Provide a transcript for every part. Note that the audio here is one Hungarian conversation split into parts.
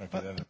Okay, but,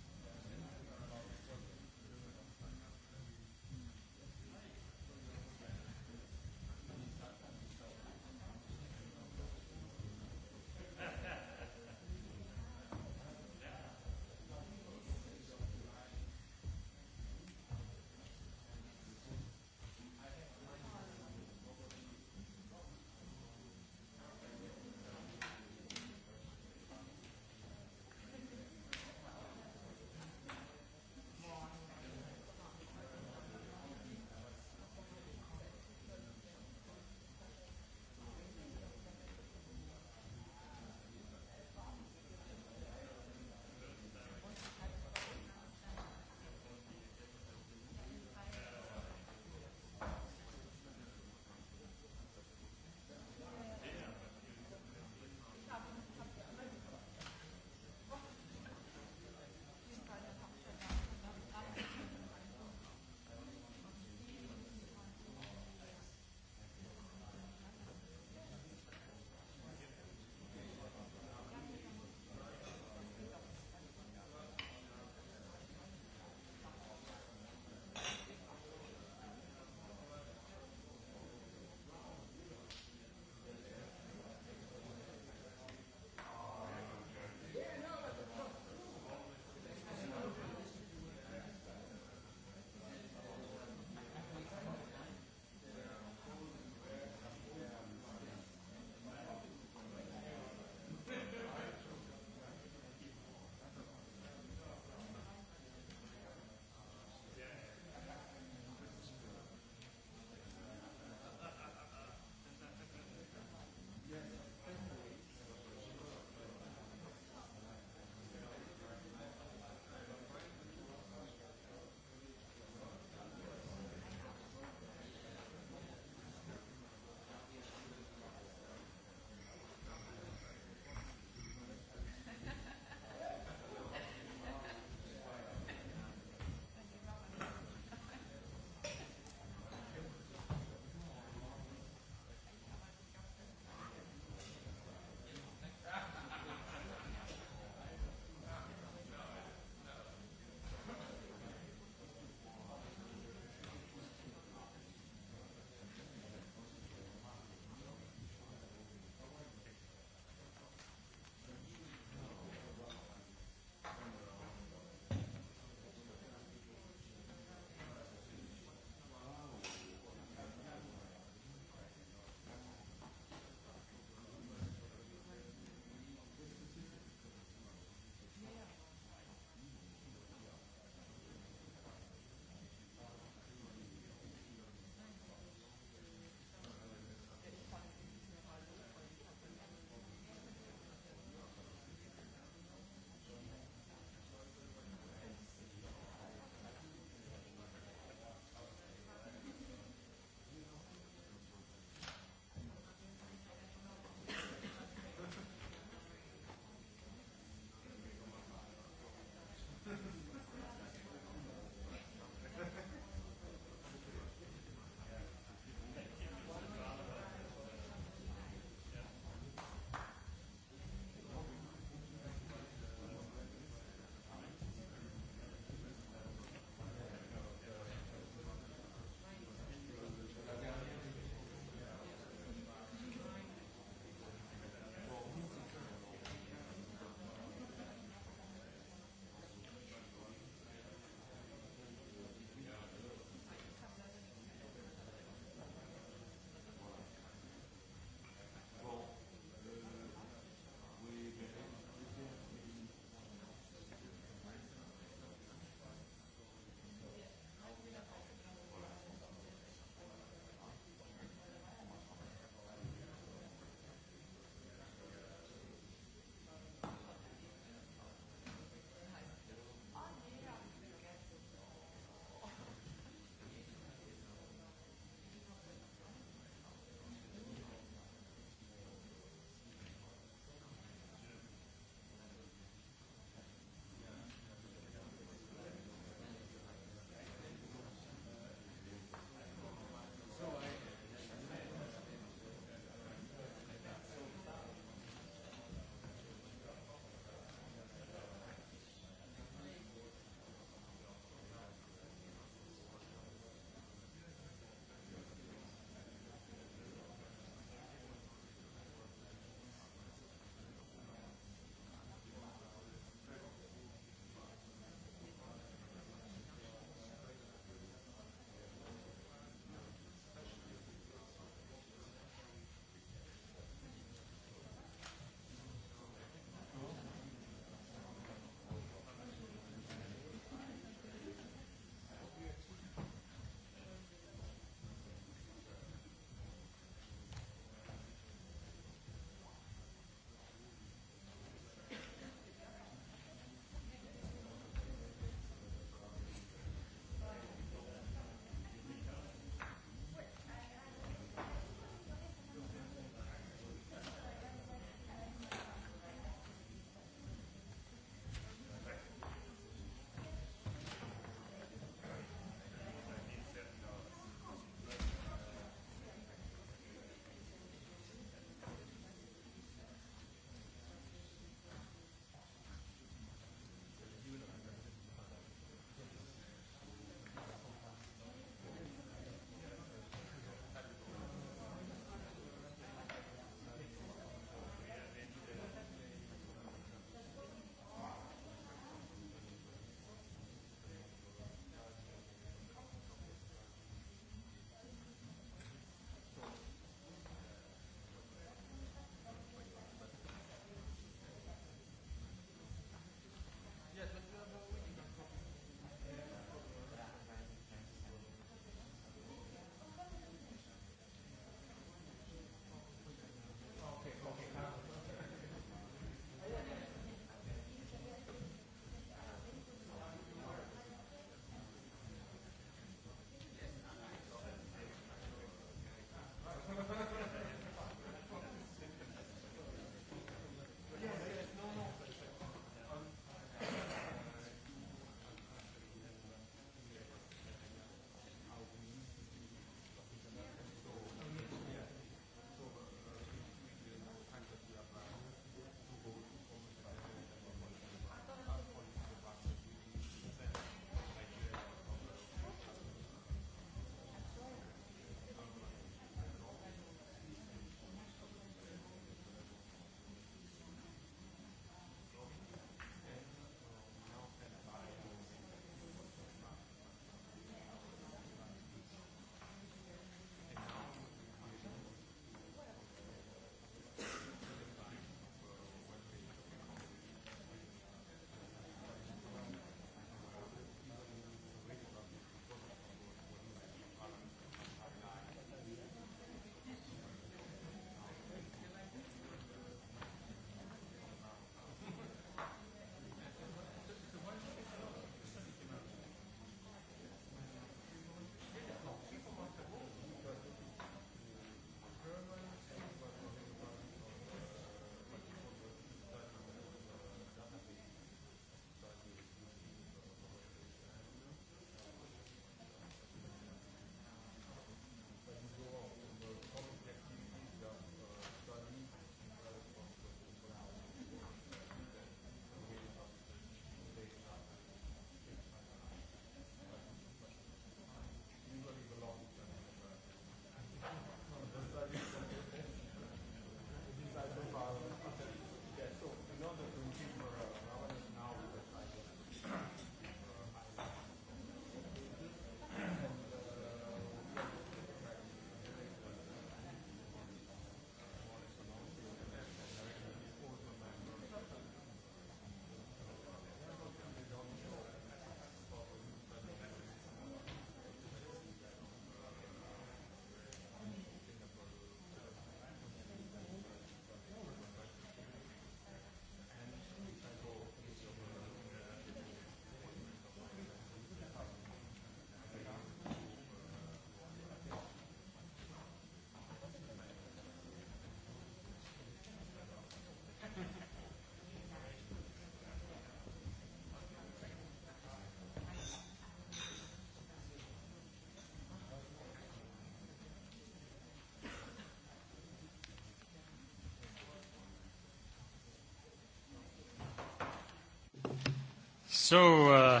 So, uh,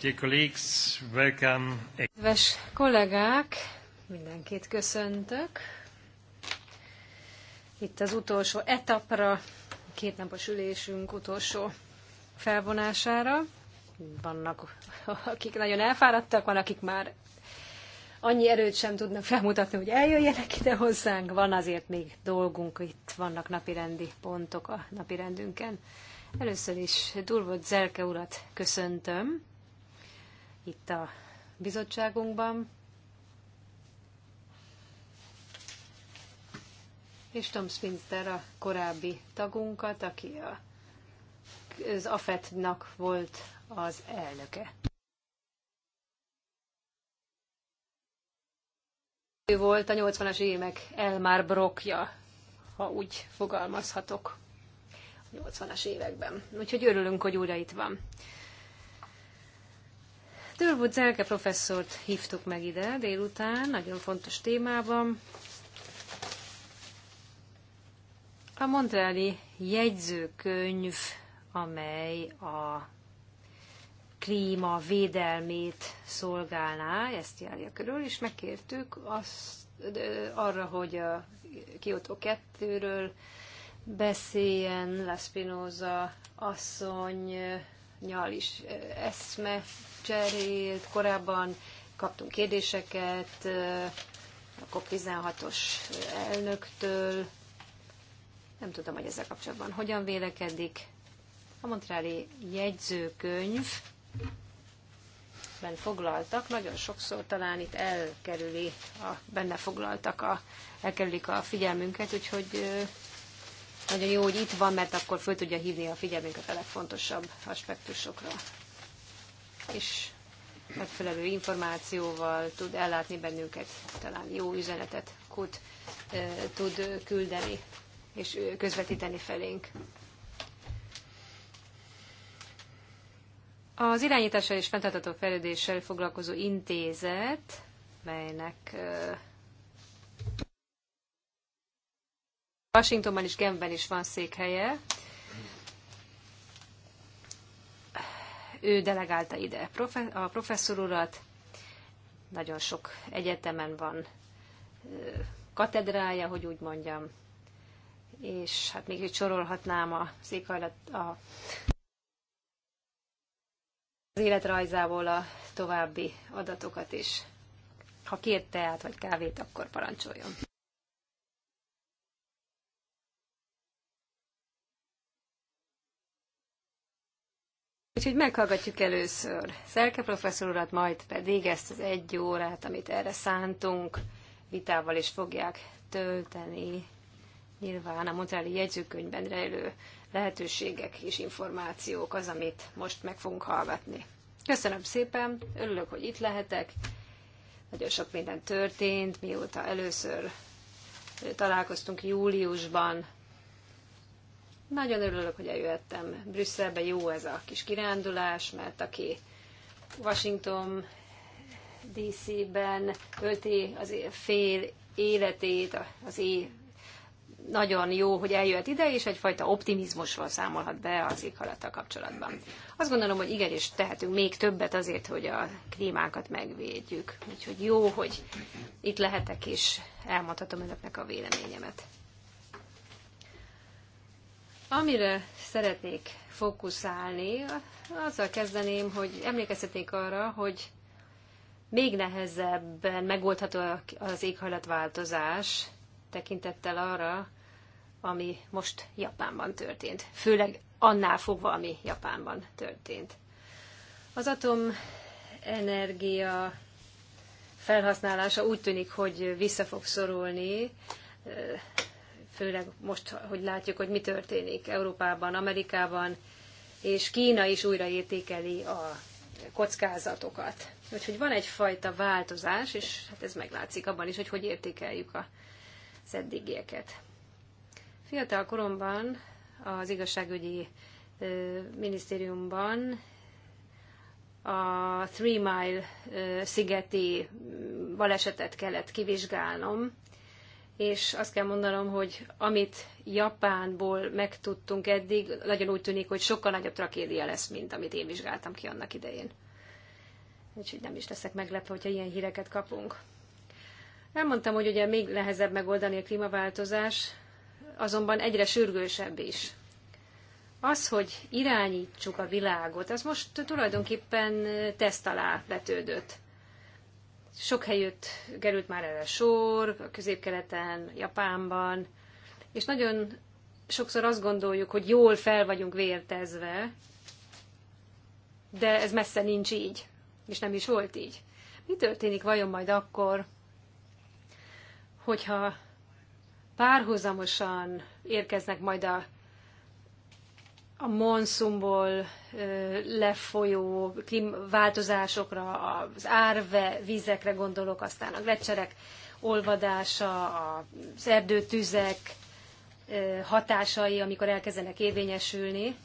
dear colleagues, welcome. Kedves kollégák, mindenkit köszöntök. Itt az utolsó etapra, kétnapos ülésünk utolsó felvonására. Vannak, akik nagyon elfáradtak, van, akik már annyi erőt sem tudnak felmutatni, hogy eljöjjenek ide hozzánk. Van azért még dolgunk, itt vannak napirendi pontok a napirendünken. Először is Durvot Zelke urat köszöntöm itt a bizottságunkban. És Tom Spinster a korábbi tagunkat, aki a, az AFET-nak volt az elnöke. Ő volt a 80-as évek Elmar Brokja, ha úgy fogalmazhatok, a 80-as években. Úgyhogy örülünk, hogy újra itt van. Törvúd Zelke professzort hívtuk meg ide délután, nagyon fontos témában. A Montreali jegyzőkönyv, amely a klíma védelmét szolgálná, ezt járja körül, és megkértük azt, arra, hogy a Kyoto 2-ről beszéljen La Spinoza asszony nyal is eszme cserélt. Korábban kaptunk kérdéseket a COP16-os elnöktől. Nem tudom, hogy ezzel kapcsolatban hogyan vélekedik. A Montreali jegyzőkönyv ben foglaltak, nagyon sokszor talán itt elkerüli, a, benne foglaltak, a, elkerülik a figyelmünket, úgyhogy nagyon jó, hogy itt van, mert akkor föl tudja hívni a figyelmünket a legfontosabb aspektusokra. És megfelelő információval tud ellátni bennünket, talán jó üzenetet kud, tud küldeni és közvetíteni felénk. Az irányítással és fenntartató fejlődéssel foglalkozó intézet, melynek Washingtonban és Genben is van székhelye, ő delegálta ide a professzor urat, nagyon sok egyetemen van katedrája, hogy úgy mondjam, és hát még itt sorolhatnám a székhajlat, a az életrajzából a további adatokat is. Ha kért teát vagy kávét, akkor parancsoljon. Úgyhogy meghallgatjuk először Szerke professzor urat, majd pedig ezt az egy órát, amit erre szántunk, vitával is fogják tölteni. Nyilván a Montreali jegyzőkönyvben rejlő lehetőségek és információk az, amit most meg fogunk hallgatni. Köszönöm szépen, örülök, hogy itt lehetek. Nagyon sok minden történt, mióta először találkoztunk júliusban. Nagyon örülök, hogy eljöttem Brüsszelbe. Jó ez a kis kirándulás, mert aki Washington DC-ben tölti az fél életét, az é nagyon jó, hogy eljött ide, és egyfajta optimizmusról számolhat be az éghajlattal kapcsolatban. Azt gondolom, hogy igenis tehetünk még többet azért, hogy a klímánkat megvédjük. Úgyhogy jó, hogy itt lehetek, és elmondhatom önöknek a véleményemet. Amire szeretnék fókuszálni, azzal kezdeném, hogy emlékeztetnék arra, hogy még nehezebben megoldható az éghajlatváltozás tekintettel arra, ami most Japánban történt. Főleg annál fogva, ami Japánban történt. Az atomenergia felhasználása úgy tűnik, hogy vissza fog szorulni, főleg most, hogy látjuk, hogy mi történik Európában, Amerikában, és Kína is újraértékeli a kockázatokat. Úgyhogy van egyfajta változás, és hát ez meglátszik abban is, hogy hogy értékeljük az eddigieket. Fiatal koromban az igazságügyi minisztériumban a Three Mile szigeti balesetet kellett kivizsgálnom, és azt kell mondanom, hogy amit Japánból megtudtunk eddig, nagyon úgy tűnik, hogy sokkal nagyobb tragédia lesz, mint amit én vizsgáltam ki annak idején. Úgyhogy nem is leszek meglepve, hogyha ilyen híreket kapunk. Elmondtam, hogy ugye még nehezebb megoldani a klímaváltozás azonban egyre sürgősebb is. Az, hogy irányítsuk a világot, az most tulajdonképpen teszt alá vetődött. Sok helyütt került már erre sor, a középkeleten, Japánban, és nagyon sokszor azt gondoljuk, hogy jól fel vagyunk vértezve, de ez messze nincs így, és nem is volt így. Mi történik vajon majd akkor, hogyha párhuzamosan érkeznek majd a, a monszumból lefolyó változásokra, az árve vízekre gondolok, aztán a glecserek olvadása, az erdőtüzek hatásai, amikor elkezdenek érvényesülni.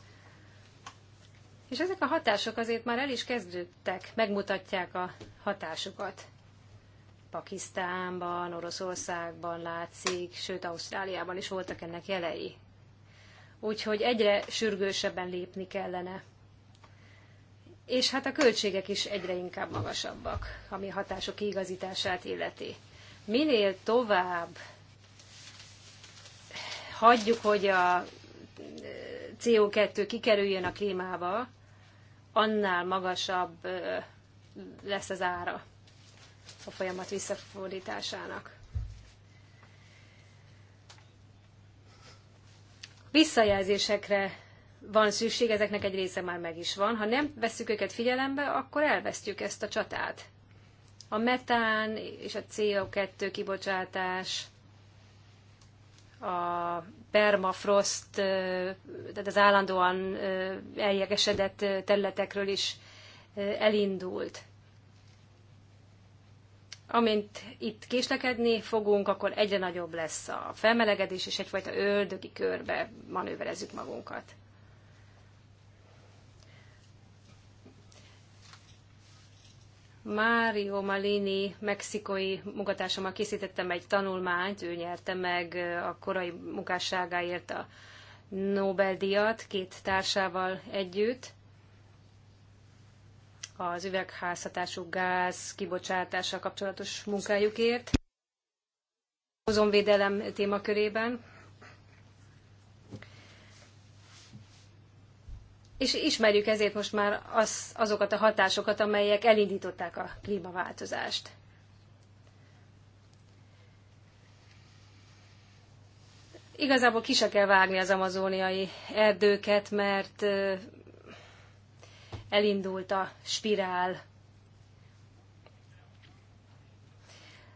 És ezek a hatások azért már el is kezdődtek, megmutatják a hatásukat. Pakisztánban, Oroszországban látszik, sőt Ausztráliában is voltak ennek jelei. Úgyhogy egyre sürgősebben lépni kellene. És hát a költségek is egyre inkább magasabbak, ami hatások kiigazítását illeti. Minél tovább hagyjuk, hogy a eh, CO2 kikerüljön a klímába, annál magasabb eh, lesz az ára a folyamat visszafordításának. Visszajelzésekre van szükség, ezeknek egy része már meg is van. Ha nem vesszük őket figyelembe, akkor elvesztjük ezt a csatát. A metán és a CO2 kibocsátás, a permafrost, tehát az állandóan eljegesedett területekről is elindult amint itt késlekedni fogunk, akkor egyre nagyobb lesz a felmelegedés, és egyfajta ördögi körbe manőverezzük magunkat. Mário Malini mexikai munkatársammal készítettem egy tanulmányt, ő nyerte meg a korai munkásságáért a Nobel-díjat két társával együtt, az üvegházhatású gáz kibocsátással kapcsolatos munkájukért ozonvédelem témakörében. És ismerjük ezért most már az, azokat a hatásokat, amelyek elindították a klímaváltozást. Igazából ki se kell vágni az amazóniai erdőket, mert elindult a spirál.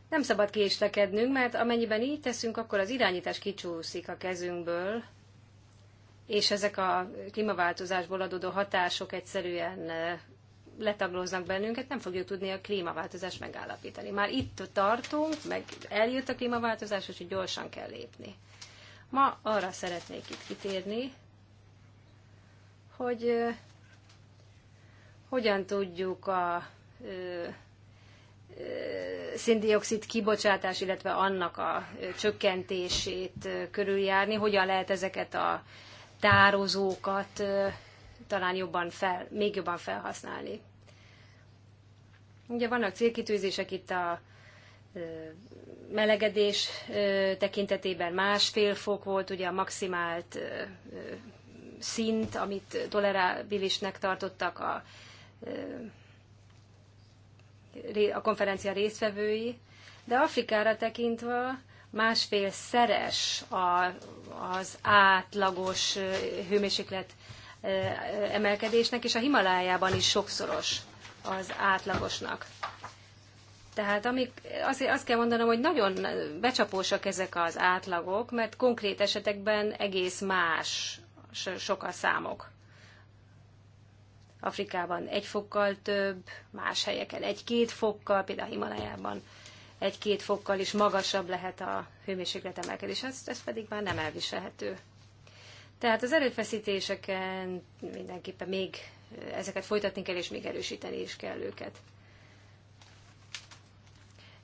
Nem szabad késlekednünk, mert amennyiben így teszünk, akkor az irányítás kicsúszik a kezünkből, és ezek a klímaváltozásból adódó hatások egyszerűen eh, letaglóznak bennünket, nem fogjuk tudni a klímaváltozást megállapítani. Már itt tartunk, meg eljött a klímaváltozás, úgyhogy gyorsan kell lépni. Ma arra szeretnék itt kitérni, hogy eh, hogyan tudjuk a szindioxid kibocsátás, illetve annak a csökkentését körüljárni, hogyan lehet ezeket a tározókat talán jobban fel, még jobban felhasználni. Ugye vannak célkitűzések itt a melegedés tekintetében másfél fok volt, ugye a maximált szint, amit tolerábilisnek tartottak a a konferencia résztvevői, de Afrikára tekintve másfél szeres az átlagos hőmérséklet emelkedésnek, és a Himalájában is sokszoros az átlagosnak. Tehát amik, azt, azt kell mondanom, hogy nagyon becsapósak ezek az átlagok, mert konkrét esetekben egész más sokkal számok. Afrikában egy fokkal több, más helyeken egy-két fokkal, például Himalájában egy-két fokkal is magasabb lehet a hőmérséklet emelkedés, ez, ez pedig már nem elviselhető. Tehát az erőfeszítéseken mindenképpen még eh, ezeket folytatni kell, és még erősíteni is kell őket.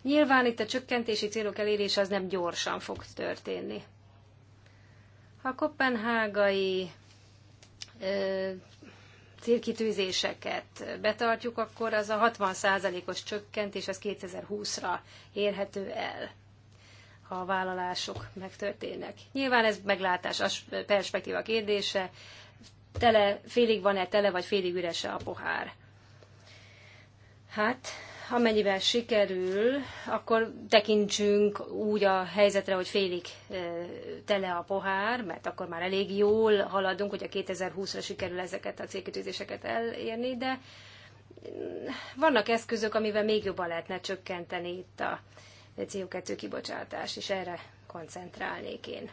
Nyilván itt a csökkentési célok elérése az nem gyorsan fog történni. A kopenhágai eh, célkitűzéseket betartjuk, akkor az a 60%-os csökkentés az 2020-ra érhető el ha a vállalások megtörténnek. Nyilván ez meglátás, perspektíva kérdése, tele, félig van-e tele, vagy félig üres a pohár. Hát, amennyiben sikerül, akkor tekintsünk úgy a helyzetre, hogy félig tele a pohár, mert akkor már elég jól haladunk, hogy a 2020-ra sikerül ezeket a célkitűzéseket elérni, de vannak eszközök, amivel még jobban lehetne csökkenteni itt a CO2 kibocsátás, és erre koncentrálnék én.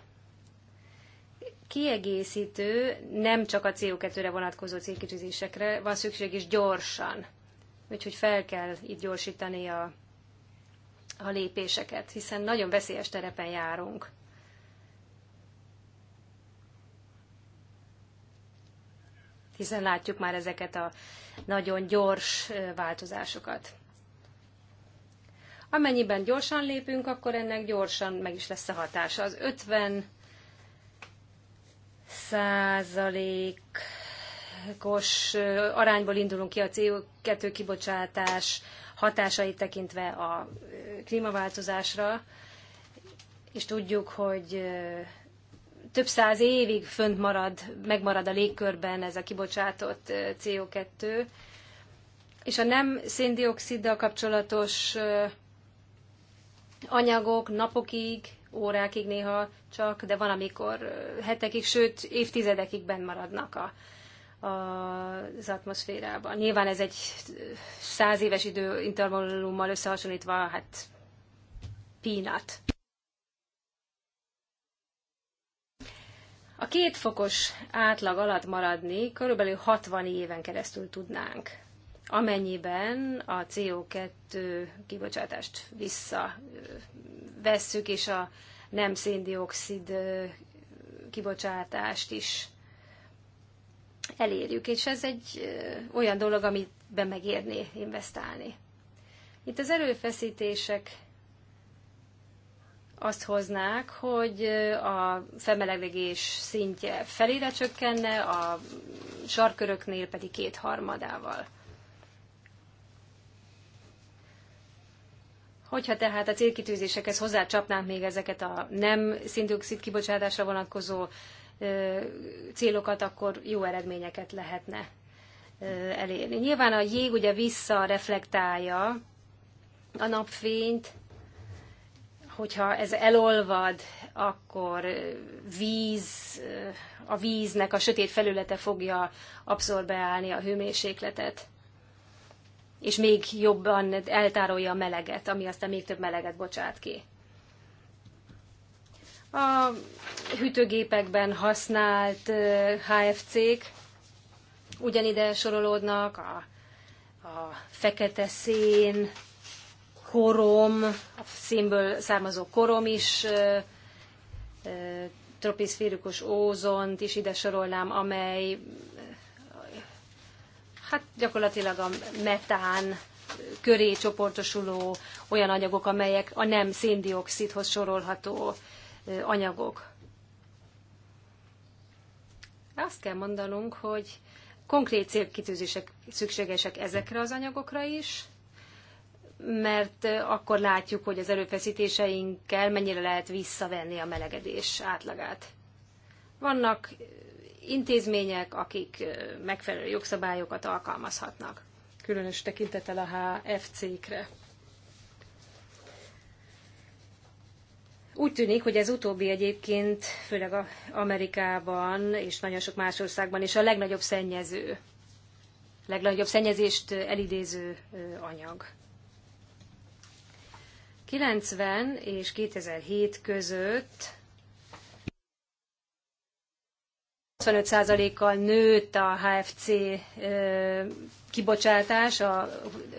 Kiegészítő, nem csak a CO2-re vonatkozó célkitűzésekre van szükség, és gyorsan Úgyhogy fel kell itt gyorsítani a, a lépéseket, hiszen nagyon veszélyes terepen járunk. Hiszen látjuk már ezeket a nagyon gyors változásokat. Amennyiben gyorsan lépünk, akkor ennek gyorsan meg is lesz a hatása. Az 50 százalék százalékos arányból indulunk ki a CO2 kibocsátás hatásait tekintve a klímaváltozásra, és tudjuk, hogy több száz évig fönt marad, megmarad a légkörben ez a kibocsátott CO2, és a nem széndioksziddal kapcsolatos anyagok napokig, órákig néha csak, de van, amikor hetekig, sőt évtizedekig benn maradnak a az atmoszférában. Nyilván ez egy száz éves időintervallummal összehasonlítva, hát peanut. A két fokos átlag alatt maradni körülbelül 60 éven keresztül tudnánk, amennyiben a CO2 kibocsátást visszavesszük, és a nem széndiokszid kibocsátást is elérjük, és ez egy olyan dolog, amit be megérné investálni. Itt az erőfeszítések azt hoznák, hogy a felmelegedés szintje felére csökkenne, a sarköröknél pedig kétharmadával. Hogyha tehát a célkitűzésekhez hozzácsapnánk még ezeket a nem szindioxid kibocsátásra vonatkozó célokat, akkor jó eredményeket lehetne elérni. Nyilván a jég ugye visszareflektálja a napfényt, hogyha ez elolvad, akkor víz, a víznek a sötét felülete fogja abszorbálni a hőmérsékletet, és még jobban eltárolja a meleget, ami aztán még több meleget bocsát ki a hűtőgépekben használt HFC-k ugyanide sorolódnak, a, a fekete szén, korom, a színből származó korom is, tropiszférikus ózont is ide sorolnám, amely hát gyakorlatilag a metán köré csoportosuló olyan anyagok, amelyek a nem széndiokszidhoz sorolható anyagok. Azt kell mondanunk, hogy konkrét célkitűzések szükségesek ezekre az anyagokra is, mert akkor látjuk, hogy az erőfeszítéseinkkel mennyire lehet visszavenni a melegedés átlagát. Vannak intézmények, akik megfelelő jogszabályokat alkalmazhatnak, különös tekintetel a HFC-kre. Úgy tűnik, hogy ez utóbbi egyébként, főleg a Amerikában és nagyon sok más országban is a legnagyobb szennyező, legnagyobb szennyezést elidéző anyag. 90 és 2007 között 25%-kal nőtt a HFC kibocsátás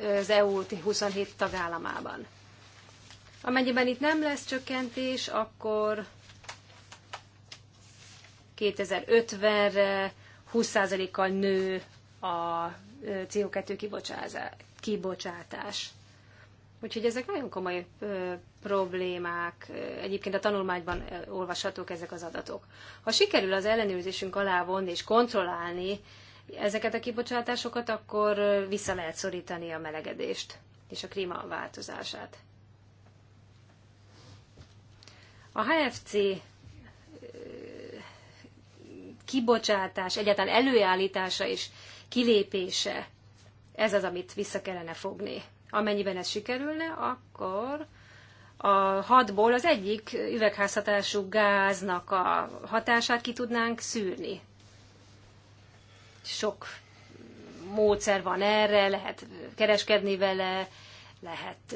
az EU 27 tagállamában. Amennyiben itt nem lesz csökkentés, akkor 2050-re 20%-kal nő a CO2 kibocsátás. Úgyhogy ezek nagyon komoly ö, problémák. Egyébként a tanulmányban olvashatók ezek az adatok. Ha sikerül az ellenőrzésünk alá vonni és kontrollálni ezeket a kibocsátásokat, akkor vissza lehet szorítani a melegedést és a klímaváltozását. A HFC kibocsátás, egyáltalán előállítása és kilépése, ez az, amit vissza kellene fogni. Amennyiben ez sikerülne, akkor a hatból az egyik üvegházhatású gáznak a hatását ki tudnánk szűrni. Sok módszer van erre, lehet kereskedni vele, lehet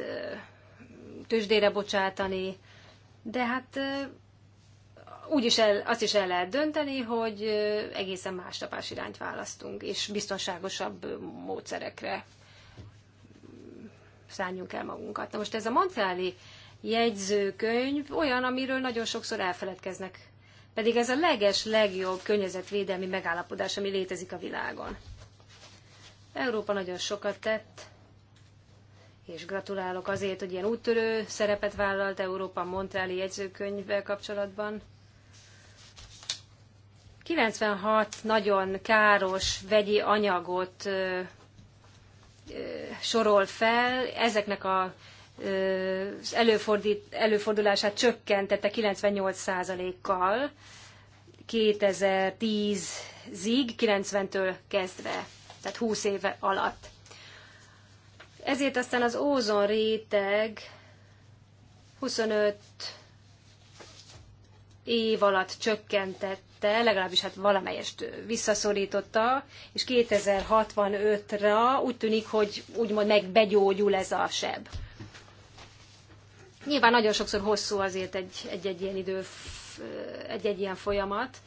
tőzsdére bocsátani, de hát úgy is el, azt is el lehet dönteni, hogy egészen más tapás irányt választunk, és biztonságosabb módszerekre mm, szálljunk el magunkat. Na most ez a Montreali jegyzőkönyv olyan, amiről nagyon sokszor elfeledkeznek. Pedig ez a leges, legjobb környezetvédelmi megállapodás, ami létezik a világon. Európa nagyon sokat tett és gratulálok azért, hogy ilyen úttörő szerepet vállalt Európa Montreali jegyzőkönyvvel kapcsolatban. 96 nagyon káros vegyi anyagot ö, ö, sorol fel, ezeknek a, ö, az előfordít, előfordulását csökkentette 98%-kal 2010-ig, 90-től kezdve, tehát 20 éve alatt. Ezért aztán az ózon réteg 25 év alatt csökkentette, legalábbis hát valamelyest visszaszorította, és 2065-ra úgy tűnik, hogy úgymond megbegyógyul ez a seb. Nyilván nagyon sokszor hosszú azért egy-egy ilyen idő, egy-egy ilyen folyamat,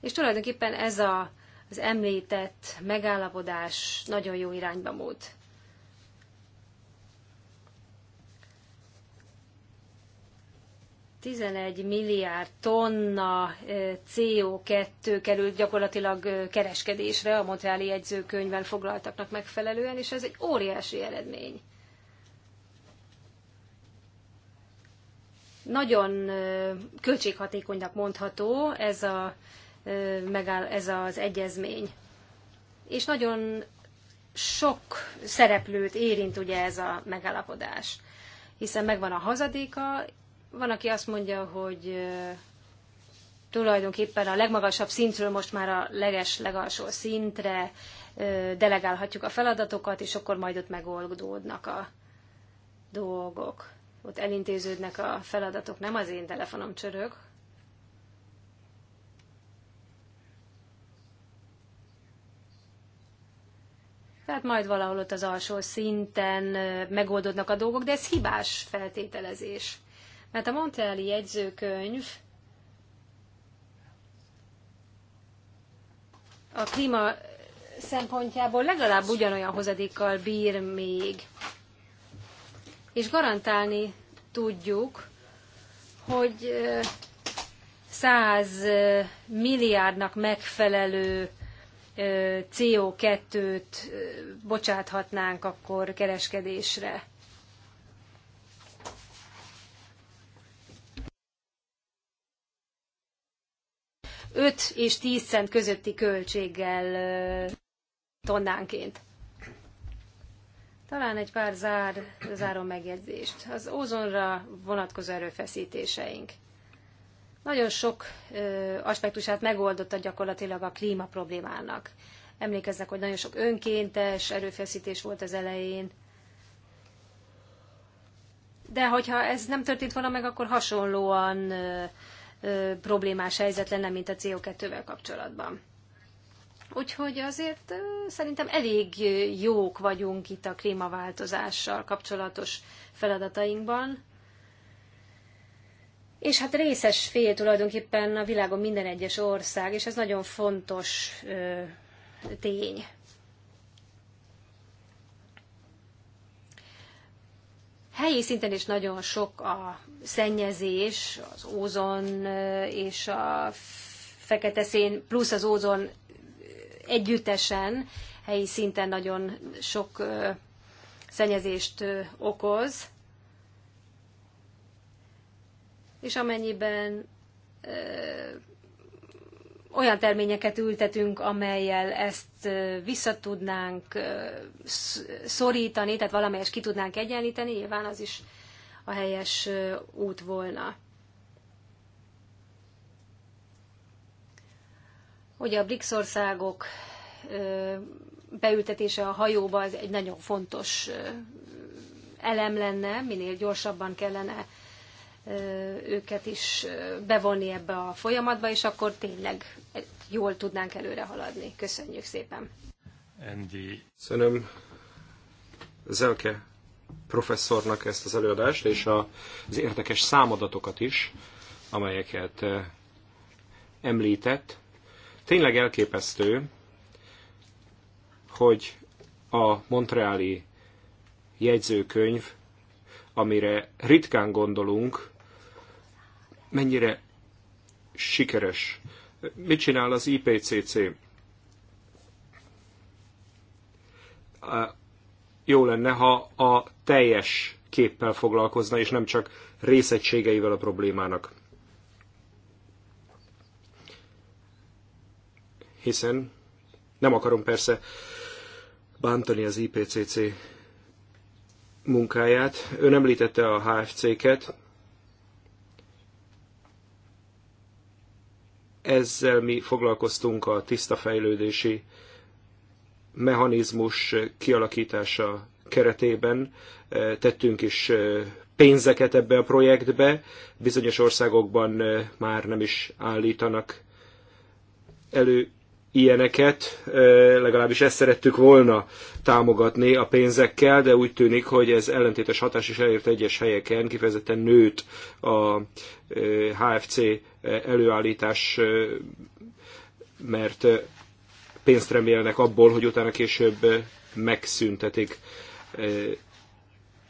és tulajdonképpen ez a az említett megállapodás nagyon jó irányba mód. Tizenegy milliárd tonna CO2 került gyakorlatilag kereskedésre a Montreali jegyzőkönyvben foglaltaknak megfelelően, és ez egy óriási eredmény. Nagyon költséghatékonynak mondható ez a megáll ez az egyezmény. És nagyon sok szereplőt érint ugye ez a megállapodás, hiszen megvan a hazadéka, van, aki azt mondja, hogy tulajdonképpen a legmagasabb szintről most már a leges, legalsó szintre delegálhatjuk a feladatokat, és akkor majd ott megoldódnak a dolgok. Ott elintéződnek a feladatok, nem az én telefonom csörög, Tehát majd valahol ott az alsó szinten megoldódnak a dolgok, de ez hibás feltételezés. Mert a Montreali jegyzőkönyv a klíma szempontjából legalább ugyanolyan hozadékkal bír még. És garantálni tudjuk, hogy 100 milliárdnak megfelelő CO2-t bocsáthatnánk akkor kereskedésre. Öt és 10 cent közötti költséggel tonnánként. Talán egy pár zár, záró megjegyzést. Az ózonra vonatkozó erőfeszítéseink nagyon sok aspektusát megoldotta gyakorlatilag a klíma problémának. Emlékeznek, hogy nagyon sok önkéntes erőfeszítés volt az elején. De hogyha ez nem történt volna meg, akkor hasonlóan problémás helyzet lenne, mint a CO2-vel kapcsolatban. Úgyhogy azért szerintem elég jók vagyunk itt a klímaváltozással kapcsolatos feladatainkban, és hát részes fél tulajdonképpen a világon minden egyes ország, és ez nagyon fontos ö, tény. Helyi szinten is nagyon sok a szennyezés, az ózon és a fekete szén, plusz az ózon együttesen helyi szinten nagyon sok szennyezést okoz és amennyiben ö, olyan terményeket ültetünk, amelyel ezt vissza tudnánk szorítani, tehát valamelyest ki tudnánk egyenlíteni, nyilván az is a helyes út volna. Hogy a BRICS országok beültetése a hajóba az egy nagyon fontos elem lenne, minél gyorsabban kellene őket is bevonni ebbe a folyamatba, és akkor tényleg jól tudnánk előre haladni. Köszönjük szépen! Andy. Köszönöm Zelke professzornak ezt az előadást, és az érdekes számadatokat is, amelyeket említett. Tényleg elképesztő, hogy a montreali jegyzőkönyv, amire ritkán gondolunk, mennyire sikeres. Mit csinál az IPCC? Jó lenne, ha a teljes képpel foglalkozna, és nem csak részegységeivel a problémának. Hiszen nem akarom persze bántani az IPCC munkáját. Ön említette a HFC-ket, Ezzel mi foglalkoztunk a tiszta fejlődési mechanizmus kialakítása keretében. E, tettünk is e, pénzeket ebbe a projektbe. Bizonyos országokban e, már nem is állítanak elő ilyeneket, legalábbis ezt szerettük volna támogatni a pénzekkel, de úgy tűnik, hogy ez ellentétes hatás is elért egyes helyeken, kifejezetten nőtt a HFC előállítás, mert pénzt remélnek abból, hogy utána később megszüntetik.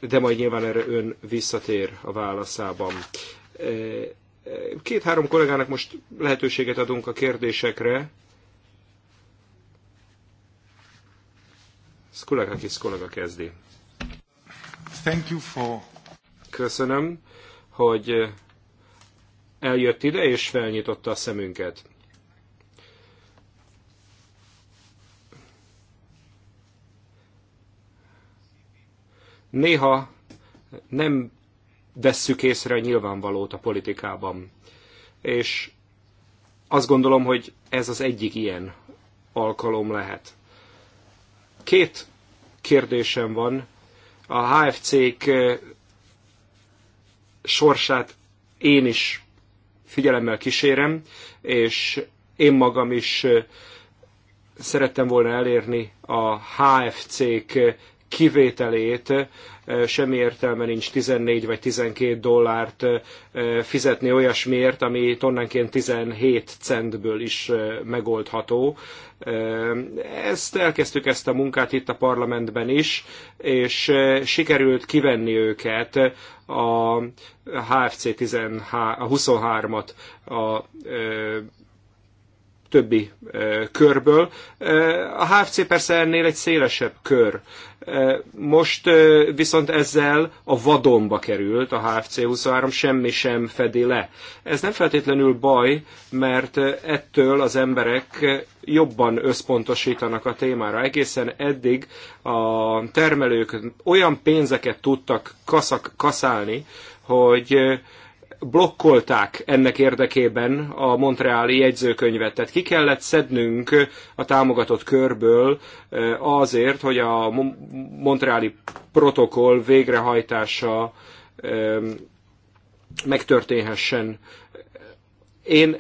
De majd nyilván erre ön visszatér a válaszában két-három kollégának most lehetőséget adunk a kérdésekre. Skulakakis kollega kezdi. Thank you for... Köszönöm, hogy eh, eljött ide és felnyitotta a szemünket. Néha nem vesszük észre a nyilvánvalót a politikában. És azt gondolom, hogy ez az egyik ilyen alkalom lehet. Két kérdésem van. A HFC-k eh, sorsát én is figyelemmel kísérem, és én magam is eh, szerettem volna elérni a HFC-k eh, kivételét, semmi értelme nincs 14 vagy 12 dollárt fizetni olyasmiért, ami tonnánként 17 centből is megoldható. Ezt elkezdtük ezt a munkát itt a parlamentben is, és sikerült kivenni őket a HFC 13, a 23-at a többi körből. A HFC persze ennél egy szélesebb kör. Most viszont ezzel a vadonba került a HFC 23, semmi sem fedi le. Ez nem feltétlenül baj, mert ettől az emberek jobban összpontosítanak a témára. Egészen eddig a termelők olyan pénzeket tudtak kaszak, kaszálni, hogy blokkolták ennek érdekében a Montreali jegyzőkönyvet. Tehát ki kellett szednünk a támogatott körből eh, azért, hogy a Montreali protokoll végrehajtása eh, megtörténhessen. Én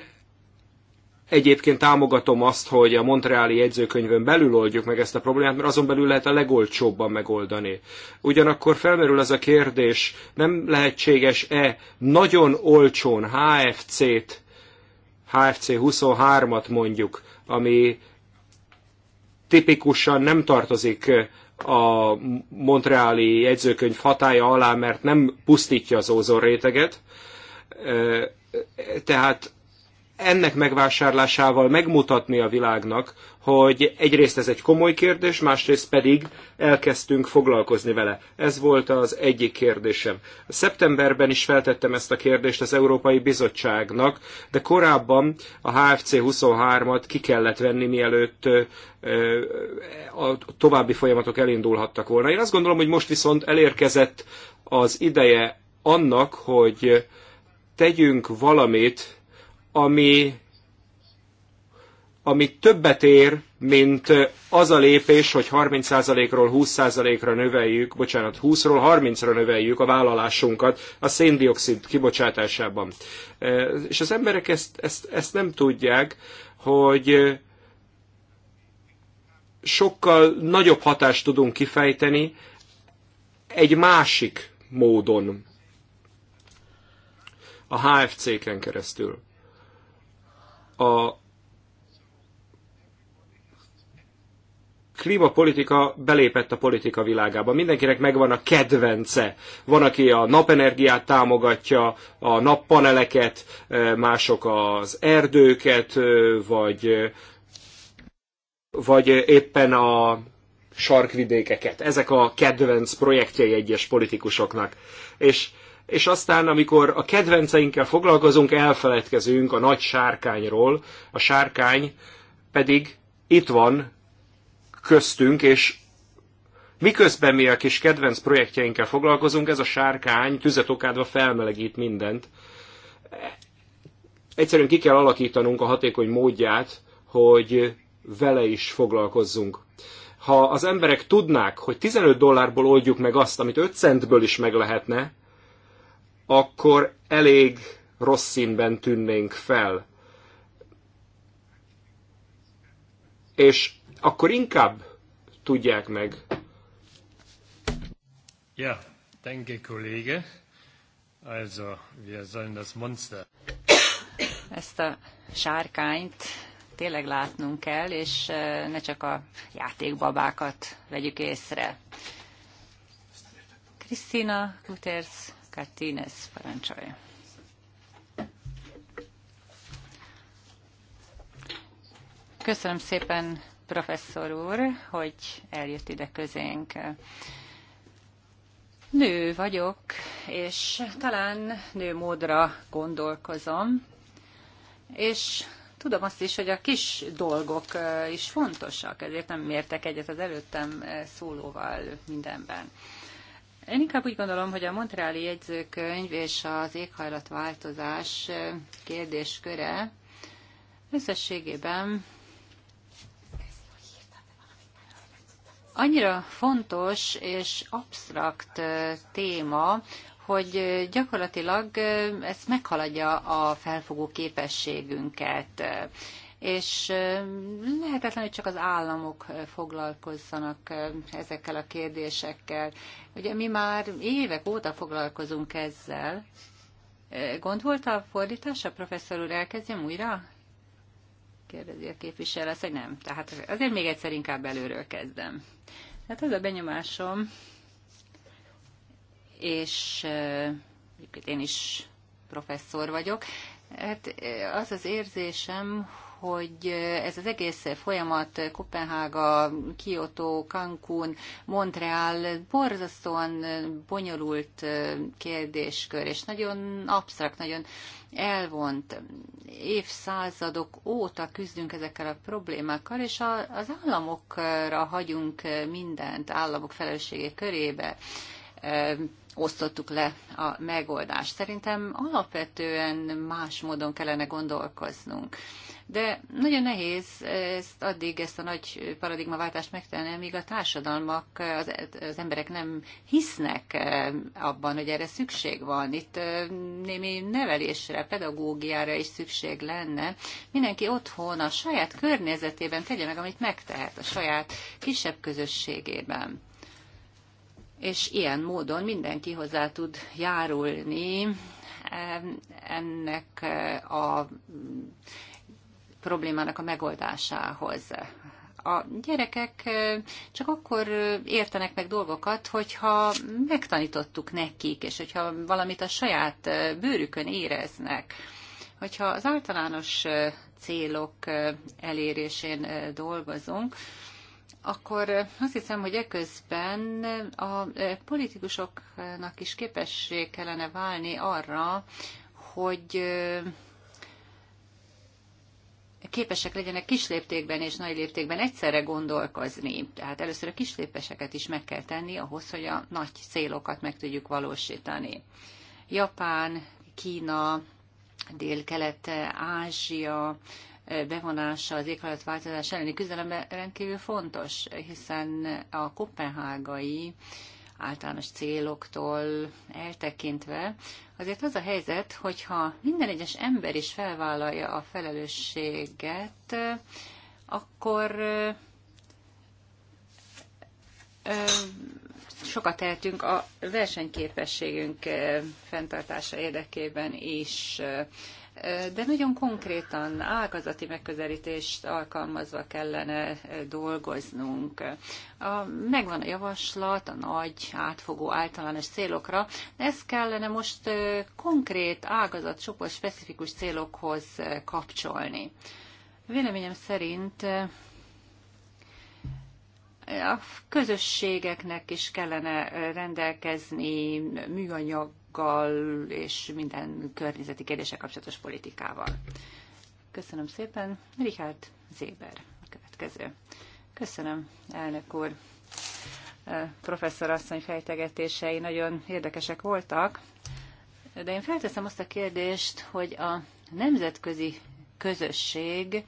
Egyébként támogatom azt, hogy a Montreali jegyzőkönyvön belül oldjuk meg ezt a problémát, mert azon belül lehet a legolcsóbban megoldani. Ugyanakkor felmerül az a kérdés, nem lehetséges-e nagyon olcsón HFC-t, HFC 23-at mondjuk, ami tipikusan nem tartozik a Montreali jegyzőkönyv hatája alá, mert nem pusztítja az ózonréteget. Tehát ennek megvásárlásával megmutatni a világnak, hogy egyrészt ez egy komoly kérdés, másrészt pedig elkezdtünk foglalkozni vele. Ez volt az egyik kérdésem. Szeptemberben is feltettem ezt a kérdést az Európai Bizottságnak, de korábban a HFC 23-at ki kellett venni, mielőtt a további folyamatok elindulhattak volna. Én azt gondolom, hogy most viszont elérkezett az ideje annak, hogy tegyünk valamit, ami, ami többet ér, mint az a lépés, hogy 30%-ról 20%-ra növeljük, bocsánat, 20-ról 30-ra növeljük a vállalásunkat a széndiokszid kibocsátásában. E, és az emberek ezt, ezt, ezt nem tudják, hogy e, sokkal nagyobb hatást tudunk kifejteni egy másik módon, a HFC-ken keresztül. A klímapolitika belépett a politika világába. Mindenkinek megvan a kedvence. Van, aki a napenergiát támogatja, a nappaneleket, mások az erdőket, vagy, vagy éppen a sarkvidékeket. Ezek a kedvenc projektjei egyes politikusoknak. És és aztán, amikor a kedvenceinkkel foglalkozunk, elfeledkezünk a nagy sárkányról, a sárkány pedig itt van köztünk, és miközben mi a kis kedvenc projektjeinkkel foglalkozunk, ez a sárkány tüzet okádva felmelegít mindent. Egyszerűen ki kell alakítanunk a hatékony módját, hogy vele is foglalkozzunk ha az emberek tudnák, hogy 15 dollárból oldjuk meg azt, amit 5 centből is meg lehetne, akkor elég rossz színben tűnnénk fel. És akkor inkább tudják meg. Ja, denke, kollége. Also, wir sollen das Monster. Ezt a sárkányt tényleg látnunk kell, és ne csak a játékbabákat vegyük észre. Krisztina Guterres parancsolja. Köszönöm szépen, professzor úr, hogy eljött ide közénk. Nő vagyok, és talán nő módra gondolkozom, és tudom azt is, hogy a kis dolgok is fontosak, ezért nem mértek egyet az előttem szólóval mindenben. Én inkább úgy gondolom, hogy a Montreali jegyzőkönyv és az éghajlatváltozás kérdésköre összességében annyira fontos és absztrakt téma, hogy gyakorlatilag ez meghaladja a felfogó képességünket, és lehetetlen, hogy csak az államok foglalkozzanak ezekkel a kérdésekkel. Ugye mi már évek óta foglalkozunk ezzel. Gond volt a a professzor úr? Elkezdjem újra? Kérdezi a képviselő, azt, hogy nem. Tehát azért még egyszer inkább előről kezdem. Hát az a benyomásom, és én is professzor vagyok, Hát az az érzésem, hogy ez az egész folyamat Kopenhága, Kyoto, Cancún, Montreal borzasztóan bonyolult kérdéskör, és nagyon absztrakt, nagyon elvont évszázadok óta küzdünk ezekkel a problémákkal, és a, az államokra hagyunk mindent, államok felelősségé körébe osztottuk le a megoldást. Szerintem alapvetően más módon kellene gondolkoznunk de nagyon nehéz ezt addig ezt a nagy paradigmaváltást megtenni, amíg a társadalmak, az, az emberek nem hisznek eh, abban, hogy erre szükség van. Itt eh, némi nevelésre, pedagógiára is szükség lenne. Mindenki otthon, a saját környezetében tegye meg, amit megtehet, a saját kisebb közösségében és ilyen módon mindenki hozzá tud járulni eh, ennek a problémának a megoldásához. A gyerekek csak akkor értenek meg dolgokat, hogyha megtanítottuk nekik, és hogyha valamit a saját bőrükön éreznek. Hogyha az általános célok elérésén dolgozunk, akkor azt hiszem, hogy eközben a politikusoknak is képessé kellene válni arra, hogy képesek legyenek kisléptékben és nagy léptékben egyszerre gondolkozni. Tehát először a lépéseket is meg kell tenni ahhoz, hogy a nagy célokat meg tudjuk valósítani. Japán, Kína, Dél-Kelet-Ázsia eh, bevonása az éghajlatváltozás elleni küzdelemben rendkívül fontos, hiszen a kopenhágai általános céloktól eltekintve Azért az a helyzet, hogyha minden egyes ember is felvállalja a felelősséget, akkor sokat tehetünk a versenyképességünk fenntartása érdekében is de nagyon konkrétan ágazati megközelítést alkalmazva kellene dolgoznunk. A, megvan a javaslat a nagy átfogó általános célokra, de ezt kellene most konkrét ágazat csoport specifikus célokhoz kapcsolni. Véleményem szerint a közösségeknek is kellene rendelkezni műanyag adókkal és minden környezeti kérdése kapcsolatos politikával. Köszönöm szépen. Richard Zéber a következő. Köszönöm, elnök úr. Professzor asszony fejtegetései nagyon érdekesek voltak, de én felteszem azt a kérdést, hogy a nemzetközi közösség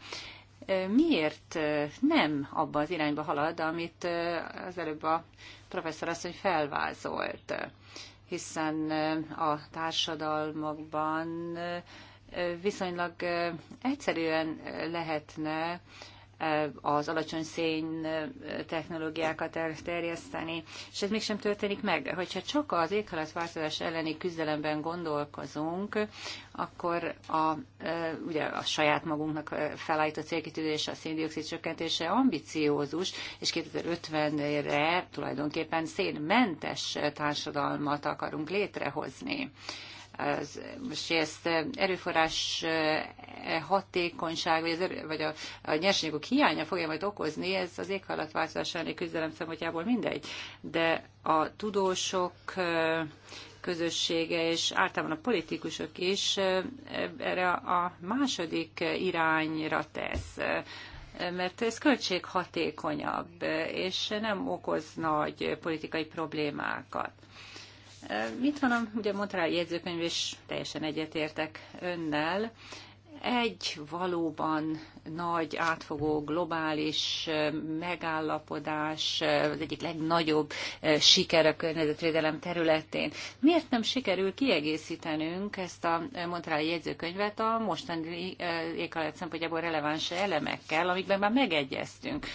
miért nem abba az irányba halad, amit az előbb a professzor asszony felvázolt hiszen eh, a társadalmakban eh, viszonylag eh, egyszerűen lehetne az alacsony szén technológiákat elterjeszteni, és ez mégsem történik meg. Hogyha csak az éghalatváltozás elleni küzdelemben gondolkozunk, akkor a, ugye a saját magunknak felállított célkitűzése, a széndiokszid csökkentése ambiciózus, és 2050-re tulajdonképpen szénmentes társadalmat akarunk létrehozni az, most ezt eh, erőforrás eh, hatékonyság, vagy, az, vagy a, a nyersanyagok hiánya fogja majd okozni, ez az éghajlatváltozás elleni küzdelem szempontjából mindegy. De a tudósok eh, közössége, és általában a politikusok is erre a második irányra tesz mert ez költséghatékonyabb, és nem okoz nagy politikai problémákat. Mit van, ugye mondta rá a jegyzőkönyv, és teljesen egyetértek önnel egy valóban nagy, átfogó, globális megállapodás, az egyik legnagyobb siker a környezetvédelem területén. Miért nem sikerül kiegészítenünk ezt a Montreali jegyzőkönyvet a mostani éghajlat szempontjából releváns elemekkel, amikben már megegyeztünk?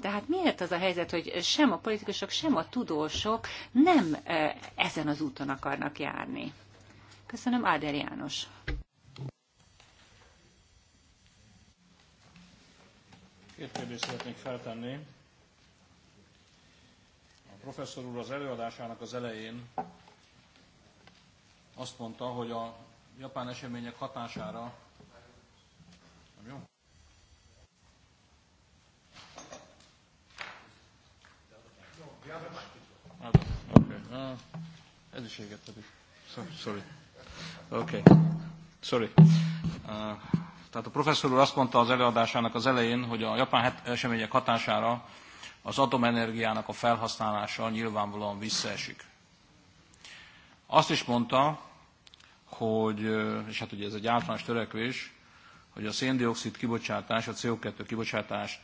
Tehát miért az a helyzet, hogy sem a politikusok, sem a tudósok nem ezen az úton akarnak járni? Köszönöm, Áder János. Két kérdést szeretnék feltenni. A professzor úr az előadásának az elején azt mondta, hogy a japán események hatására nem jó? Hát, okay. Uh, ez is pedig. Sorry. Okay. Sorry. Uh, tehát a professzor úr azt mondta az előadásának az elején, hogy a japán események hatására az atomenergiának a felhasználása nyilvánvalóan visszaesik. Azt is mondta, hogy, és hát ugye ez egy általános törekvés, hogy a széndiokszid kibocsátás, a CO2 kibocsátás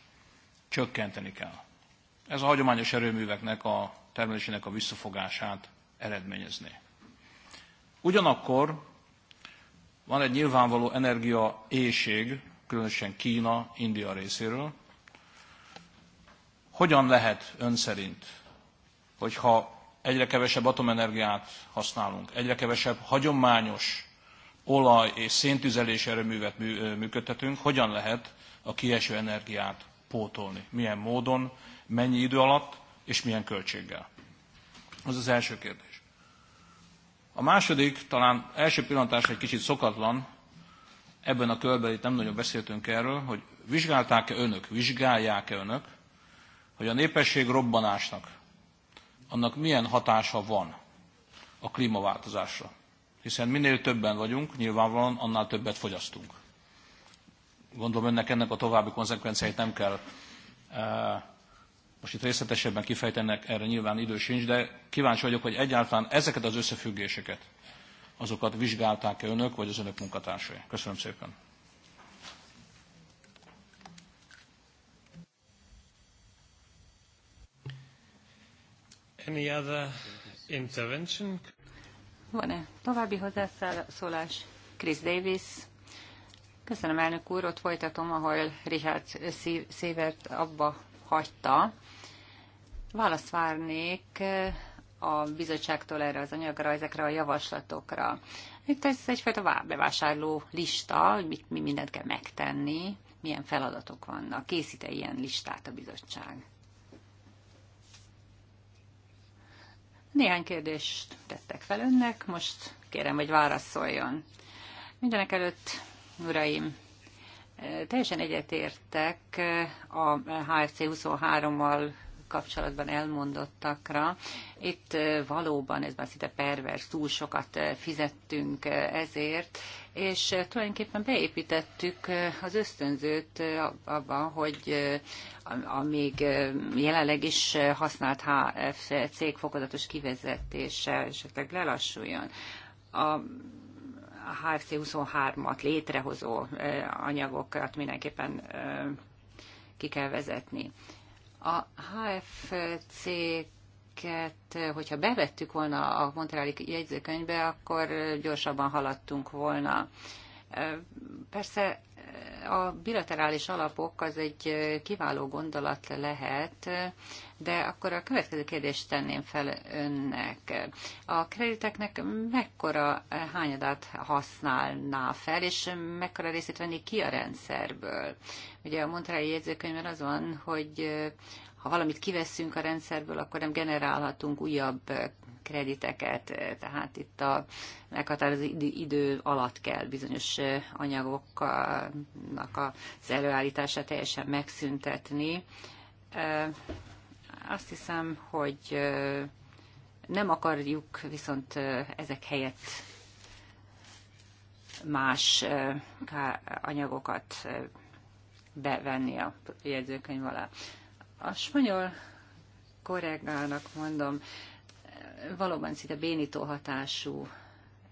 csökkenteni kell. Ez a hagyományos erőműveknek a termelésének a visszafogását eredményezné. Ugyanakkor van egy nyilvánvaló energia éjség, különösen Kína, India részéről. Hogyan lehet ön szerint, hogyha egyre kevesebb atomenergiát használunk, egyre kevesebb hagyományos olaj- és széntüzelés erőművet működtetünk, hogyan lehet a kieső energiát pótolni? Milyen módon, mennyi idő alatt és milyen költséggel? Ez az első kérdés. A második, talán első pillantás egy kicsit szokatlan, ebben a körben itt nem nagyon beszéltünk erről, hogy vizsgálták-e önök, vizsgálják-e önök, hogy a népesség robbanásnak, annak milyen hatása van a klímaváltozásra. Hiszen minél többen vagyunk, nyilvánvalóan annál többet fogyasztunk. Gondolom önnek ennek a további konzekvenciáit nem kell eh, most itt részletesebben kifejtenek, erre nyilván idő sincs, de kíváncsi vagyok, hogy egyáltalán ezeket az összefüggéseket, azokat vizsgálták-e önök, vagy az önök munkatársai. Köszönöm szépen. Any other intervention? Van-e további hozzászólás? Chris Davis. Köszönöm, elnök úr, ott folytatom, ahol Richard Szévert abba hagyta. Választ várnék eh, a bizottságtól erre az anyagra, ezekre a javaslatokra. Itt ez egyfajta bevásárló lista, hogy mit, mi mindent kell megtenni, milyen feladatok vannak. Készít-e ilyen listát a bizottság? Néhány kérdést tettek fel önnek, most kérem, hogy válaszoljon. Mindenek előtt, uraim, Teljesen egyetértek a HFC 23-mal kapcsolatban elmondottakra. Itt valóban, ez már szinte pervers, túl sokat fizettünk ezért, és tulajdonképpen beépítettük az ösztönzőt abba, hogy a még jelenleg is használt HF cég fokozatos kivezetése esetleg lelassuljon. A HFC23-at létrehozó anyagokat mindenképpen ki kell vezetni. A hfc hogyha bevettük volna a Montreali jegyzőkönyvbe, akkor gyorsabban haladtunk volna. Persze a bilaterális alapok az egy kiváló gondolat lehet, de akkor a következő kérdést tenném fel önnek. A krediteknek mekkora eh, hányadát használná fel, és mekkora részét venni ki a rendszerből? Ugye a Montrei jegyzőkönyvben az van, hogy eh, ha valamit kiveszünk a rendszerből, akkor nem generálhatunk újabb eh, krediteket, tehát itt a meghatározó idő alatt kell bizonyos anyagoknak az előállítását teljesen megszüntetni. Azt hiszem, hogy nem akarjuk viszont ezek helyett más anyagokat bevenni a jegyzőkönyv alá. A spanyol korregának mondom, valóban szinte bénító hatású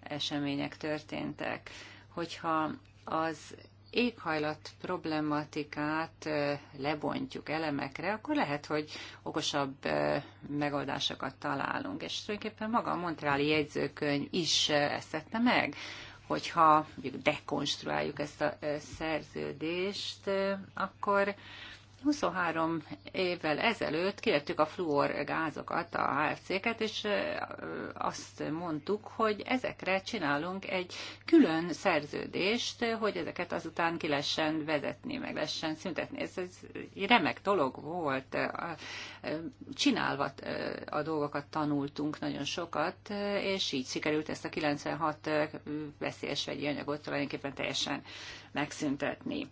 események történtek, hogyha az éghajlat problematikát lebontjuk elemekre, akkor lehet, hogy okosabb megoldásokat találunk. És tulajdonképpen maga a Montreali jegyzőkönyv is ezt tette meg, hogyha mondjuk dekonstruáljuk ezt a szerződést, akkor 23 évvel ezelőtt kértük a fluor gázokat, a HFC-ket, és azt mondtuk, hogy ezekre csinálunk egy külön szerződést, hogy ezeket azután ki lehessen vezetni, meg lehessen szüntetni. Ez, ez egy remek dolog volt. Csinálva a dolgokat tanultunk nagyon sokat, és így sikerült ezt a 96 veszélyes vegyi anyagot tulajdonképpen teljesen megszüntetni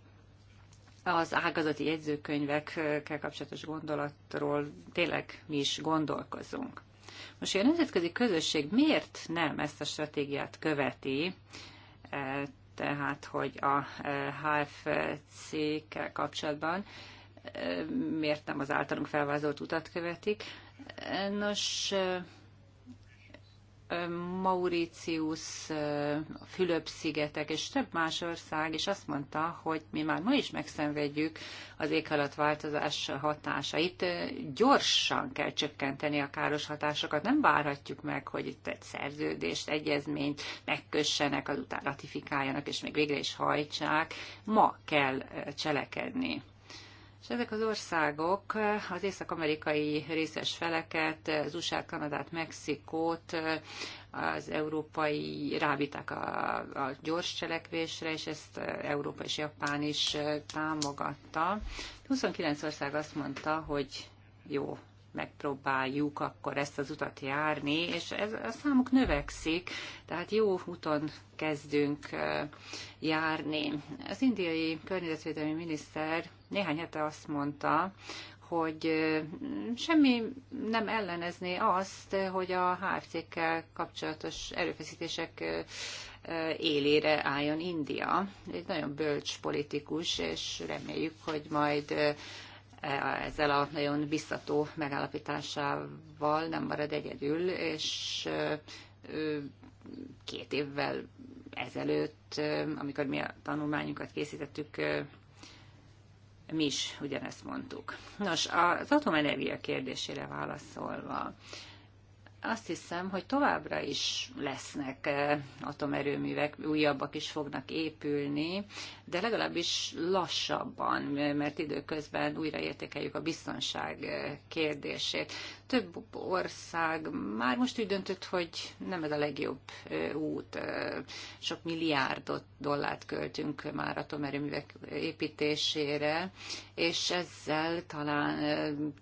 az ágazati jegyzőkönyvekkel kapcsolatos gondolatról tényleg mi is gondolkozunk. Most, hogy a nemzetközi közösség miért nem ezt a stratégiát követi, e, tehát, hogy a e, HFC-kkel kapcsolatban e, miért nem az általunk felvázolt utat követik. Nos, Mauritius, Fülöp-szigetek és több más ország is azt mondta, hogy mi már ma is megszenvedjük az éghajlatváltozás hatásait. Gyorsan kell csökkenteni a káros hatásokat. Nem várhatjuk meg, hogy itt egy szerződést, egyezményt megkössenek, azután ratifikáljanak, és még végre is hajtsák. Ma kell cselekedni. És ezek az országok az észak-amerikai részes feleket, az USA, Kanadát, Mexikót, az európai rábíták a, a gyors cselekvésre, és ezt Európa és Japán is támogatta. 29 ország azt mondta, hogy jó, megpróbáljuk akkor ezt az utat járni, és ez a számuk növekszik, tehát jó úton kezdünk eh, járni. Az indiai környezetvédelmi miniszter néhány hete azt mondta, hogy semmi nem ellenezné azt, hogy a HFC-kkel kapcsolatos erőfeszítések élére álljon India. Egy nagyon bölcs politikus, és reméljük, hogy majd e, ezzel a nagyon biztató megállapításával nem marad egyedül, és két évvel ezelőtt, amikor mi a tanulmányunkat készítettük, mi is ugyanezt mondtuk. Nos, az atomenergia kérdésére válaszolva, azt hiszem, hogy továbbra is lesznek eh, atomerőművek, újabbak is fognak épülni, de legalábbis lassabban, mert időközben újraértékeljük a biztonság eh, kérdését. Több ország már most úgy döntött, hogy nem ez a legjobb eh, út. Sok milliárdot dollárt költünk már atomerőművek építésére, és ezzel talán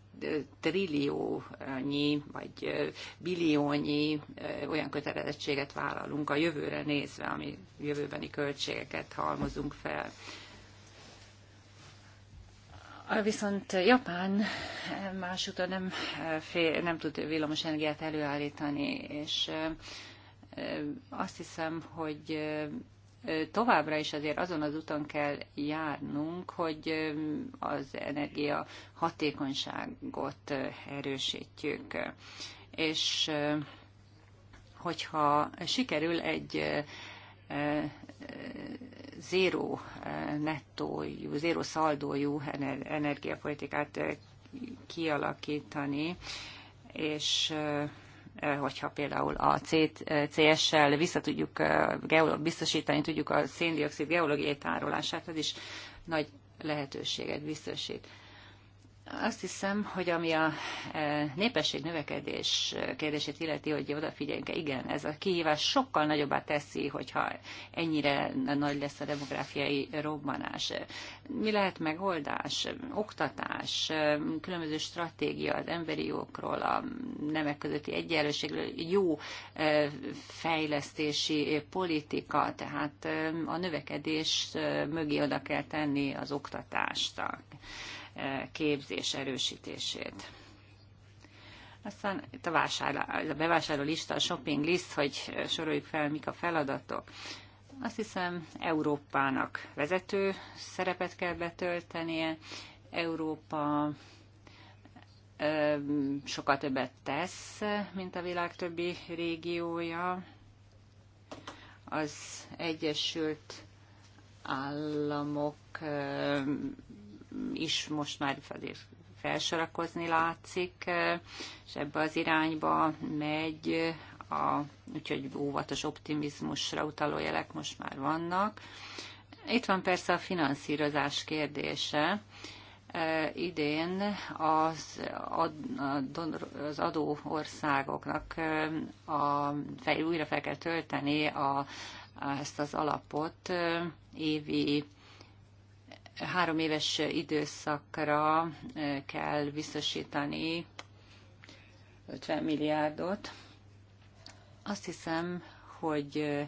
trilliónyi vagy billiónyi olyan kötelezettséget vállalunk a jövőre nézve, ami jövőbeni költségeket halmozunk fel. Viszont Japán másúton nem, fél, nem tud villamos energiát előállítani, és azt hiszem, hogy továbbra is azért azon az úton kell járnunk, hogy az energia hatékonyságot erősítjük. És hogyha sikerül egy zéró nettójú, zéró szaldójú energiapolitikát kialakítani, és hogyha például a CS-sel vissza tudjuk biztosítani, tudjuk a széndiokszid geológiai tárolását, ez is nagy lehetőséget biztosít. Azt hiszem, hogy ami a e, népesség növekedés kérdését illeti, hogy odafigyeljünk -e, igen, ez a kihívás sokkal nagyobbá teszi, hogyha ennyire nagy lesz a demográfiai robbanás. Mi lehet megoldás? Oktatás, különböző stratégia az emberi jogokról, a nemek közötti egyenlőségről, jó e, fejlesztési politika, tehát e, a növekedés mögé oda kell tenni az oktatást, képzés erősítését. Aztán itt a, vásárló, a bevásárló lista, a shopping list, hogy soroljuk fel, mik a feladatok. Azt hiszem, Európának vezető szerepet kell betöltenie. Európa sokat többet tesz, mint a világ többi régiója. Az Egyesült Államok is most már azért felsorakozni látszik, és ebbe az irányba megy, a, úgyhogy óvatos optimizmusra utaló jelek most már vannak. Itt van persze a finanszírozás kérdése. Idén az, ad, az adó országoknak a, fej, újra fel kell tölteni a, ezt az alapot évi három éves időszakra kell biztosítani 50 milliárdot. Azt hiszem, hogy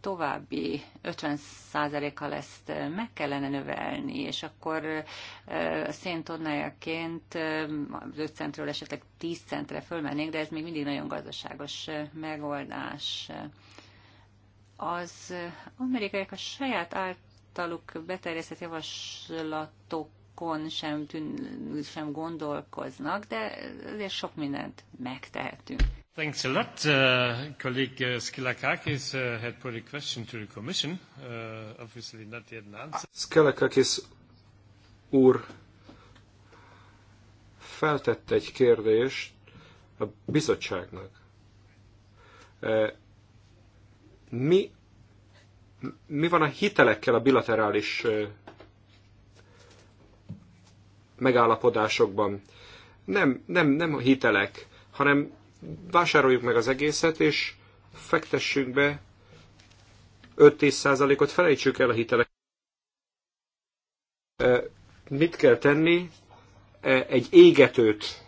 további 50%-kal lesz meg kellene növelni, és akkor a szén 5 centről esetleg 10 centre fölmennénk, de ez még mindig nagyon gazdaságos megoldás. Az amerikaiak a saját által általuk beterjesztett javaslatokon sem, tűn, sem gondolkoznak, de azért sok mindent megtehetünk. Thanks a lot, uh, colleague uh, Skilakakis uh, had put a question to the Commission, uh, obviously not yet an answer. Skilakakis úr feltett egy kérdést a bizottságnak. Uh, mi mi van a hitelekkel a bilaterális megállapodásokban? Nem, nem, nem a hitelek, hanem vásároljuk meg az egészet, és fektessünk be 5-10 százalékot, felejtsük el a hitelek. Mit kell tenni? E, egy égetőt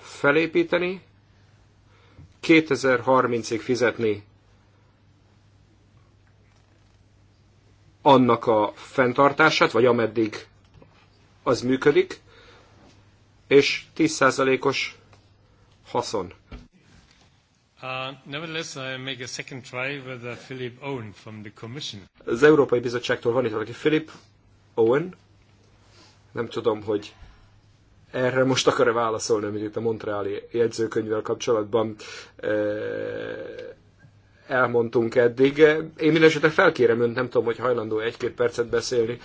felépíteni, 2030-ig fizetni annak a fenntartását, vagy ameddig az működik, és 10%-os haszon. Uh, uh, az Európai Bizottságtól van itt valaki, Philip Owen. Nem tudom, hogy erre most akar-e válaszolni, amit itt a Montreali jegyzőkönyvvel kapcsolatban eh, elmondtunk eddig. Én esetre felkérem önt, nem tudom, hogy hajlandó -e egy-két percet beszélni.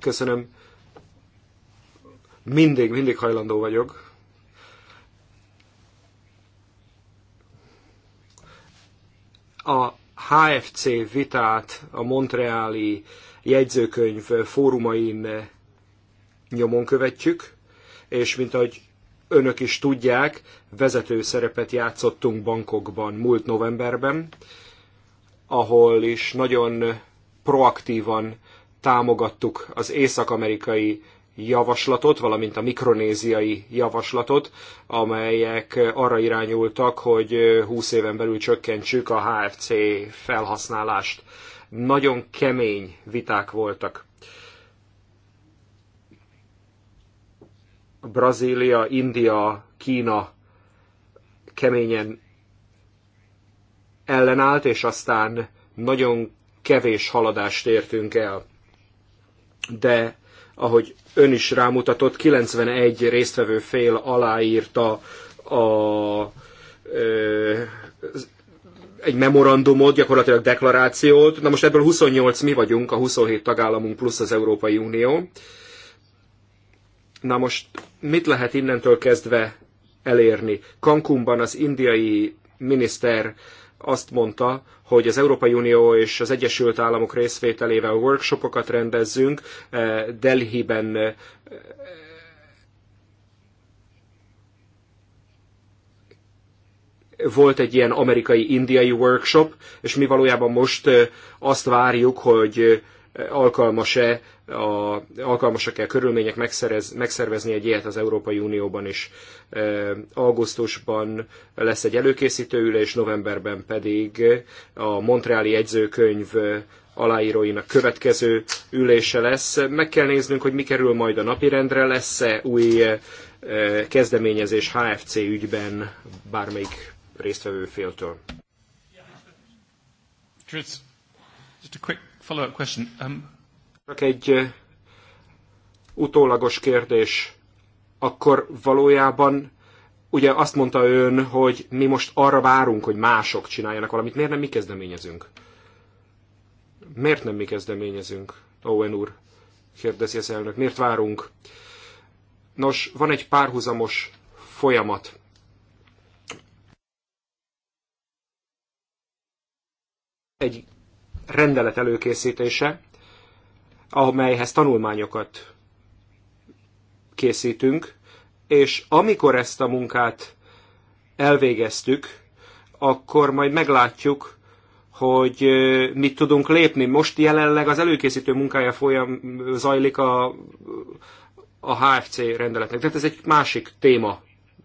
Köszönöm. Mindig, mindig hajlandó vagyok. A HFC vitát a Montreali jegyzőkönyv fórumain nyomon követjük, és mint ahogy önök is tudják, vezető szerepet játszottunk bankokban múlt novemberben, ahol is nagyon proaktívan támogattuk az észak-amerikai javaslatot, valamint a mikronéziai javaslatot, amelyek arra irányultak, hogy 20 éven belül csökkentsük a HFC felhasználást. Nagyon kemény viták voltak. Brazília, India, Kína keményen ellenállt, és aztán nagyon kevés haladást értünk el. De, ahogy ön is rámutatott, 91 résztvevő fél aláírta a, ö, egy memorandumot, gyakorlatilag deklarációt. Na most ebből 28 mi vagyunk, a 27 tagállamunk plusz az Európai Unió. Na most mit lehet innentől kezdve elérni. Cancúnban az indiai miniszter azt mondta, hogy az Európai Unió és az Egyesült Államok részvételével workshopokat rendezzünk, eh, Delhiben eh, volt egy ilyen amerikai-indiai workshop, és mi valójában most eh, azt várjuk, hogy alkalmas-e a, alkalmasak-e körülmények megszerez, megszervezni egy ilyet az Európai Unióban is. E, augusztusban lesz egy előkészítő ülés, novemberben pedig a Montreali jegyzőkönyv aláíróinak következő ülése lesz. Meg kell néznünk, hogy mi kerül majd a napirendre, lesz-e új e, kezdeményezés HFC ügyben bármelyik résztvevő féltől. Just a quick follow-up question. Um... Csak egy utólagos kérdés. Akkor valójában ugye azt mondta ön, hogy mi most arra várunk, hogy mások csináljanak valamit. Miért nem mi kezdeményezünk? Miért nem mi kezdeményezünk? Owen úr, kérdezi az elnök. Miért várunk? Nos, van egy párhuzamos folyamat. Egy rendelet előkészítése, amelyhez tanulmányokat készítünk, és amikor ezt a munkát elvégeztük, akkor majd meglátjuk, hogy mit tudunk lépni. Most jelenleg az előkészítő munkája folyam zajlik a, a HFC rendeletnek. Tehát ez egy másik téma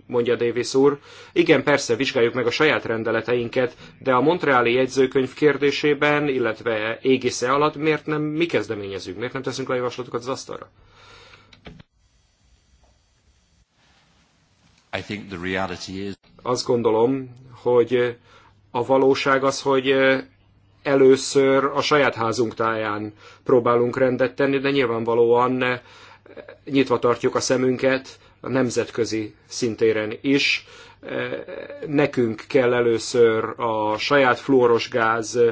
mondja Davis úr. Igen, persze, vizsgáljuk meg a saját rendeleteinket, de a montreáli jegyzőkönyv kérdésében, illetve égisze alatt miért nem mi kezdeményezünk, miért nem teszünk le javaslatokat az asztalra? I think the reality is... Azt gondolom, hogy a valóság az, hogy először a saját házunk táján próbálunk rendet tenni, de nyilvánvalóan nyitva tartjuk a szemünket a nemzetközi szintéren is. E, nekünk kell először a saját fluorosgáz gáz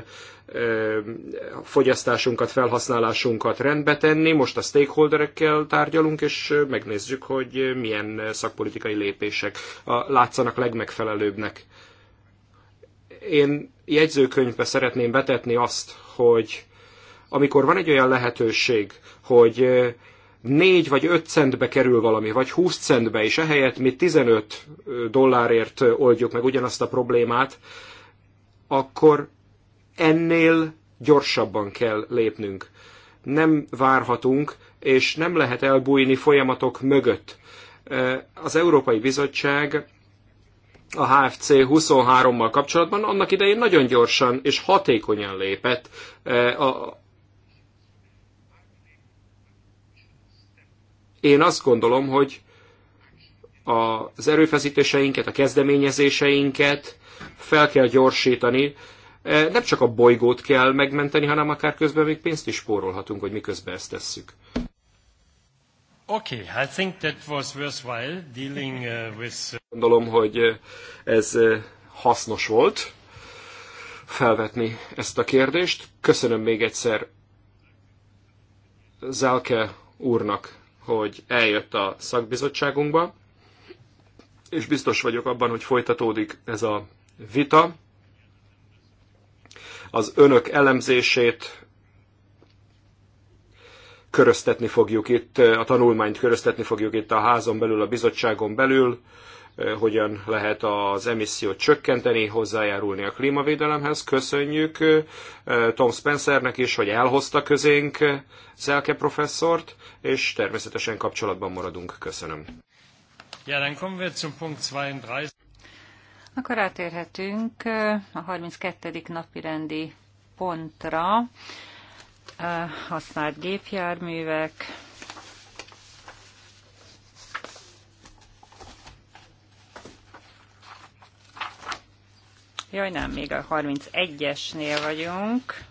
e, fogyasztásunkat, felhasználásunkat rendbe tenni. Most a stakeholderekkel tárgyalunk, és megnézzük, hogy milyen szakpolitikai lépések látszanak legmegfelelőbbnek. Én jegyzőkönyvbe szeretném betetni azt, hogy amikor van egy olyan lehetőség, hogy 4 vagy 5 centbe kerül valami, vagy 20 centbe, és ehelyett mi 15 dollárért oldjuk meg ugyanazt a problémát, akkor ennél gyorsabban kell lépnünk. Nem várhatunk, és nem lehet elbújni folyamatok mögött. Az Európai Bizottság a HFC 23-mal kapcsolatban annak idején nagyon gyorsan és hatékonyan lépett Én azt gondolom, hogy az erőfeszítéseinket, a kezdeményezéseinket fel kell gyorsítani. E, nem csak a bolygót kell megmenteni, hanem akár közben még pénzt is spórolhatunk, hogy miközben ezt tesszük. Okay, I think that was worthwhile dealing uh, with... Uh, gondolom, hogy ez uh, hasznos volt felvetni ezt a kérdést. Köszönöm még egyszer Zalke úrnak hogy eljött a szakbizottságunkba, és biztos vagyok abban, hogy folytatódik ez a vita. Az önök elemzését köröztetni fogjuk itt, a tanulmányt köröztetni fogjuk itt a házon belül, a bizottságon belül, hogyan lehet az emissziót csökkenteni, hozzájárulni a klímavédelemhez. Köszönjük Tom Spencernek is, hogy elhozta közénk Zelke professzort, és természetesen kapcsolatban maradunk. Köszönöm. Ja, dann kommen wir zum Punkt 32. Akkor átérhetünk a 32. napi rendi pontra használt gépjárművek, Jaj, nem, még a 31-esnél vagyunk.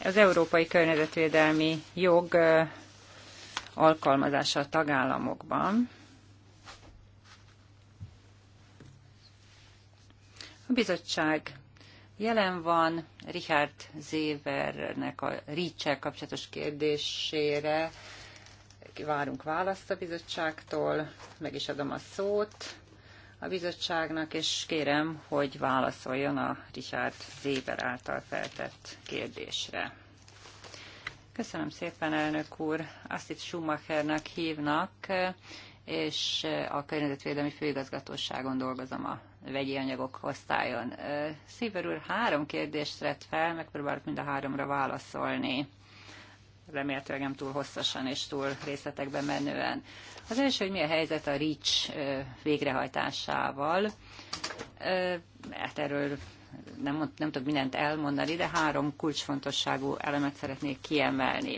Az európai környezetvédelmi jog alkalmazása a tagállamokban. A bizottság jelen van, Richard Zévernek a ricsel kapcsolatos kérdésére várunk választ a bizottságtól, meg is adom a szót a bizottságnak, és kérem, hogy válaszoljon a Richard Zéber által feltett kérdésre. Köszönöm szépen, elnök úr. Azt itt Schumachernek hívnak, és a Környezetvédelmi Főigazgatóságon dolgozom a vegyi anyagok osztályon. Szíver úr három kérdést vett fel, megpróbálok mind a háromra válaszolni remélhetőleg nem túl hosszasan és túl részletekben menően. Az első, hogy mi a helyzet a RICS végrehajtásával. Hát erről nem, nem tudok mindent elmondani, de három kulcsfontosságú elemet szeretnék kiemelni.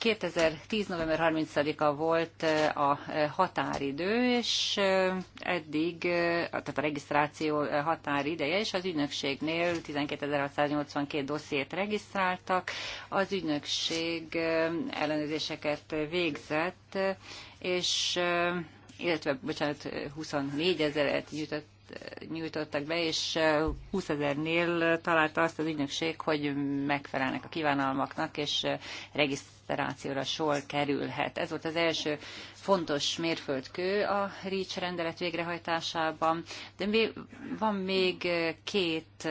2010. november 30-a volt eh, a eh, határidő, és eh, eddig, tehát a regisztráció határideje, és az ügynökségnél 12.682 dossziét regisztráltak. Az ügynökség ellenőrzéseket végzett, és illetve, bocsánat, 24 ezeret gyűjtött nyújtottak be, és 20 ezernél találta azt az ügynökség, hogy megfelelnek a kívánalmaknak, és regisztrációra sor kerülhet. Ez volt az első fontos mérföldkő a REACH rendelet végrehajtásában, de még, van még két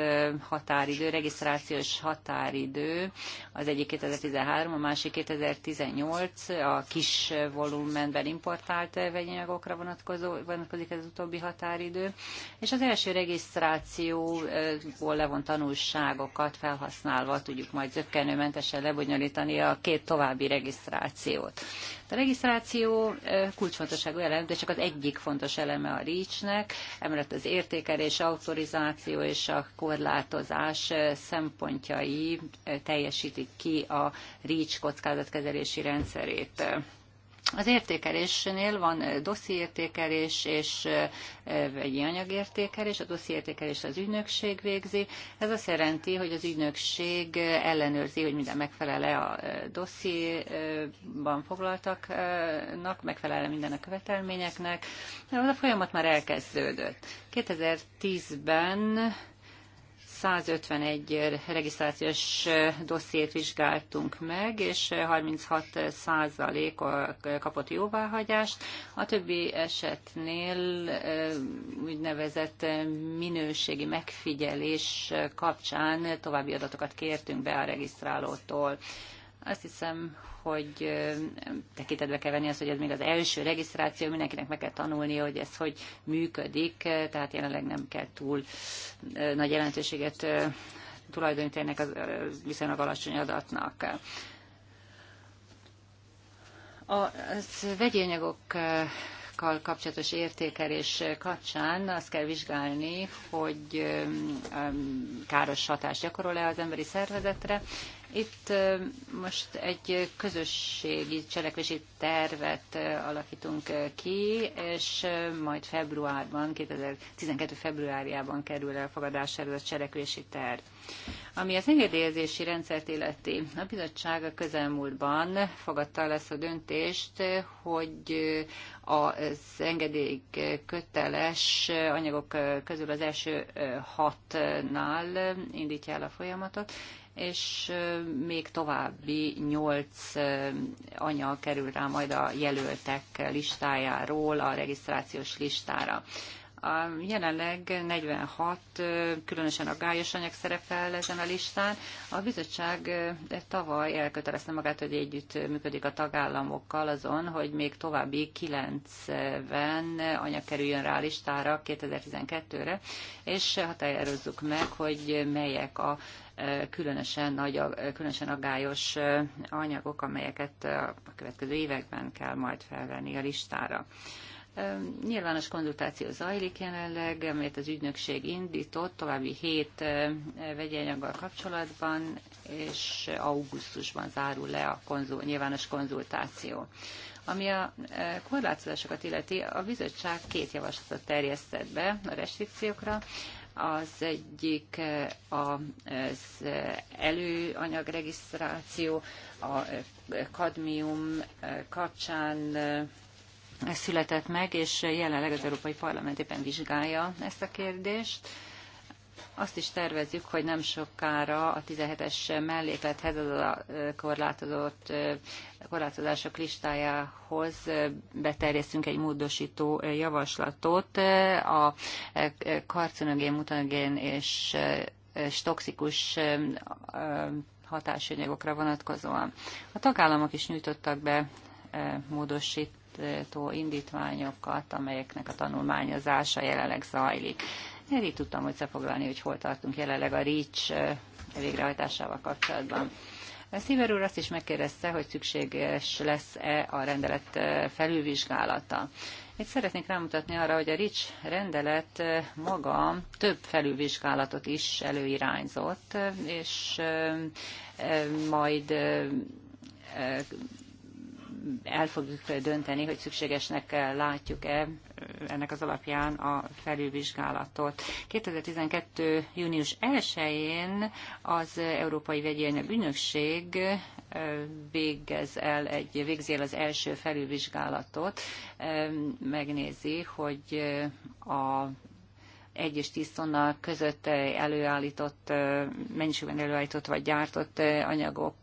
határidő, regisztrációs határidő, az egyik 2013, a másik 2018, a kis volumenben importált vegyanyagokra vonatkozó, vonatkozik ez az utóbbi határidő, és az első regisztrációból levont tanulságokat felhasználva tudjuk majd zöggenőmentesen lebonyolítani a két további regisztrációt. A regisztráció kulcsfontosságú elem, de csak az egyik fontos eleme a REACH-nek, emellett az értékelés, autorizáció és a korlátozás szempontjai teljesítik ki a REACH kockázatkezelési rendszerét. Az értékelésnél van eh, dossziértékelés és eh, egy anyagértékelés. A dossziértékelést az ügynökség végzi. Ez azt jelenti, hogy az ügynökség eh, ellenőrzi, hogy minden megfelele a dossziban foglaltaknak, megfelele minden a követelményeknek. De a folyamat már elkezdődött. 2010-ben 151 regisztrációs dossziét vizsgáltunk meg, és 36 százalék kapott jóváhagyást. A többi esetnél úgynevezett minőségi megfigyelés kapcsán további adatokat kértünk be a regisztrálótól. Azt hiszem, hogy tekintetbe kell venni az, hogy ez még az első regisztráció, mindenkinek meg kell tanulni, hogy ez hogy működik, tehát jelenleg nem kell túl nagy jelentőséget tulajdonítani ennek az viszonylag alacsony adatnak. A vegyi anyagokkal kapcsolatos értékelés kapcsán azt kell vizsgálni, hogy káros hatást gyakorol-e az emberi szervezetre, itt most egy közösségi cselekvési tervet alakítunk ki, és majd februárban, 2012. februárjában kerül ez a cselekvési terv. Ami az engedélyezési rendszert illeti, a bizottság a közelmúltban fogadta el ezt a döntést, hogy az engedély köteles anyagok közül az első hatnál indítja el a folyamatot, és még további nyolc anya kerül rá majd a jelöltek listájáról a regisztrációs listára. A jelenleg 46 különösen gályos anyag szerepel ezen a listán. A bizottság tavaly elkötelezte magát, hogy együtt működik a tagállamokkal azon, hogy még további 90 anyag kerüljön rá a listára 2012-re, és határozzuk meg, hogy melyek a különösen, nagy, különösen aggályos anyagok, amelyeket a következő években kell majd felvenni a listára. Nyilvános konzultáció zajlik jelenleg, amelyet az ügynökség indított további hét vegyi anyaggal kapcsolatban, és augusztusban zárul le a konzul, nyilvános konzultáció. Ami a korlátozásokat illeti, a bizottság két javaslatot terjesztett be a restrikciókra. Az egyik eh, az eh, előanyag regisztráció, a eh, kadmium kapcsán született meg, és jelenleg az Európai Parlament éppen vizsgálja ezt a kérdést. Azt is tervezzük, hogy nem sokára a 17-es melléklethez, az a korlátozott korlátozások listájához beterjesztünk egy módosító javaslatot a karcinogén, mutanogén és és toxikus hatásanyagokra vonatkozóan. A tagállamok is nyújtottak be módosító indítványokat, amelyeknek a tanulmányozása jelenleg zajlik. Én tudtam összefoglalni, hogy hol tartunk jelenleg a REACH eh, végrehajtásával kapcsolatban. Sziver úr azt is megkérdezte, hogy szükséges lesz-e a rendelet eh, felülvizsgálata. Itt szeretnék rámutatni arra, hogy a RICS rendelet eh, maga több felülvizsgálatot is előirányzott, és majd el fogjuk dönteni, hogy szükségesnek látjuk-e ennek az alapján a felülvizsgálatot. 2012. június 1-én az Európai Vegyi Ügynökség végez el egy, végzi el az első felülvizsgálatot, megnézi, hogy a 1 és 10 tonna között eh, előállított, eh, mennyiségben előállított vagy gyártott eh, anyagok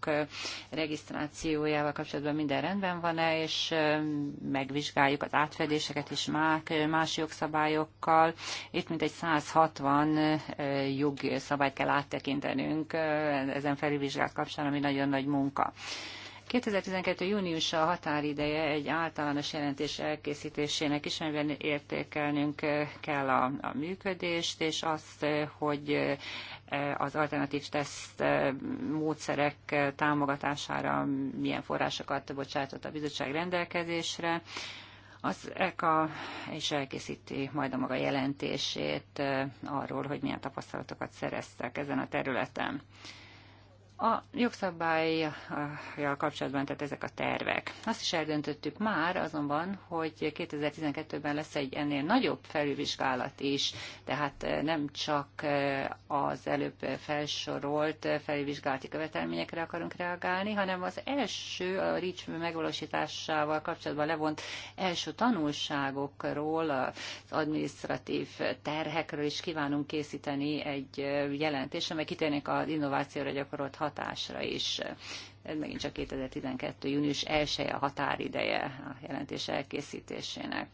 regisztrációjával kapcsolatban minden rendben van-e, és megvizsgáljuk az átfedéseket is más jogszabályokkal. Itt mintegy 160 jogszabályt kell áttekintenünk ezen felülvizsgált kapcsán, ami nagyon nagy munka. 2012. júniusa a határideje egy általános jelentés elkészítésének is, amiben értékelnünk kell a, a működést, és azt, hogy e, az alternatív teszt e, módszerek támogatására milyen forrásokat bocsátott a bizottság rendelkezésre. Az ECA is elkészíti majd a maga jelentését e, arról, hogy milyen tapasztalatokat szereztek ezen a területen. A jogszabályjal kapcsolatban, tehát ezek a tervek. Azt is eldöntöttük már azonban, hogy 2012-ben lesz egy ennél nagyobb felülvizsgálat is, tehát eh, nem csak eh, az előbb felsorolt felülvizsgálati követelményekre akarunk reagálni, hanem az első, a REACH megvalósításával kapcsolatban levont első tanulságokról, az administratív terhekről is kívánunk készíteni egy eh, jelentést, amely kitérnék az innovációra gyakorolt hatásra is. Ez megint csak 2012. június 1 a határideje a jelentés elkészítésének.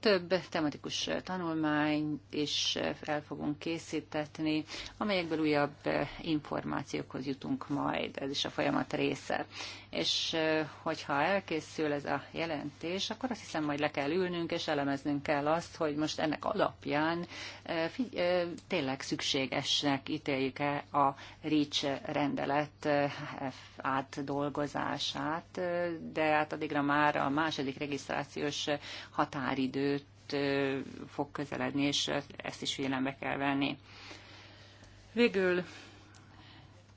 Több tematikus tanulmány is el fogunk készítetni, amelyekből újabb információkhoz jutunk majd, ez is a folyamat része és hogyha elkészül ez a jelentés, akkor azt hiszem, majd le kell ülnünk, és elemeznünk kell azt, hogy most ennek alapján tényleg szükségesnek ítéljük-e a REACH rendelet átdolgozását, de hát addigra már a második regisztrációs határidőt fog közeledni, és ezt is figyelembe kell venni. Végül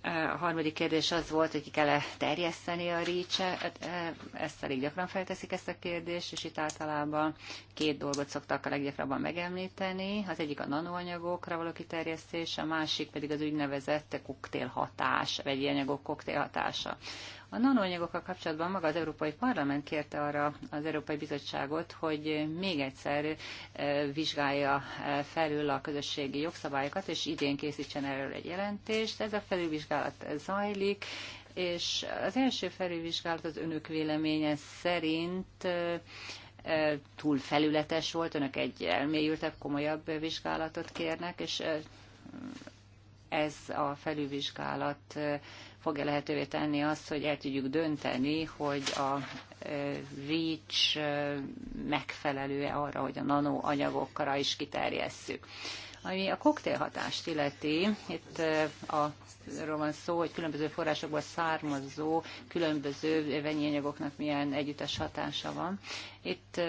a harmadik kérdés az volt, hogy ki kell-e terjeszteni a rics hát, e, Ezt elég gyakran felteszik ezt a kérdést, és itt általában két dolgot szoktak a leggyakrabban megemlíteni. Az egyik a nanoanyagokra való kiterjesztés, a másik pedig az úgynevezett koktélhatás, hatás, vegyi anyagok koktélhatása. hatása. A nanoanyagokkal kapcsolatban maga az Európai Parlament kérte arra az Európai Bizottságot, hogy még egyszer e, vizsgálja e, felül a közösségi jogszabályokat, és idén készítsen erről egy jelentést. Ez a felülvizsgálat zajlik, és az első felülvizsgálat az önök véleménye szerint e, túl felületes volt, önök egy elmélyültebb, komolyabb vizsgálatot kérnek, és ez a felülvizsgálat fogja lehetővé tenni azt, hogy el tudjuk dönteni, hogy a e, REACH e, megfelelő-e arra, hogy a nanoanyagokra is kiterjesszük. Ami a koktélhatást illeti, itt e, arról van szó, hogy különböző forrásokból származó különböző vegyi milyen együttes hatása van. Itt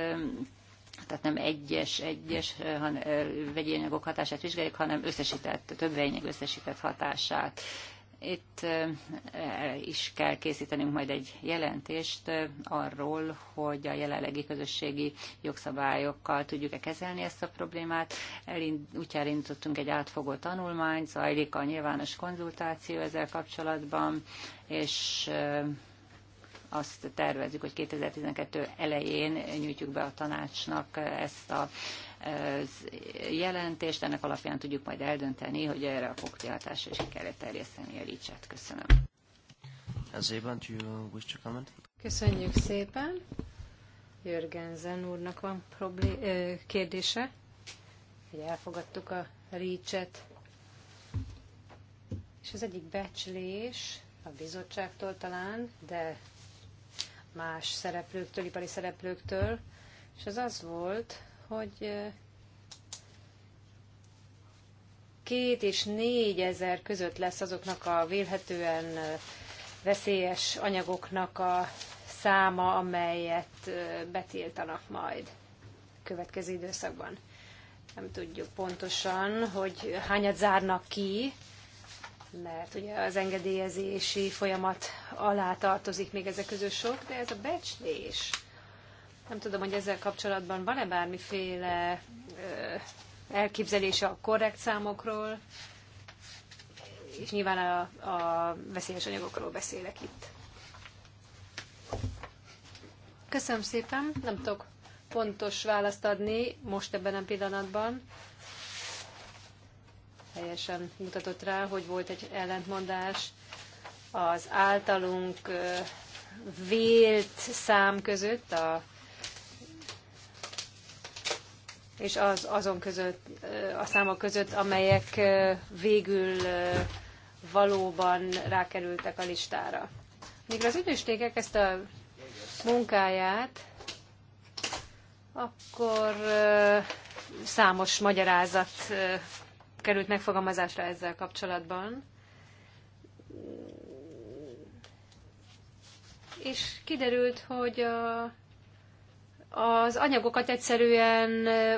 tehát nem egyes, egyes han, vegyi anyagok hatását vizsgáljuk, hanem összesített, több vegyi összesített hatását itt eh, is kell készítenünk majd egy jelentést arról, hogy a jelenlegi közösségi jogszabályokkal tudjuk-e kezelni ezt a problémát. úgy elindítottunk egy átfogó tanulmányt, zajlik a nyilvános konzultáció ezzel kapcsolatban, és azt tervezzük, hogy 2012 elején nyújtjuk be a tanácsnak ezt a jelentést, ennek alapján tudjuk majd eldönteni, hogy erre a is kell terjeszteni a Ricset. Köszönöm. Zéban, you wish to comment? Köszönjük szépen. Jörgenzen úrnak van problé- kérdése, hogy elfogadtuk a Ricset. És az egyik becslés a bizottságtól talán, de más szereplőktől, ipari szereplőktől, és az az volt, hogy két és négy ezer között lesz azoknak a vélhetően veszélyes anyagoknak a száma, amelyet betiltanak majd következő időszakban. Nem tudjuk pontosan, hogy hányat zárnak ki, mert ugye az engedélyezési folyamat alá tartozik még ezek közül sok, de ez a becslés nem tudom, hogy ezzel kapcsolatban van-e bármiféle elképzelése a korrekt számokról, és nyilván a, a veszélyes anyagokról beszélek itt. Köszönöm szépen, nem tudok pontos választ adni most ebben a pillanatban. Helyesen mutatott rá, hogy volt egy ellentmondás az általunk vélt szám között, a és az azon között, a számok között, amelyek végül valóban rákerültek a listára. Míg az ügynökségek ezt a munkáját, akkor számos magyarázat került megfogalmazásra ezzel kapcsolatban. És kiderült, hogy a az anyagokat egyszerűen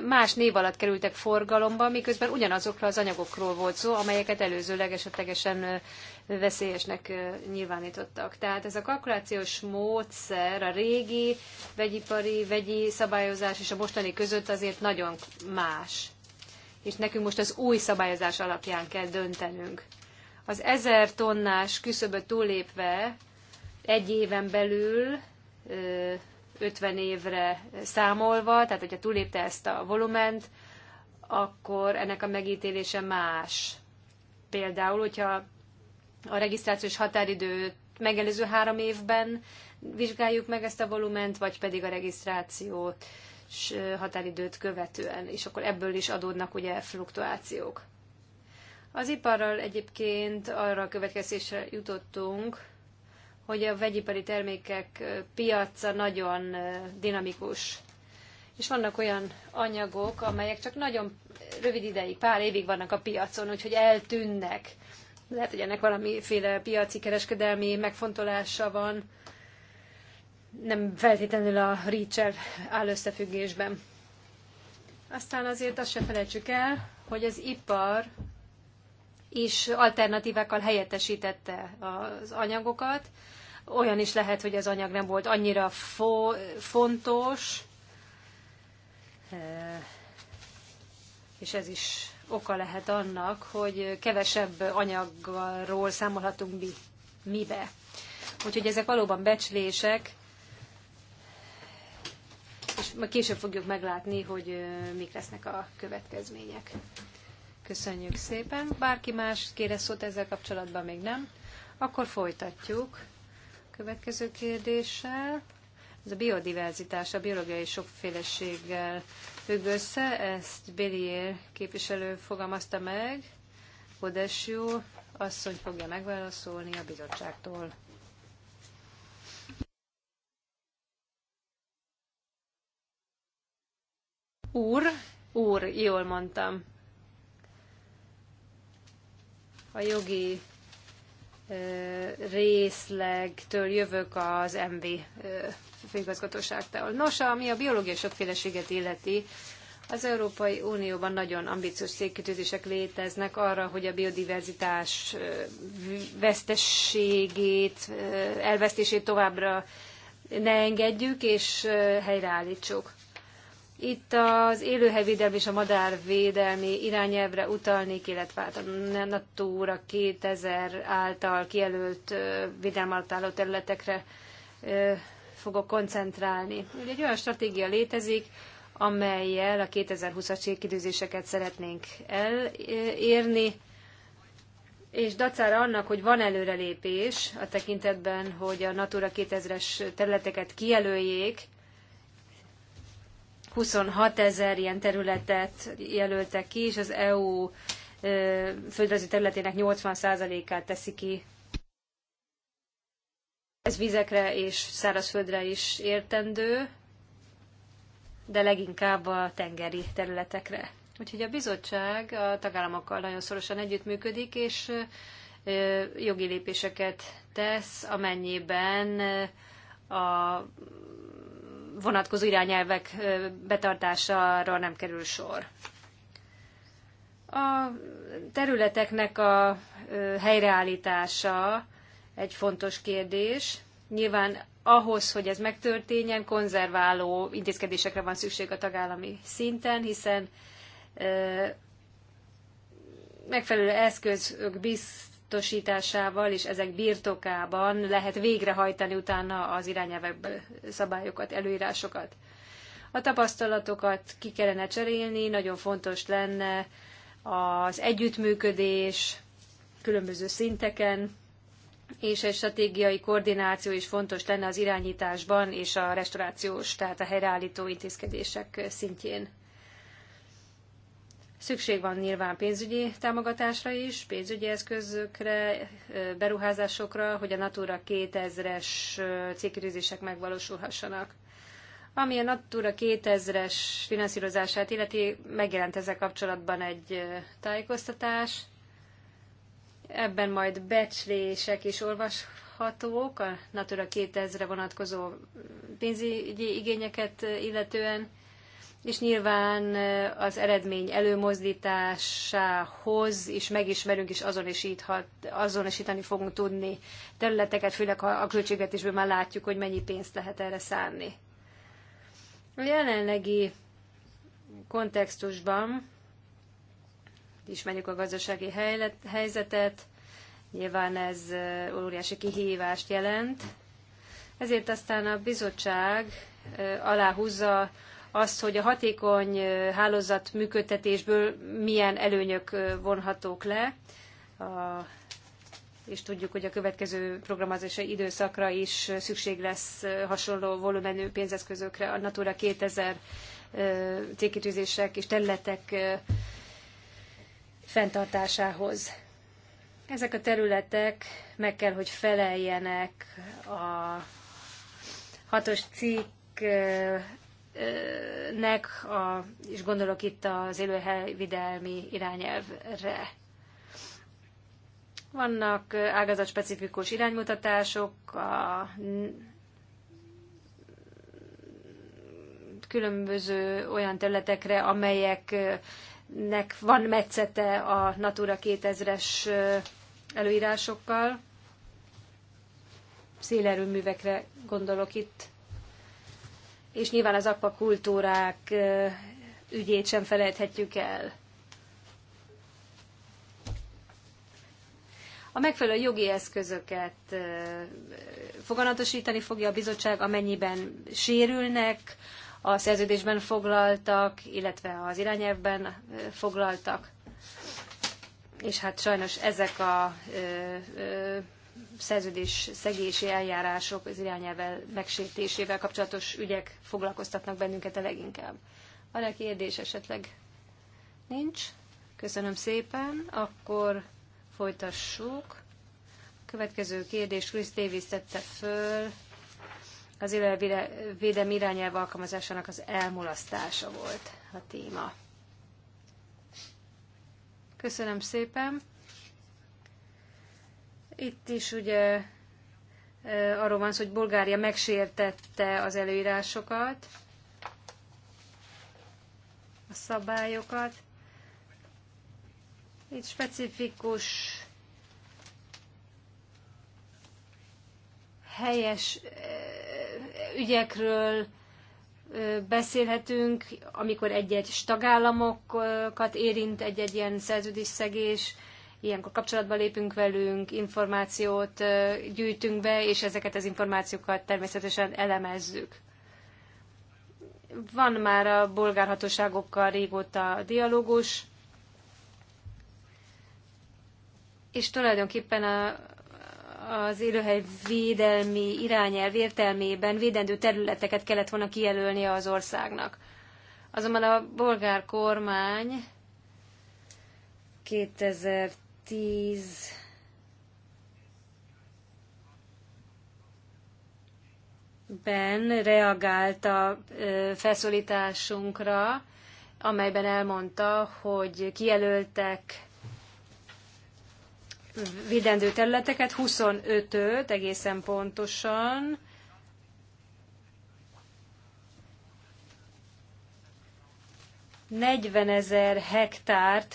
más név alatt kerültek forgalomba, miközben ugyanazokra az anyagokról volt szó, amelyeket előzőleg esetlegesen veszélyesnek nyilvánítottak. Tehát ez a kalkulációs módszer a régi vegyipari, vegyi szabályozás és a mostani között azért nagyon más. És nekünk most az új szabályozás alapján kell döntenünk. Az ezer tonnás küszöböt túllépve egy éven belül 50 évre számolva, tehát hogyha túlépte ezt a volument, akkor ennek a megítélése más. Például, hogyha a regisztrációs határidőt megelőző három évben vizsgáljuk meg ezt a volument, vagy pedig a regisztrációt határidőt követően, és akkor ebből is adódnak ugye fluktuációk. Az iparral egyébként arra a következésre jutottunk, hogy a vegyipari termékek piaca nagyon dinamikus. És vannak olyan anyagok, amelyek csak nagyon rövid ideig, pár évig vannak a piacon, úgyhogy eltűnnek. Lehet, hogy ennek valamiféle piaci kereskedelmi megfontolása van, nem feltétlenül a Reacher áll összefüggésben. Aztán azért azt se felejtsük el, hogy az ipar is alternatívákkal helyettesítette az anyagokat, olyan is lehet, hogy az anyag nem volt annyira fo- fontos, eh, és ez is oka lehet annak, hogy kevesebb anyagról számolhatunk mi, mibe. Úgyhogy ezek valóban becslések, és majd később fogjuk meglátni, hogy eh, mik lesznek a következmények. Köszönjük szépen. Bárki más kére szót ezzel kapcsolatban még nem? Akkor folytatjuk következő kérdéssel. Ez a biodiverzitás, a biológiai sokféleséggel függ össze, ezt Bélier képviselő fogalmazta meg, Odessio asszony fogja megválaszolni a bizottságtól. Úr, úr, jól mondtam. A jogi részlegtől jövök az MV főigazgatóságtól. Nos, ami a biológiai sokféleséget illeti, az Európai Unióban nagyon ambiciós célkitűzések léteznek arra, hogy a biodiverzitás vesztességét, elvesztését továbbra ne engedjük és helyreállítsuk. Itt az élőhelyvédelmi és a madárvédelmi irányelvre utalnék, illetve hát a Natura 2000 által kijelölt védelm alatt álló területekre fogok koncentrálni. Ugye egy olyan stratégia létezik, amelyel a 2020-as célkidőzéseket szeretnénk elérni, és dacára annak, hogy van előrelépés a tekintetben, hogy a Natura 2000-es területeket kijelöljék, 26 ezer ilyen területet jelöltek ki, és az EU földrajzi területének 80%-át teszi ki. Ez vizekre és szárazföldre is értendő, de leginkább a tengeri területekre. Úgyhogy a bizottság a tagállamokkal nagyon szorosan együttműködik, és jogi lépéseket tesz, amennyiben a vonatkozó irányelvek betartására nem kerül sor. A területeknek a helyreállítása egy fontos kérdés. Nyilván ahhoz, hogy ez megtörténjen, konzerváló intézkedésekre van szükség a tagállami szinten, hiszen megfelelő eszközök bizt tudatosításával és ezek birtokában lehet végrehajtani utána az irányelvekből szabályokat, előírásokat. A tapasztalatokat ki kellene cserélni, nagyon fontos lenne az együttműködés különböző szinteken, és egy stratégiai koordináció is fontos lenne az irányításban és a restaurációs, tehát a helyreállító intézkedések szintjén. Szükség van nyilván pénzügyi támogatásra is, pénzügyi eszközökre, beruházásokra, hogy a Natura 2000-es célkirűzések megvalósulhassanak. Ami a Natura 2000-es finanszírozását illeti, megjelent ezzel kapcsolatban egy tájékoztatás. Ebben majd becslések is olvashatók a Natura 2000-re vonatkozó pénzügyi igényeket illetően és nyilván eh, az eredmény előmozdításához is megismerünk és azonosíthat, azonosítani fogunk tudni területeket, főleg ha a költségvetésből már látjuk, hogy mennyi pénzt lehet erre szánni. A jelenlegi kontextusban ismerjük a gazdasági helyzetet, nyilván ez eh, óriási kihívást jelent, ezért aztán a bizottság eh, aláhúzza azt, hogy a hatékony hálózat működtetésből milyen előnyök vonhatók le, és tudjuk, hogy a következő programozási időszakra is szükség lesz hasonló volumenű pénzeszközökre. A Natura 2000 célkitűzések és területek fenntartásához. Ezek a területek meg kell, hogy feleljenek a hatos cikk nek, a, és gondolok itt az élőhelyvidelmi irányelvre. Vannak ágazatspecifikus iránymutatások, a különböző olyan területekre, amelyeknek van metszete a Natura 2000-es előírásokkal. Szélerőművekre gondolok itt és nyilván az akvakultúrák ügyét sem felejthetjük el. A megfelelő jogi eszközöket foganatosítani fogja a bizottság, amennyiben sérülnek a szerződésben foglaltak, illetve az irányelvben foglaltak. És hát sajnos ezek a ö, ö, szerződés szegési eljárások az irányelvel megsértésével kapcsolatos ügyek foglalkoztatnak bennünket a leginkább. Van-e kérdés esetleg? Nincs? Köszönöm szépen. Akkor folytassuk. A következő kérdés Chris Davis tette föl. Az élelvédelmi irányelv alkalmazásának az elmulasztása volt a téma. Köszönöm szépen. Itt is ugye arról van szó, hogy Bulgária megsértette az előírásokat, a szabályokat. Itt specifikus helyes ügyekről beszélhetünk, amikor egy-egy tagállamokat érint egy-egy ilyen szerződésszegés, ilyenkor kapcsolatba lépünk velünk, információt gyűjtünk be, és ezeket az információkat természetesen elemezzük. Van már a bolgárhatóságokkal régóta dialógus, és tulajdonképpen a, az élőhely védelmi irányelv értelmében védendő területeket kellett volna kijelölni az országnak. Azonban a bolgár kormány 2000 tíz. ben reagált a felszólításunkra, amelyben elmondta, hogy kijelöltek védendő területeket, 25-öt egészen pontosan, 40 ezer hektárt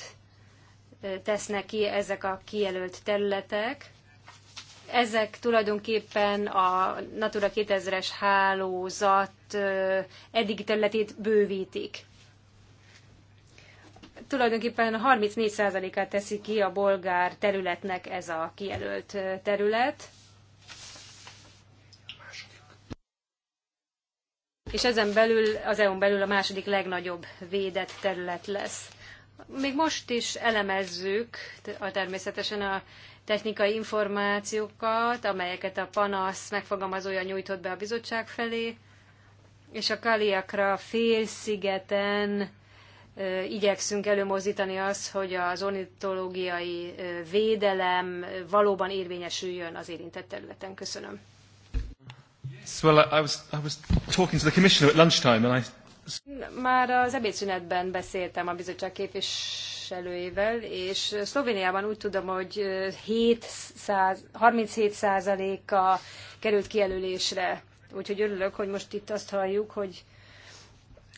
tesznek ki ezek a kijelölt területek. Ezek tulajdonképpen a Natura 2000-es hálózat eddigi területét bővítik. Tulajdonképpen 34%-át teszi ki a bolgár területnek ez a kijelölt terület. és ezen belül, az EU-n belül a második legnagyobb védett terület lesz még most is elemezzük a természetesen a technikai információkat, amelyeket a panasz megfogalmazója nyújtott be a bizottság felé, és a Kaliakra félszigeten igyekszünk előmozdítani azt, hogy az ornitológiai védelem valóban érvényesüljön az érintett területen. Köszönöm. Well, I was, I was talking to the commissioner at lunchtime and I már az ebédszünetben beszéltem a bizottság képviselőjével, és Szlovéniában úgy tudom, hogy 700, 37 a került kijelölésre. Úgyhogy örülök, hogy most itt azt halljuk, hogy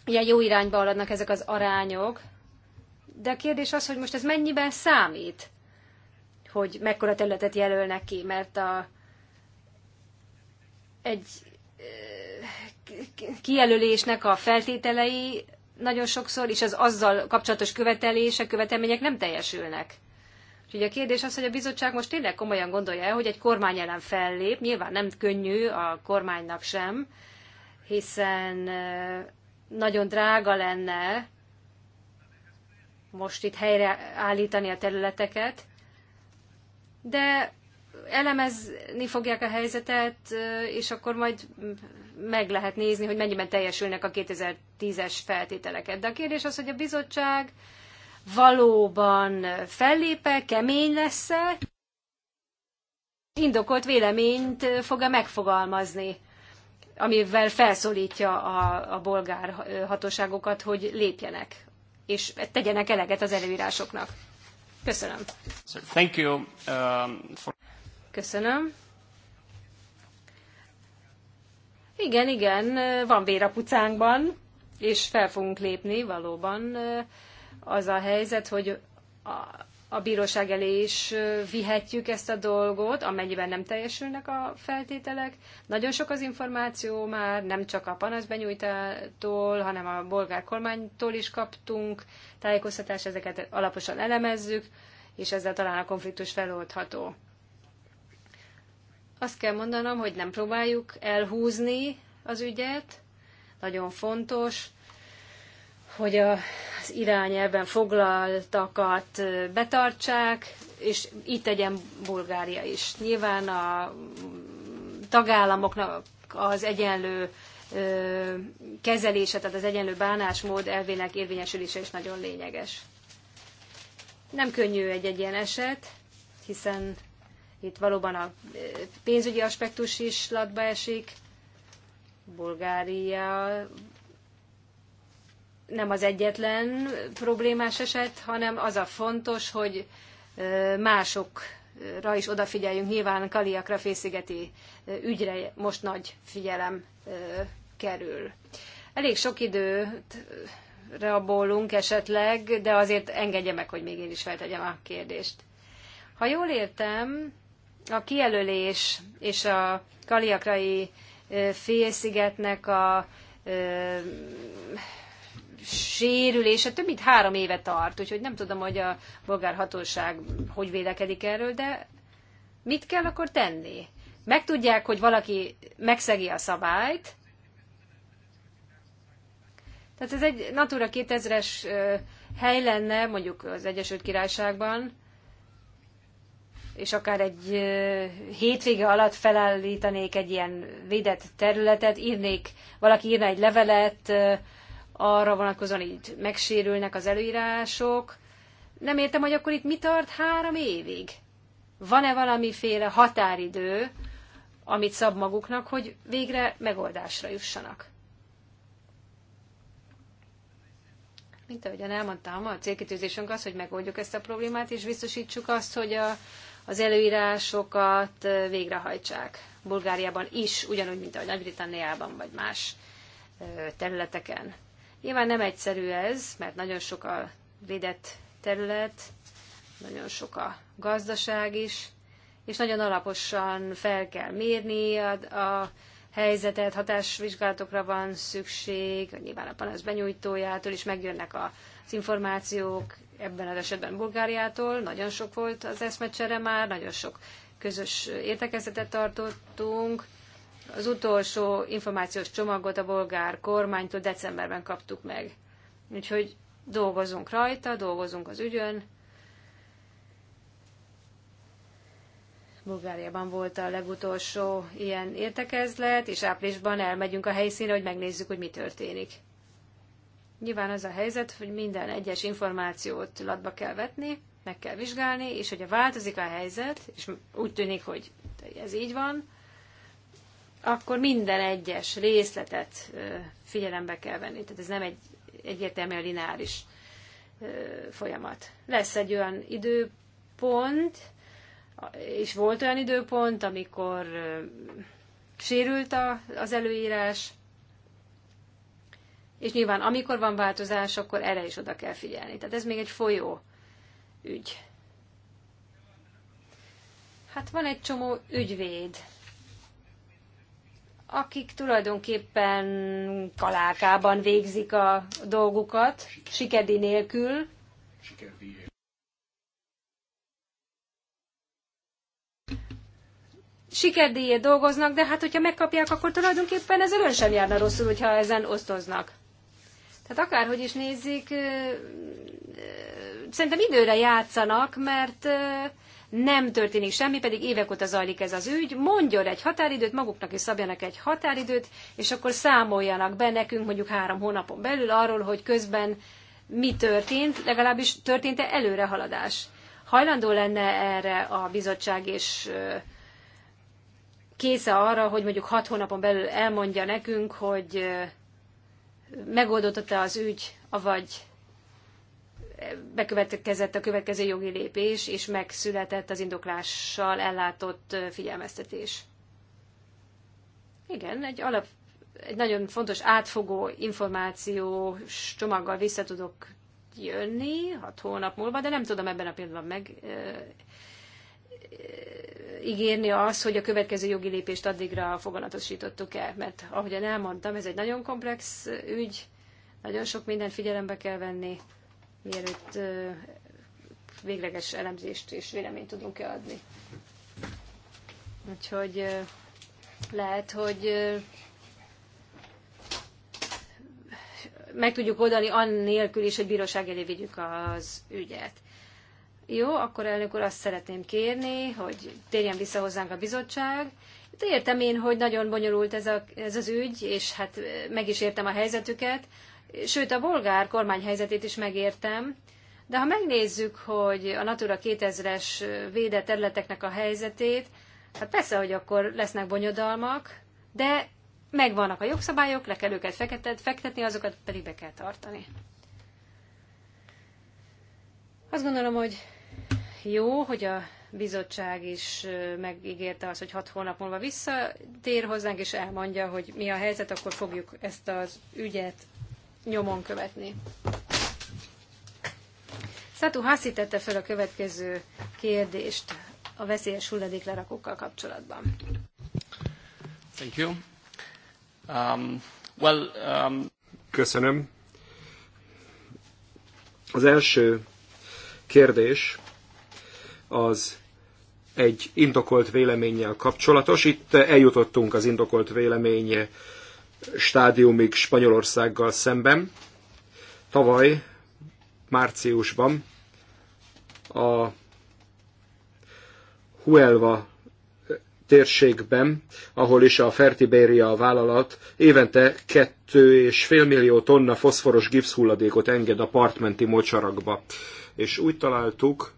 ilyen jó irányba haladnak ezek az arányok. De a kérdés az, hogy most ez mennyiben számít, hogy mekkora területet jelölnek ki, mert a, egy kijelölésnek a feltételei nagyon sokszor, és az azzal kapcsolatos követelések, követelmények nem teljesülnek. Úgyhogy a kérdés az, hogy a bizottság most tényleg komolyan gondolja el, hogy egy kormány ellen fellép, nyilván nem könnyű a kormánynak sem, hiszen nagyon drága lenne most itt helyreállítani a területeket, de elemezni fogják a helyzetet, és akkor majd meg lehet nézni, hogy mennyiben teljesülnek a 2010-es feltételeket. De a kérdés az, hogy a bizottság valóban fellépe, kemény lesz-e, indokolt véleményt fog-e megfogalmazni, amivel felszólítja a, a bolgár hatóságokat, hogy lépjenek, és tegyenek eleget az előírásoknak. Köszönöm. Um, Köszönöm. Igen, igen, van vér a pucánkban, és fel fogunk lépni valóban az a helyzet, hogy a, a bíróság elé is vihetjük ezt a dolgot, amennyiben nem teljesülnek a feltételek. Nagyon sok az információ már, nem csak a panaszbenyújtától, hanem a bolgár kormánytól is kaptunk tájékoztatást, ezeket alaposan elemezzük, és ezzel talán a konfliktus feloldható. Azt kell mondanom, hogy nem próbáljuk elhúzni az ügyet. Nagyon fontos, hogy az irányelven foglaltakat betartsák, és így tegyen Bulgária is. Nyilván a tagállamoknak az egyenlő kezelése, tehát az egyenlő bánásmód elvének érvényesülése is nagyon lényeges. Nem könnyű egy-egy ilyen eset, hiszen itt valóban a e, pénzügyi aspektus is latba esik. Bulgária nem az egyetlen problémás eset, hanem az a fontos, hogy e, másokra is odafigyeljünk. Nyilván Kaliakra fészigeti e, ügyre most nagy figyelem kerül. Elég sok időt rabolunk esetleg, de azért engedje meg, hogy még én is feltegyem a kérdést. Ha jól értem, a kijelölés és a Kaliakrai félszigetnek a ö, sérülése hát több mint három éve tart, úgyhogy nem tudom, hogy a bolgár hatóság hogy vélekedik erről, de mit kell akkor tenni? Megtudják, hogy valaki megszegi a szabályt, tehát ez egy Natura 2000-es hely lenne mondjuk az Egyesült Királyságban, és akár egy hétvége alatt felállítanék egy ilyen védett területet, írnék, valaki írna egy levelet, arra vonatkozóan így megsérülnek az előírások. Nem értem, hogy akkor itt mi tart három évig? Van-e valamiféle határidő, amit szab maguknak, hogy végre megoldásra jussanak? Mint ahogyan elmondtam, a célkitűzésünk az, hogy megoldjuk ezt a problémát, és biztosítsuk azt, hogy a, az előírásokat végrehajtsák. Bulgáriában is, ugyanúgy, mint ahogy Nagy-Britanniában vagy más területeken. Nyilván nem egyszerű ez, mert nagyon sok a védett terület, nagyon sok a gazdaság is, és nagyon alaposan fel kell mérni a, a helyzetet, hatásvizsgálatokra van szükség, nyilván a panasz benyújtójától is megjönnek az információk, ebben az esetben Bulgáriától, nagyon sok volt az eszmecsere már, nagyon sok közös értekezetet tartottunk. Az utolsó információs csomagot a bolgár kormánytól decemberben kaptuk meg. Úgyhogy dolgozunk rajta, dolgozunk az ügyön. Bulgáriában volt a legutolsó ilyen értekezlet, és áprilisban elmegyünk a helyszínre, hogy megnézzük, hogy mi történik. Nyilván az a helyzet, hogy minden egyes információt latba kell vetni, meg kell vizsgálni, és hogyha változik a helyzet, és úgy tűnik, hogy ez így van, akkor minden egyes részletet figyelembe kell venni. Tehát ez nem egy egyértelműen lineáris folyamat. Lesz egy olyan időpont, és volt olyan időpont, amikor sérült az előírás, és nyilván amikor van változás, akkor erre is oda kell figyelni. Tehát ez még egy folyó ügy. Hát van egy csomó ügyvéd, akik tulajdonképpen kalákában végzik a dolgukat, sikedi nélkül. Sikedi. Sikerdíjért dolgoznak, de hát hogyha megkapják, akkor tulajdonképpen ez ön sem járna rosszul, hogyha ezen osztoznak. Tehát akárhogy is nézzük, szerintem időre játszanak, mert nem történik semmi, pedig évek óta zajlik ez az ügy. Mondjon egy határidőt, maguknak is szabjanak egy határidőt, és akkor számoljanak be nekünk mondjuk három hónapon belül arról, hogy közben mi történt, legalábbis történt-e előrehaladás. Hajlandó lenne erre a bizottság, és késze arra, hogy mondjuk hat hónapon belül elmondja nekünk, hogy megoldotta az ügy, avagy bekövetkezett a következő jogi lépés, és megszületett az indoklással ellátott figyelmeztetés. Igen, egy alap, egy nagyon fontos átfogó információs csomaggal vissza tudok jönni hat hónap múlva, de nem tudom ebben a pillanatban meg ígérni az, hogy a következő jogi lépést addigra foganatosítottuk el, mert ahogyan elmondtam, ez egy nagyon komplex ügy, nagyon sok mindent figyelembe kell venni, mielőtt végleges elemzést és véleményt tudunk adni. Úgyhogy lehet, hogy meg tudjuk oldani annélkül is, hogy bíróság elé vigyük az ügyet. Jó, akkor elnök úr, azt szeretném kérni, hogy térjen vissza hozzánk a bizottság. értem én, hogy nagyon bonyolult ez, a, ez az ügy, és hát meg is értem a helyzetüket, sőt a bolgár kormány helyzetét is megértem, de ha megnézzük, hogy a Natura 2000-es védett területeknek a helyzetét, hát persze, hogy akkor lesznek bonyodalmak, de megvannak a jogszabályok, le kell őket feketet, fektetni, azokat pedig be kell tartani. Azt gondolom, hogy jó, hogy a bizottság is megígérte azt, hogy hat hónap múlva visszatér hozzánk, és elmondja, hogy mi a helyzet, akkor fogjuk ezt az ügyet nyomon követni. Szatu Haszi tette fel a következő kérdést a veszélyes hulladéklerakókkal kapcsolatban. Thank you. Um, well, um... Köszönöm. Az első kérdés az egy indokolt véleménnyel kapcsolatos. Itt eljutottunk az indokolt vélemény stádiumig Spanyolországgal szemben. Tavaly márciusban a Huelva térségben, ahol is a Fertibéria vállalat évente 2,5 millió tonna foszforos hulladékot enged apartmenti mocsarakba. És úgy találtuk,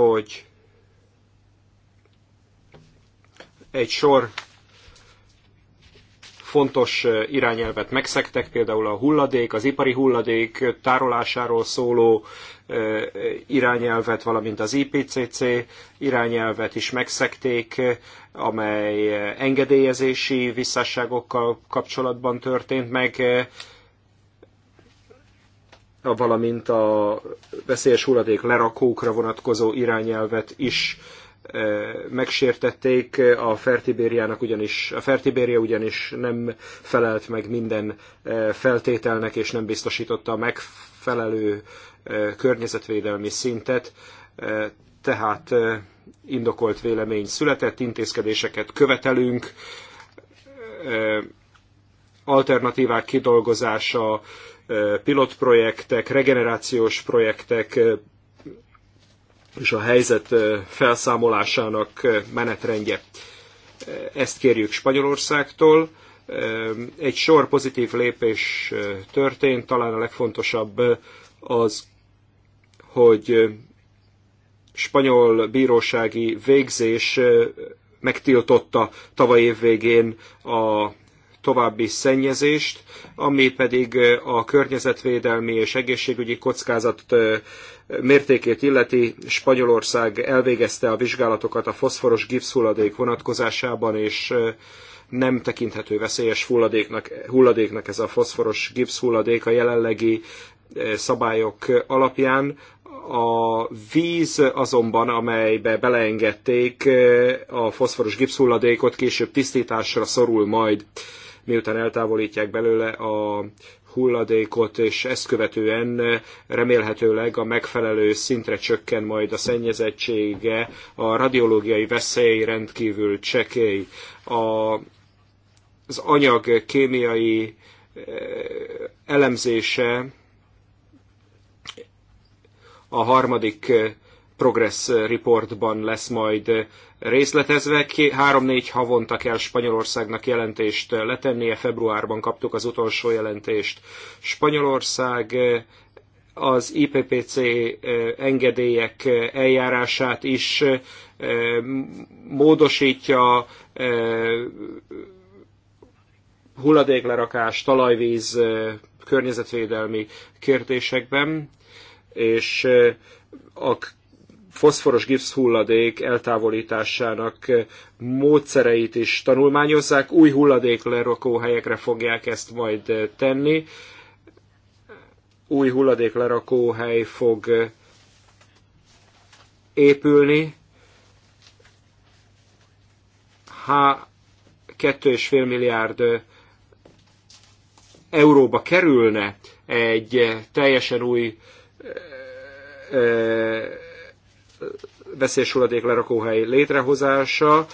hogy egy sor fontos irányelvet megszektek, például a hulladék, az ipari hulladék tárolásáról szóló irányelvet, valamint az IPCC irányelvet is megszekték, amely engedélyezési visszásságokkal kapcsolatban történt meg, valamint a veszélyes hulladék lerakókra vonatkozó irányelvet is e, megsértették, a Fertibériának ugyanis, a Fertibéria ugyanis nem felelt meg minden e, feltételnek, és nem biztosította a megfelelő e, környezetvédelmi szintet, tehát indokolt vélemény született, intézkedéseket követelünk, alternatívák kidolgozása, pilotprojektek, regenerációs projektek és a helyzet felszámolásának menetrendje. Ezt kérjük Spanyolországtól. Egy sor pozitív lépés történt, talán a legfontosabb az, hogy spanyol bírósági végzés megtiltotta tavaly év végén a további szennyezést, ami pedig a környezetvédelmi és egészségügyi kockázat mértékét illeti. Spanyolország elvégezte a vizsgálatokat a foszforos gipszhulladék vonatkozásában, és nem tekinthető veszélyes hulladéknak, hulladéknak ez a foszforos gipszhulladék a jelenlegi szabályok alapján. A víz azonban, amelybe beleengedték a foszforos gipszhulladékot, később tisztításra szorul majd miután eltávolítják belőle a hulladékot, és ezt követően remélhetőleg a megfelelő szintre csökken majd a szennyezettsége, a radiológiai veszély rendkívül csekély, a, az anyag kémiai eh, elemzése a harmadik eh, progress reportban lesz majd részletezve. Három-négy havonta kell Spanyolországnak jelentést letennie, februárban kaptuk az utolsó jelentést. Spanyolország eh, az IPPC eh, engedélyek eh, eljárását is módosítja, hulladéklerakás, talajvíz, környezetvédelmi kérdésekben, és a foszforos gipsz hulladék eltávolításának módszereit is tanulmányozzák, új lerakó helyekre fogják ezt majd tenni. Új lerakó hely fog épülni. Ha 2,5 milliárd euróba kerülne egy teljesen új veszélyes hulladék lerakóhely létrehozása,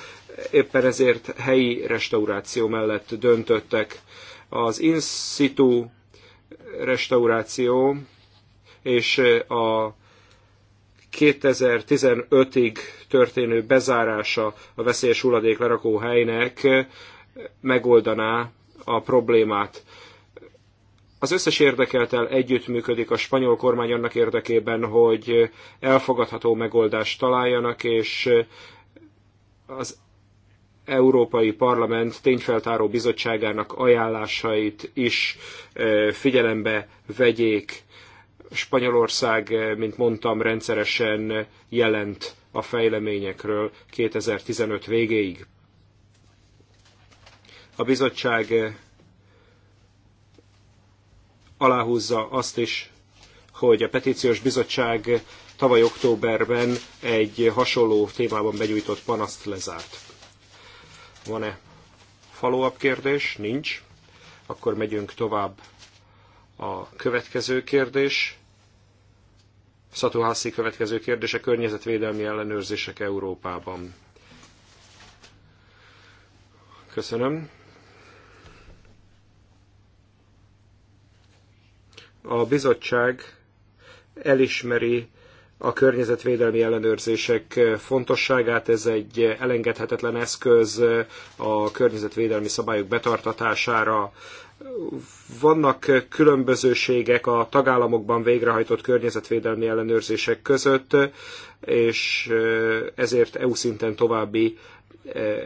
éppen ezért helyi restauráció mellett döntöttek. Az in situ restauráció és a 2015-ig történő bezárása a veszélyes hulladék lerakóhelynek megoldaná a problémát. Az összes érdekeltel együttműködik a spanyol kormány annak érdekében, hogy elfogadható megoldást találjanak, és az Európai Parlament tényfeltáró bizottságának ajánlásait is e, figyelembe vegyék. Spanyolország, e, mint mondtam, rendszeresen jelent a fejleményekről 2015 végéig. A bizottság e, aláhúzza azt is, hogy a petíciós bizottság tavaly októberben egy hasonló témában begyújtott panaszt lezárt. Van-e follow-up kérdés? Nincs. Akkor megyünk tovább a következő kérdés. Szatuhászi következő kérdése környezetvédelmi ellenőrzések Európában. Köszönöm. a bizottság elismeri a környezetvédelmi ellenőrzések fontosságát. Ez egy elengedhetetlen eszköz a környezetvédelmi szabályok betartatására. Vannak különbözőségek a tagállamokban végrehajtott környezetvédelmi ellenőrzések között, és ezért EU szinten további eh,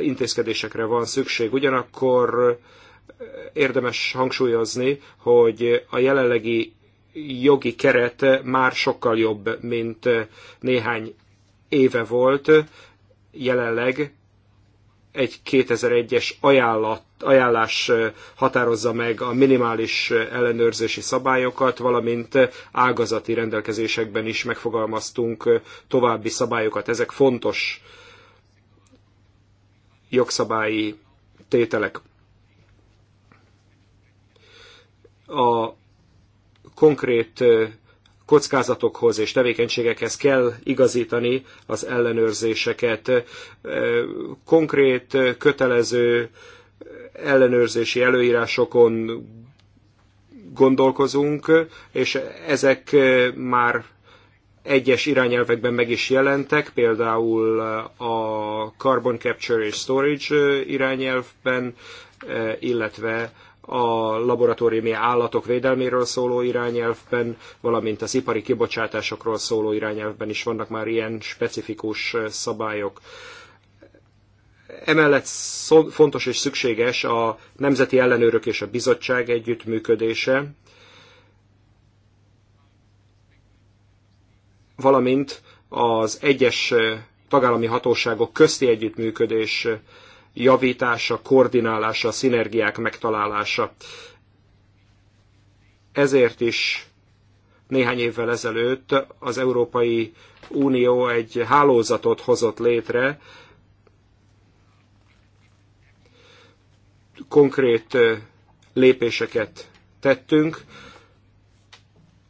intézkedésekre van szükség. Ugyanakkor érdemes hangsúlyozni, hogy a jelenlegi jogi keret már sokkal jobb, mint néhány éve volt. Jelenleg egy 2001-es ajánlat, ajánlás határozza meg a minimális ellenőrzési szabályokat, valamint ágazati rendelkezésekben is megfogalmaztunk további szabályokat. Ezek fontos jogszabályi tételek. a konkrét kockázatokhoz és tevékenységekhez kell igazítani az ellenőrzéseket. Konkrét, kötelező ellenőrzési előírásokon gondolkozunk, és ezek már egyes irányelvekben meg is jelentek, például a Carbon Capture és Storage irányelvben, illetve a laboratóriumi állatok védelméről szóló irányelvben, valamint az ipari kibocsátásokról szóló irányelvben is vannak már ilyen specifikus szabályok. Emellett fontos és szükséges a nemzeti ellenőrök és a bizottság együttműködése, valamint az egyes tagállami hatóságok közti együttműködés javítása, koordinálása, szinergiák megtalálása. Ezért is néhány évvel ezelőtt az Európai Unió egy hálózatot hozott létre, konkrét lépéseket tettünk.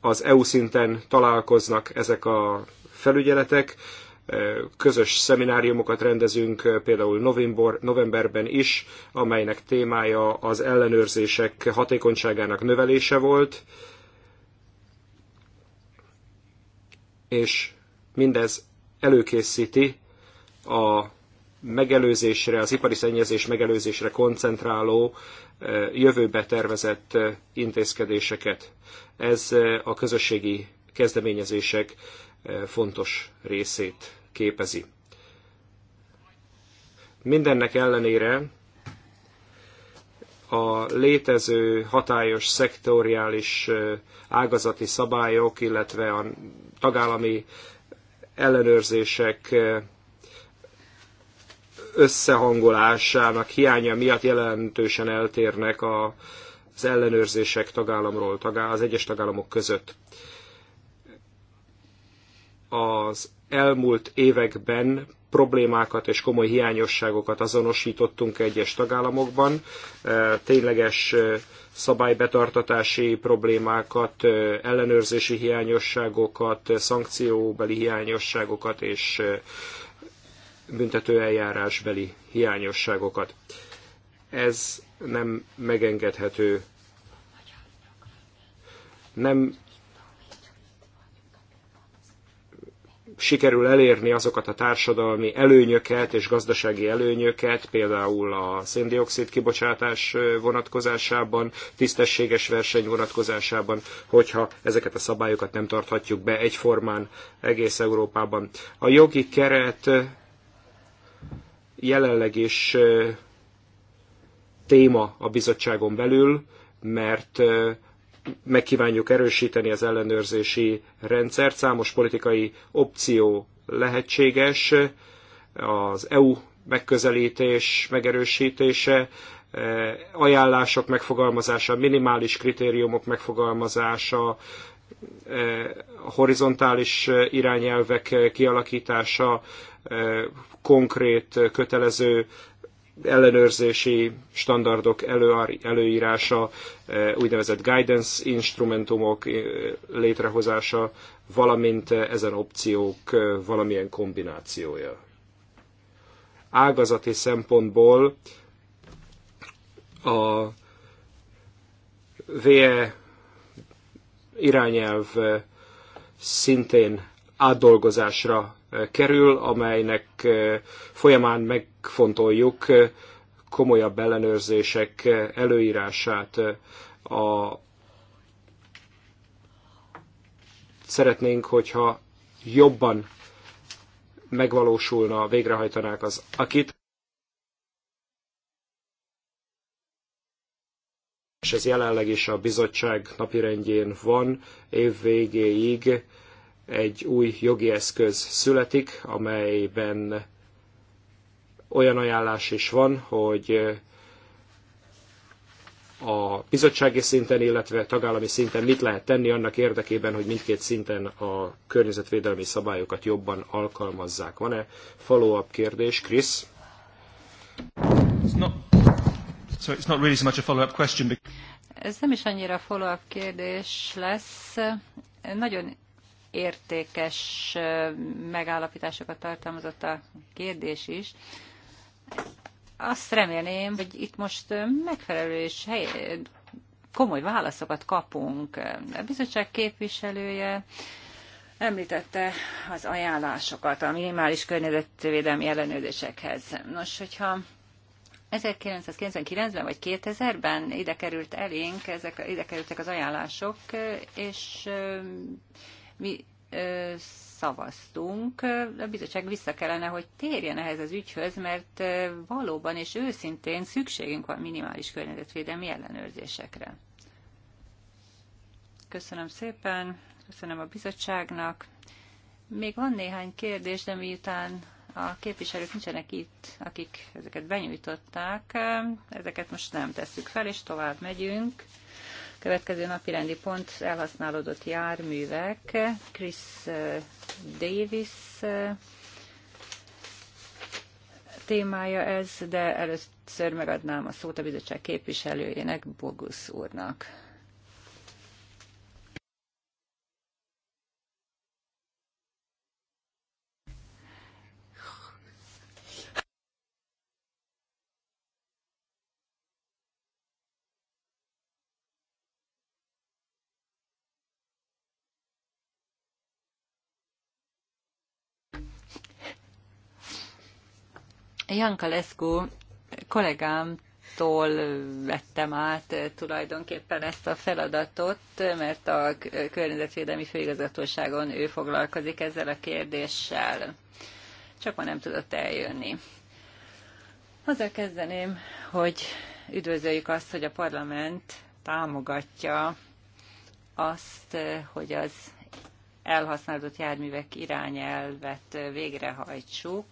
Az EU szinten találkoznak ezek a felügyeletek, közös szemináriumokat rendezünk, például novemberben is, amelynek témája az ellenőrzések hatékonyságának növelése volt, és mindez előkészíti a megelőzésre, az ipari szennyezés megelőzésre koncentráló jövőbe tervezett intézkedéseket. Ez a közösségi kezdeményezések fontos részét képezi. Mindennek ellenére a létező hatályos szektoriális ágazati szabályok, illetve a tagállami ellenőrzések összehangolásának hiánya miatt jelentősen eltérnek az ellenőrzések tagállamról, az egyes tagállamok között az elmúlt években problémákat és komoly hiányosságokat azonosítottunk egyes tagállamokban, e, tényleges e, szabálybetartatási problémákat, e, ellenőrzési hiányosságokat, szankcióbeli hiányosságokat és büntetőeljárásbeli hiányosságokat. Ez nem megengedhető. Nem sikerül elérni azokat a társadalmi előnyöket és gazdasági előnyöket, például a széndiokszid kibocsátás vonatkozásában, tisztességes verseny vonatkozásában, hogyha ezeket a szabályokat nem tarthatjuk be egyformán egész Európában. A jogi keret jelenleg is téma a bizottságon belül, mert megkívánjuk erősíteni az ellenőrzési rendszert. Számos politikai opció lehetséges, az EU megközelítés megerősítése, eh, ajánlások megfogalmazása, minimális kritériumok megfogalmazása, eh, horizontális eh, irányelvek kialakítása, konkrét kötelező ellenőrzési standardok elő, előírása, e, úgynevezett guidance instrumentumok e, létrehozása, valamint ezen opciók e, valamilyen kombinációja. Ágazati szempontból a VE irányelv szintén átdolgozásra eh, kerül, amelynek eh, folyamán megfontoljuk eh, komolyabb ellenőrzések előírását. A... Szeretnénk, hogyha jobban megvalósulna, végrehajtanák az akit. És ez jelenleg is a bizottság napirendjén van, év végéig egy új jogi eszköz születik, amelyben olyan ajánlás is van, hogy eh, a bizottsági szinten, illetve tagállami szinten mit lehet tenni annak érdekében, hogy mindkét szinten a környezetvédelmi szabályokat jobban alkalmazzák. Van-e follow-up kérdés, Krisz? Ez nem is annyira follow-up kérdés lesz. Nagyon értékes megállapításokat tartalmazott a kérdés is. Azt remélném, hogy itt most megfelelő és hely, komoly válaszokat kapunk. A bizottság képviselője említette az ajánlásokat a minimális környezetvédelmi ellenőrzésekhez. Nos, hogyha 1999-ben vagy 2000-ben ide került elénk, ezek, ide kerültek az ajánlások, és mi ö, szavaztunk, a bizottság vissza kellene, hogy térjen ehhez az ügyhöz, mert valóban és őszintén szükségünk van minimális környezetvédelmi ellenőrzésekre. Köszönöm szépen, köszönöm a bizottságnak. Még van néhány kérdés, de miután a képviselők nincsenek itt, akik ezeket benyújtották, ezeket most nem tesszük fel, és tovább megyünk. Következő napi rendi pont elhasználódott járművek. Chris eh, Davis eh, témája ez, de először megadnám a szót a bizottság képviselőjének, bogus úrnak. Janka Leszkó kollégámtól vettem át eh, tulajdonképpen ezt a feladatot, mert a Környezetvédelmi Főigazgatóságon ő foglalkozik ezzel a kérdéssel. Csak ma nem tudott eljönni. Azzal kezdeném, hogy üdvözöljük azt, hogy a parlament támogatja azt, eh, hogy az elhasználódott járművek irányelvet eh, végrehajtsuk.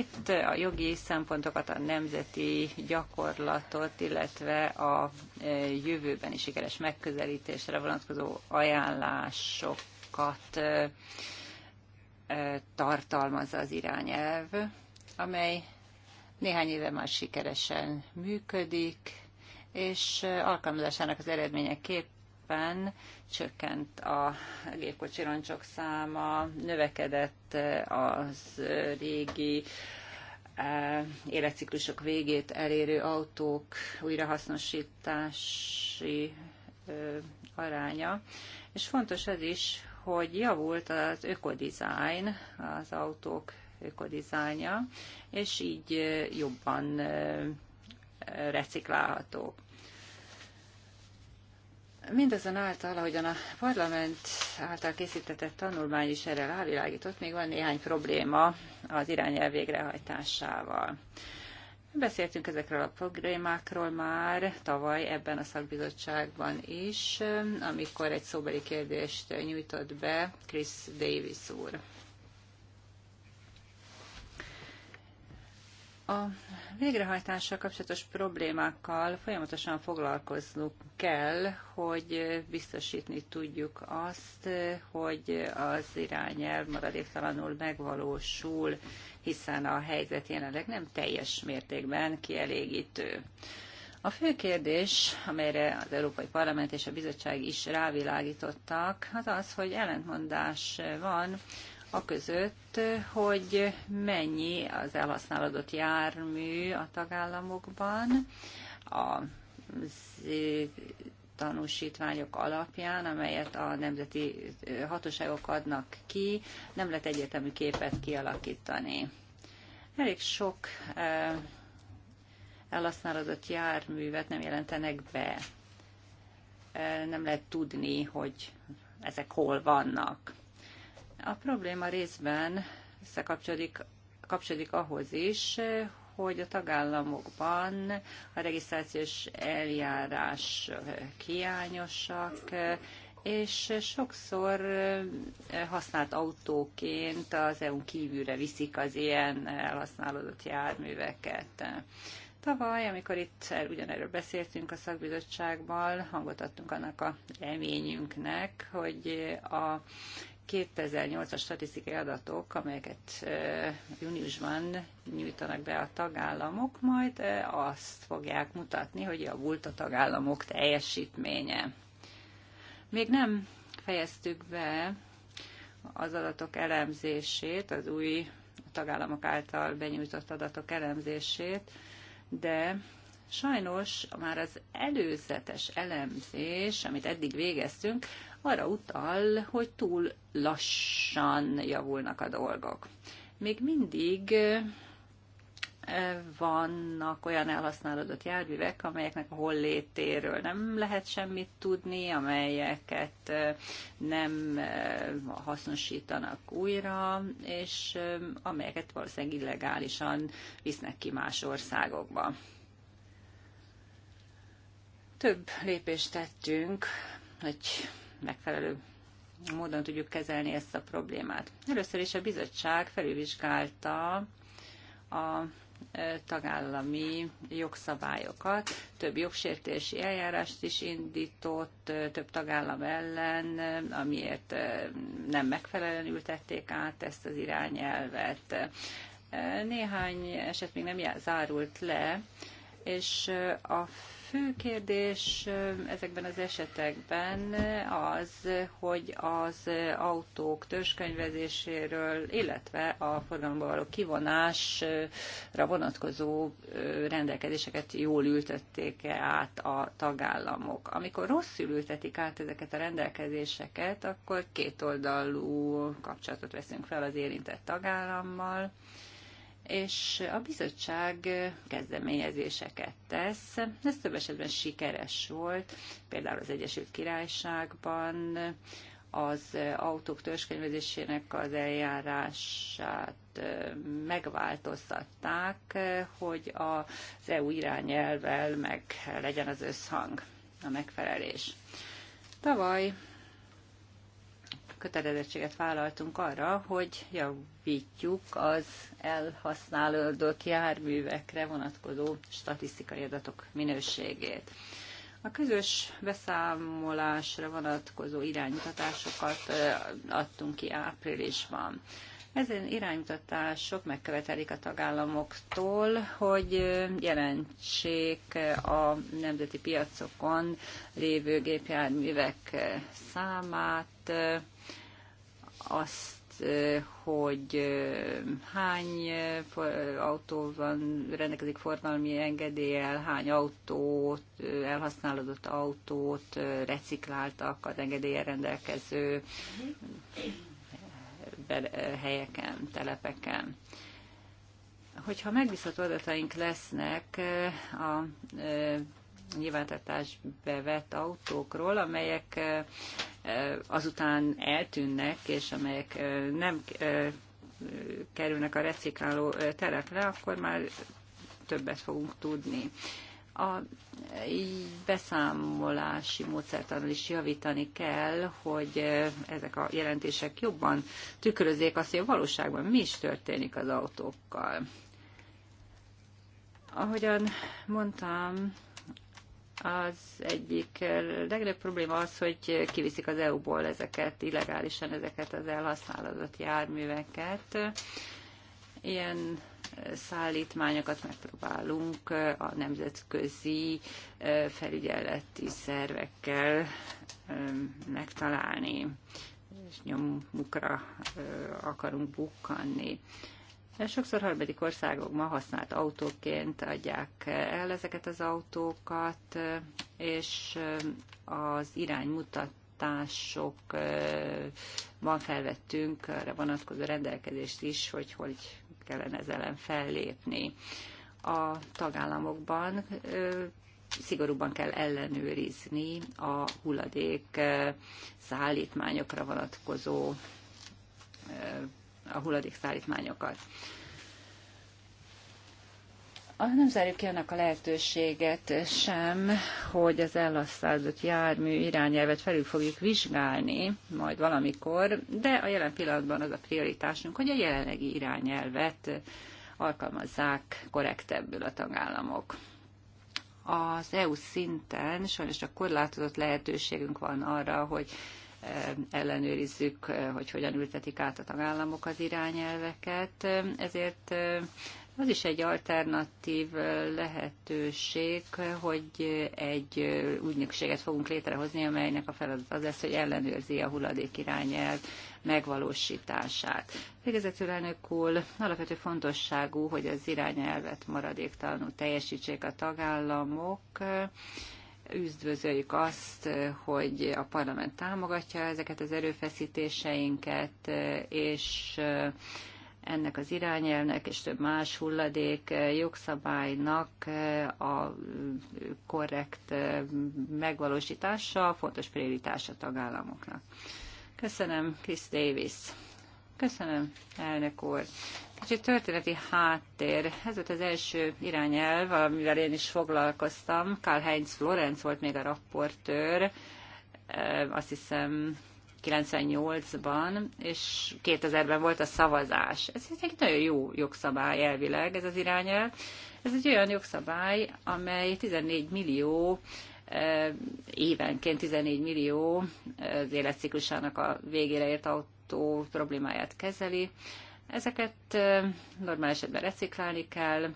Itt a jogi szempontokat, a nemzeti gyakorlatot, illetve a e, jövőben is sikeres megközelítésre vonatkozó ajánlásokat e, e, tartalmazza az irányelv, amely néhány éve már sikeresen működik, és alkalmazásának az eredményeképp szépen csökkent a gépkocsi roncsok száma, növekedett az régi eh, életciklusok végét elérő autók újrahasznosítási eh, aránya. És fontos ez is, hogy javult az ökodizájn, az autók ökodizájnja, és így eh, jobban reciklálhatók. Mindazonáltal, ahogyan a parlament által készítetett tanulmány is erre rávilágított, még van néhány probléma az irányelv végrehajtásával. Beszéltünk ezekről a problémákról már tavaly ebben a szakbizottságban is, amikor egy szóbeli kérdést nyújtott be Chris Davis úr. A végrehajtással kapcsolatos problémákkal folyamatosan foglalkoznunk kell, hogy biztosítni tudjuk azt, hogy az irányelv maradéktalanul megvalósul, hiszen a helyzet jelenleg nem teljes mértékben kielégítő. A fő kérdés, amelyre az Európai Parlament és a Bizottság is rávilágítottak, az az, hogy ellentmondás van a között, hogy mennyi az elhasználódott jármű a tagállamokban, a tanúsítványok alapján, amelyet a nemzeti hatóságok adnak ki, nem lehet egyetemű képet kialakítani. Elég sok elhasználódott járművet nem jelentenek be. Nem lehet tudni, hogy ezek hol vannak. A probléma részben összekapcsolódik kapcsolódik ahhoz is, hogy a tagállamokban a regisztrációs eljárás hiányosak, és sokszor használt autóként az EU-n kívülre viszik az ilyen elhasználódott járműveket. Tavaly, amikor itt ugyanerről beszéltünk a szakbizottságban, hangot adtunk annak a reményünknek, hogy a 2008-as statisztikai adatok, amelyeket júniusban nyújtanak be a tagállamok, majd azt fogják mutatni, hogy javult a tagállamok teljesítménye. Még nem fejeztük be az adatok elemzését, az új tagállamok által benyújtott adatok elemzését, de sajnos már az előzetes elemzés, amit eddig végeztünk, arra utal, hogy túl lassan javulnak a dolgok. Még mindig vannak olyan elhasználódott járművek, amelyeknek a hollétéről nem lehet semmit tudni, amelyeket nem hasznosítanak újra, és amelyeket valószínűleg illegálisan visznek ki más országokba. Több lépést tettünk, hogy megfelelő módon tudjuk kezelni ezt a problémát. Először is a bizottság felülvizsgálta a e, tagállami jogszabályokat, több jogsértési eljárást is indított e, több tagállam ellen, e, amiért nem megfelelően ültették át ezt az irányelvet. Néhány eset még nem zárult le, és a fő kérdés ezekben az esetekben az, hogy az autók törzskönyvezéséről, illetve a forgalomba való kivonásra vonatkozó rendelkezéseket jól ültötték -e át a tagállamok. Amikor rosszul ültetik át ezeket a rendelkezéseket, akkor kétoldalú kapcsolatot veszünk fel az érintett tagállammal, és a bizottság kezdeményezéseket tesz. Ez több esetben sikeres volt, például az Egyesült Királyságban az autók törzskönyvezésének az eljárását megváltoztatták, hogy az EU irányelvel meg legyen az összhang, a megfelelés. Tavaly kötelezettséget vállaltunk arra, hogy javítjuk az elhasználódott járművekre vonatkozó statisztikai adatok minőségét. A közös beszámolásra vonatkozó iránymutatásokat adtunk ki áprilisban. Ezen iránymutatások megkövetelik a tagállamoktól, hogy jelentsék a nemzeti piacokon lévő gépjárművek számát, azt, hogy hány autó van, rendelkezik forgalmi engedéllyel, hány autót, elhasználódott autót recikláltak az engedélye rendelkező helyeken, telepeken hogyha megbízható adataink lesznek a nyilvántartás bevett autókról, amelyek azután eltűnnek, és amelyek nem kerülnek a recikláló telepre, akkor már többet fogunk tudni. A beszámolási módszertanul is javítani kell, hogy ezek a jelentések jobban tükrözzék azt, hogy a valóságban mi is történik az autókkal. Ahogyan mondtam, az egyik legnagyobb probléma az, hogy kiviszik az EU-ból ezeket illegálisan, ezeket az elhasználódott járműveket. Ilyen szállítmányokat megpróbálunk a nemzetközi felügyeleti szervekkel megtalálni, és nyomukra akarunk bukkanni. Sokszor harmadik ma használt autóként adják el ezeket az autókat, és az van felvettünk erre vonatkozó rendelkezést is, hogy hogy kellene ezzel ellen fellépni. A tagállamokban szigorúban kell ellenőrizni a hulladék szállítmányokra vonatkozó a szállítmányokat. Nem zárjuk ki annak a lehetőséget sem, hogy az ellasszázott jármű irányelvet felül fogjuk vizsgálni majd valamikor, de a jelen pillanatban az a prioritásunk, hogy a jelenlegi irányelvet alkalmazzák korrektebbül a tagállamok. Az EU szinten sajnos csak korlátozott lehetőségünk van arra, hogy ellenőrizzük, hogy hogyan ültetik át a tagállamok az irányelveket. Ezért eh, az is egy alternatív eh, lehetőség, hogy egy eh, ügynökséget fogunk létrehozni, amelynek a feladat az lesz, hogy ellenőrzi a hulladék irányelv megvalósítását. Végezetül elnök úr, alapvető fontosságú, hogy az irányelvet maradéktalanul teljesítsék a tagállamok, üzdvözöljük azt, hogy a parlament támogatja ezeket az erőfeszítéseinket, és ennek az irányelvnek és több más hulladék jogszabálynak a korrekt megvalósítása fontos prioritás a tagállamoknak. Köszönöm, Chris Davis. Köszönöm, elnök úr. Kicsit történeti háttér. Ez volt az első irányelv, amivel én is foglalkoztam. Karl-Heinz Florenz volt még a rapportőr, azt hiszem 98-ban, és 2000-ben volt a szavazás. Ez egy nagyon jó jogszabály elvileg, ez az irányelv. Ez egy olyan jogszabály, amely 14 millió évenként 14 millió az életciklusának a végére ért autó problémáját kezeli Ezeket normál esetben reciklálni kell,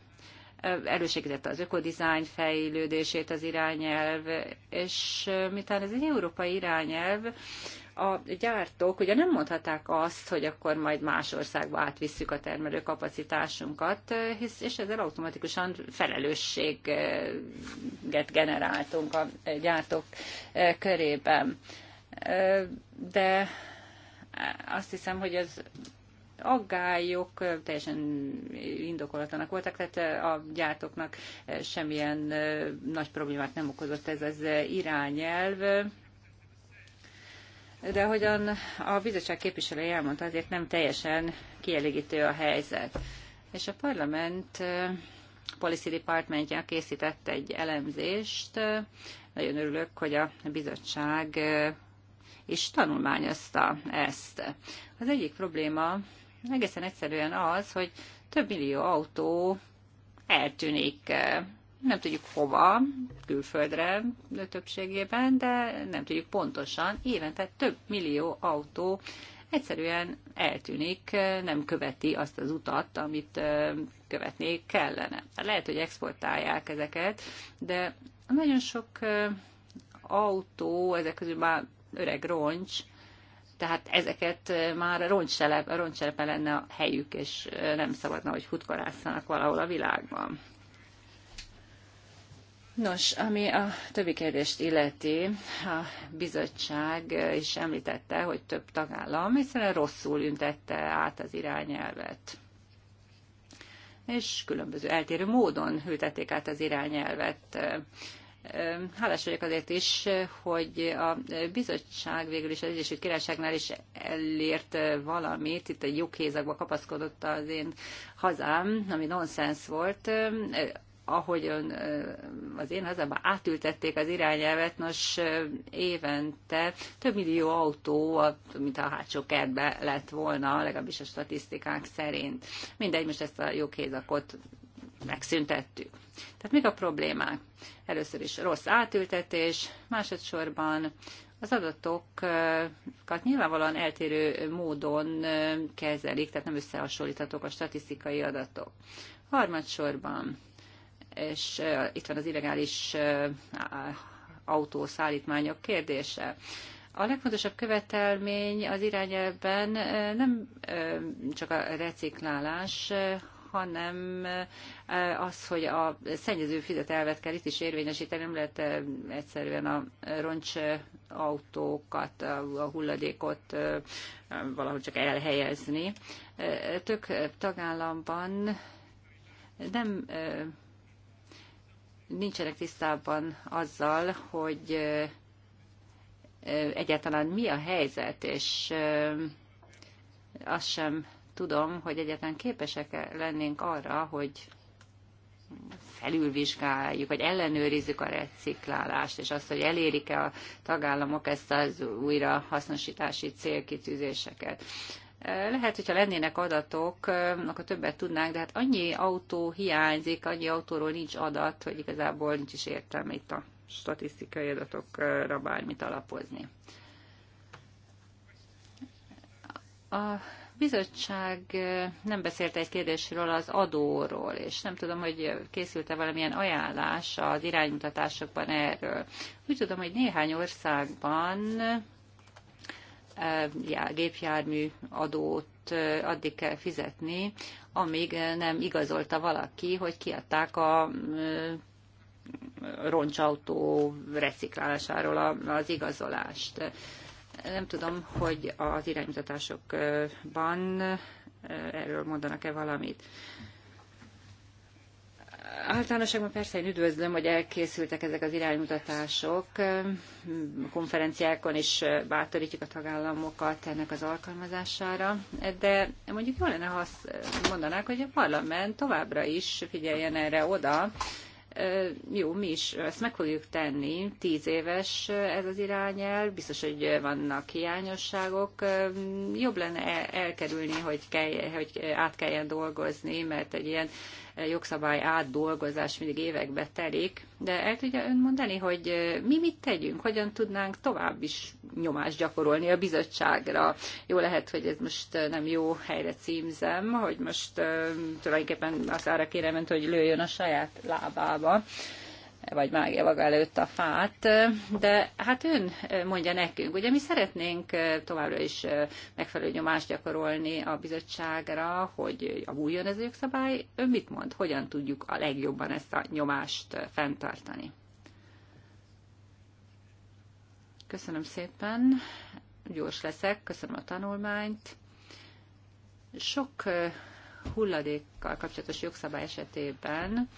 elősegítette az ökodizájn fejlődését az irányelv, és miután ez egy európai irányelv, a gyártók ugye nem mondhatták azt, hogy akkor majd más országba átvisszük a termelő kapacitásunkat, hisz, és ezzel automatikusan felelősséget generáltunk a gyártók körében. De azt hiszem, hogy az aggályok teljesen indokolatlanak voltak, tehát a gyártóknak semmilyen nagy problémát nem okozott ez az irányelv. De ahogyan a bizottság képviselője elmondta, azért nem teljesen kielégítő a helyzet. És a parlament Policy Departmentje készített egy elemzést. Nagyon örülök, hogy a bizottság is tanulmányozta ezt. Az egyik probléma egészen egyszerűen az, hogy több millió autó eltűnik, eh, nem tudjuk hova, külföldre de többségében, de nem tudjuk pontosan, évente több millió autó egyszerűen eltűnik, eh, nem követi azt az utat, amit eh, követni kellene. Lehet, hogy exportálják ezeket, de nagyon sok autó, ezek közül már öreg roncs, tehát ezeket eh, már roncselepe, roncselepe lenne a helyük, és eh, nem szabadna, hogy futkorásszanak valahol a világban. Nos, ami a többi kérdést illeti, a bizottság eh, is említette, hogy több tagállam egyszerűen rosszul üntette át az irányelvet. És különböző eltérő módon ültették át az irányelvet Hálás vagyok azért is, hogy a bizottság végül is az Egyesült Királyságnál is elért valamit, itt egy joghézakba kapaszkodott az én hazám, ami nonsens volt, ahogy az én hazában átültették az irányelvet, nos évente több millió autó, mint a hátsó kertbe lett volna, legalábbis a statisztikák szerint. Mindegy, most ezt a joghézakot megszüntettük. Tehát mik a problémák? Először is rossz átültetés, másodszorban az adatokat nyilvánvalóan eltérő módon kezelik, tehát nem összehasonlíthatók a statisztikai adatok. Harmadsorban, és itt van az illegális autószállítmányok kérdése. A legfontosabb követelmény az irányelvben nem csak a reciklálás, hanem eh, az, hogy a szennyező fizet elvet kell itt is érvényesíteni, nem lehet eh, egyszerűen a roncs autókat, a hulladékot eh, valahogy csak elhelyezni. Tök tagállamban nem nincsenek tisztában azzal, hogy egyáltalán mi a helyzet, és azt sem tudom, hogy egyetlen képesek lennénk arra, hogy felülvizsgáljuk, vagy ellenőrizzük a reciklálást, és azt, hogy elérik-e a tagállamok ezt az újrahasznosítási célkitűzéseket. Lehet, hogyha lennének adatok, akkor többet tudnánk, de hát annyi autó hiányzik, annyi autóról nincs adat, hogy igazából nincs is értelme itt a statisztikai adatokra bármit alapozni. A bizottság nem beszélt egy kérdésről az adóról, és nem tudom, hogy készült-e valamilyen ajánlás az iránymutatásokban erről. Úgy tudom, hogy néhány országban já, gépjármű adót addig kell fizetni, amíg nem igazolta valaki, hogy kiadták a roncsautó reciklálásáról az igazolást. Nem tudom, hogy az iránymutatásokban eh, erről mondanak-e valamit. Általánosságban persze én üdvözlöm, hogy elkészültek ezek az iránymutatások. Eh, konferenciákon is eh, bátorítjuk a tagállamokat ennek az alkalmazására, de mondjuk jó lenne, ha azt mondanák, hogy a parlament továbbra is figyeljen erre oda, jó, mi is ezt meg fogjuk tenni. Tíz éves ez az irányel, biztos, hogy vannak hiányosságok. Jobb lenne elkerülni, hogy, kell, hogy át kelljen dolgozni, mert egy ilyen jogszabály átdolgozás mindig évekbe telik, de el tudja ön mondani, hogy mi mit tegyünk, hogyan tudnánk tovább is nyomást gyakorolni a bizottságra. Jó lehet, hogy ez most nem jó helyre címzem, hogy most tulajdonképpen azt arra kérem, hogy lőjön a saját lábába vagy mágia maga előtt a fát, de hát ön mondja nekünk, ugye mi szeretnénk továbbra is megfelelő nyomást gyakorolni a bizottságra, hogy javuljon ez a jogszabály. Ön mit mond, hogyan tudjuk a legjobban ezt a nyomást fenntartani? Köszönöm szépen, gyors leszek, köszönöm a tanulmányt. Sok hulladékkal kapcsolatos jogszabály esetében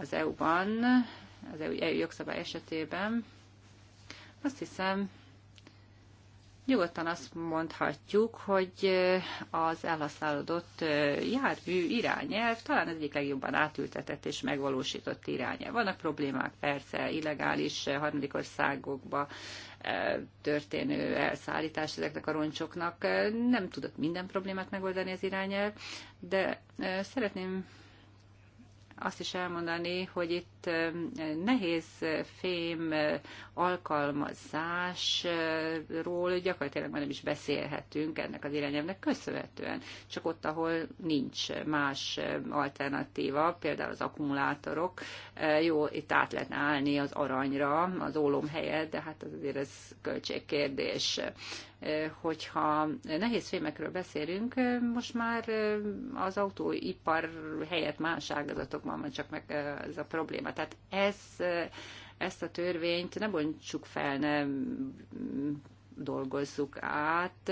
az EU-ban, az EU e jogszabály esetében, azt hiszem, nyugodtan azt mondhatjuk, hogy az elhasználódott jármű irányelv talán az egyik legjobban átültetett és megvalósított irányelv. Vannak problémák persze, illegális harmadik országokba történő elszállítás ezeknek a roncsoknak. Nem tudott minden problémát megoldani az irányelv, de szeretném azt is elmondani, hogy itt nehéz fém alkalmazásról gyakorlatilag már nem is beszélhetünk ennek az irányelvnek köszönhetően, csak ott, ahol nincs más alternatíva, például az akkumulátorok jó, itt át lehetne állni az aranyra, az ólom helyett, de hát azért ez költségkérdés. Hogyha nehéz fémekről beszélünk, most már az autóipar helyett más ágazatokban van csak meg ez a probléma. Tehát ez ezt a törvényt ne bontsuk fel, ne dolgozzuk át,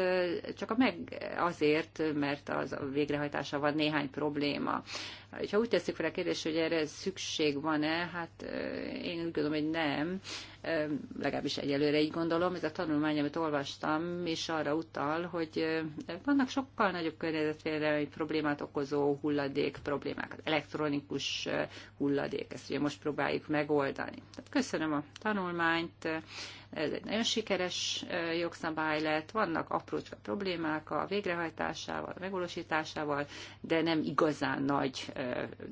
csak a meg azért, mert az a végrehajtása van néhány probléma. Ha úgy teszik, fel a kérdést, hogy erre szükség van-e, hát én úgy gondolom, hogy nem, legalábbis egyelőre így gondolom. Ez a tanulmány, amit olvastam, és arra utal, hogy vannak sokkal nagyobb környezetvédelmi problémát okozó hulladék problémák, elektronikus hulladék, ezt ugye most próbáljuk megoldani. Tehát köszönöm a tanulmányt, ez egy nagyon sikeres jogszabály lett, vannak aprócska problémák a végrehajtásával, a megvalósításával, de nem igazán nagy,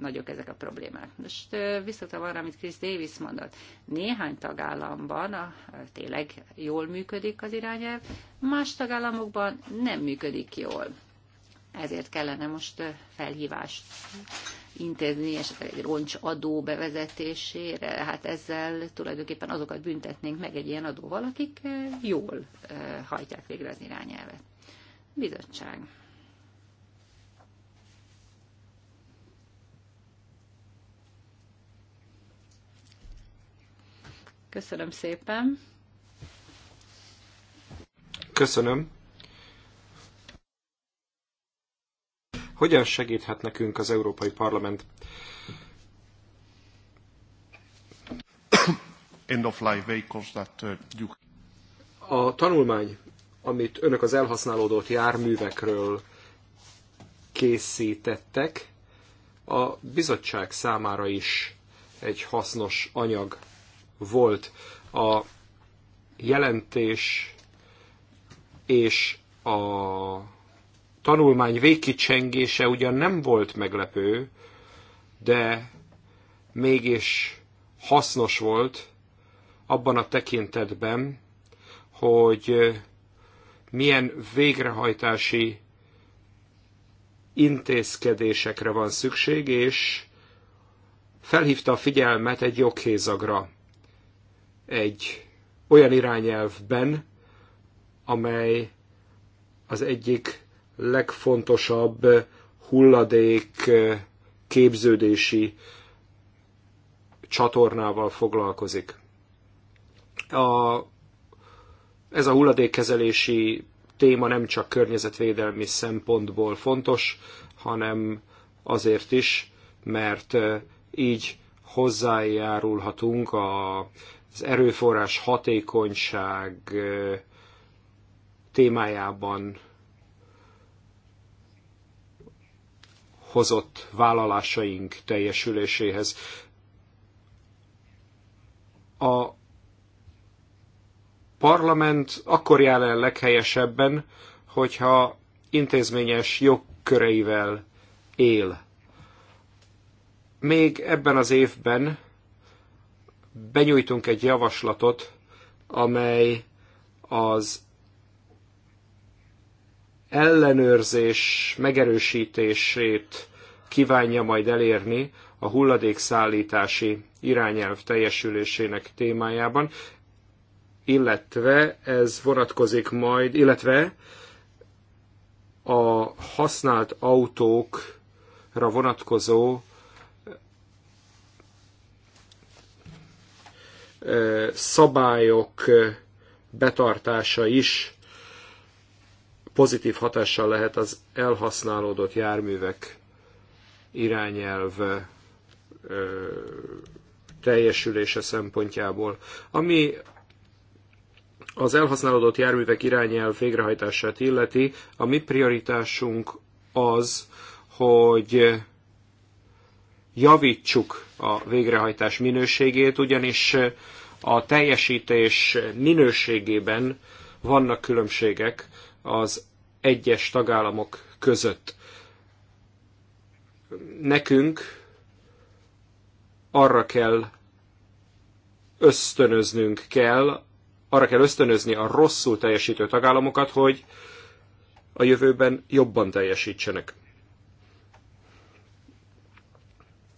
nagyok ezek a problémák. Most visszatom arra, amit Chris Davis mondott. Néhány tagállamban a, tényleg jól működik az irányelv, más tagállamokban nem működik jól ezért kellene most felhívást intézni, esetleg egy roncsadó bevezetésére, hát ezzel tulajdonképpen azokat büntetnénk meg egy ilyen adóval, akik eh, jól eh, hajtják végre az irányelvet. Bizottság. Köszönöm szépen. Köszönöm. Hogyan segíthet nekünk az Európai Parlament? End of life vehicles that uh, you... A tanulmány, amit önök az elhasználódott járművekről készítettek, a bizottság számára is egy hasznos anyag volt. A jelentés és a tanulmány végkicsengése ugyan nem volt meglepő, de mégis hasznos volt abban a tekintetben, hogy milyen végrehajtási intézkedésekre van szükség, és felhívta a figyelmet egy joghézagra egy olyan irányelvben, amely az egyik legfontosabb hulladék eh, képződési csatornával foglalkozik. A, ez a hulladékkezelési téma nem csak környezetvédelmi szempontból fontos, hanem azért is, mert eh, így hozzájárulhatunk a, az erőforrás hatékonyság eh, témájában hozott vállalásaink teljesüléséhez. A parlament akkor jár el leghelyesebben, hogyha intézményes jogköreivel él. Még ebben az évben benyújtunk egy javaslatot, amely az ellenőrzés megerősítését kívánja majd elérni a hulladékszállítási irányelv teljesülésének témájában, illetve ez vonatkozik majd, illetve a használt autókra vonatkozó eh, szabályok eh, betartása is pozitív hatással lehet az elhasználódott járművek irányelv teljesülése szempontjából. Ami az elhasználódott járművek irányelv végrehajtását illeti, a mi prioritásunk az, hogy javítsuk a végrehajtás minőségét, ugyanis a teljesítés minőségében vannak különbségek az egyes tagállamok között. Nekünk arra kell ösztönöznünk kell, arra kell ösztönözni a rosszul teljesítő tagállamokat, hogy a jövőben jobban teljesítsenek.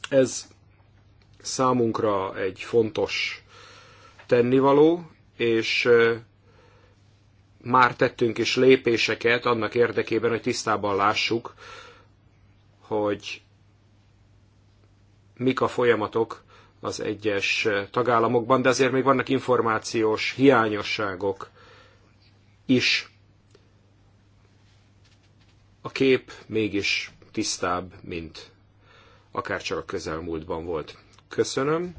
Ez számunkra egy fontos tennivaló, és már tettünk is lépéseket annak érdekében, hogy tisztában lássuk, hogy mik a folyamatok az egyes tagállamokban, de azért még vannak információs hiányosságok is. A kép mégis tisztább, mint akár csak a közelmúltban volt. Köszönöm.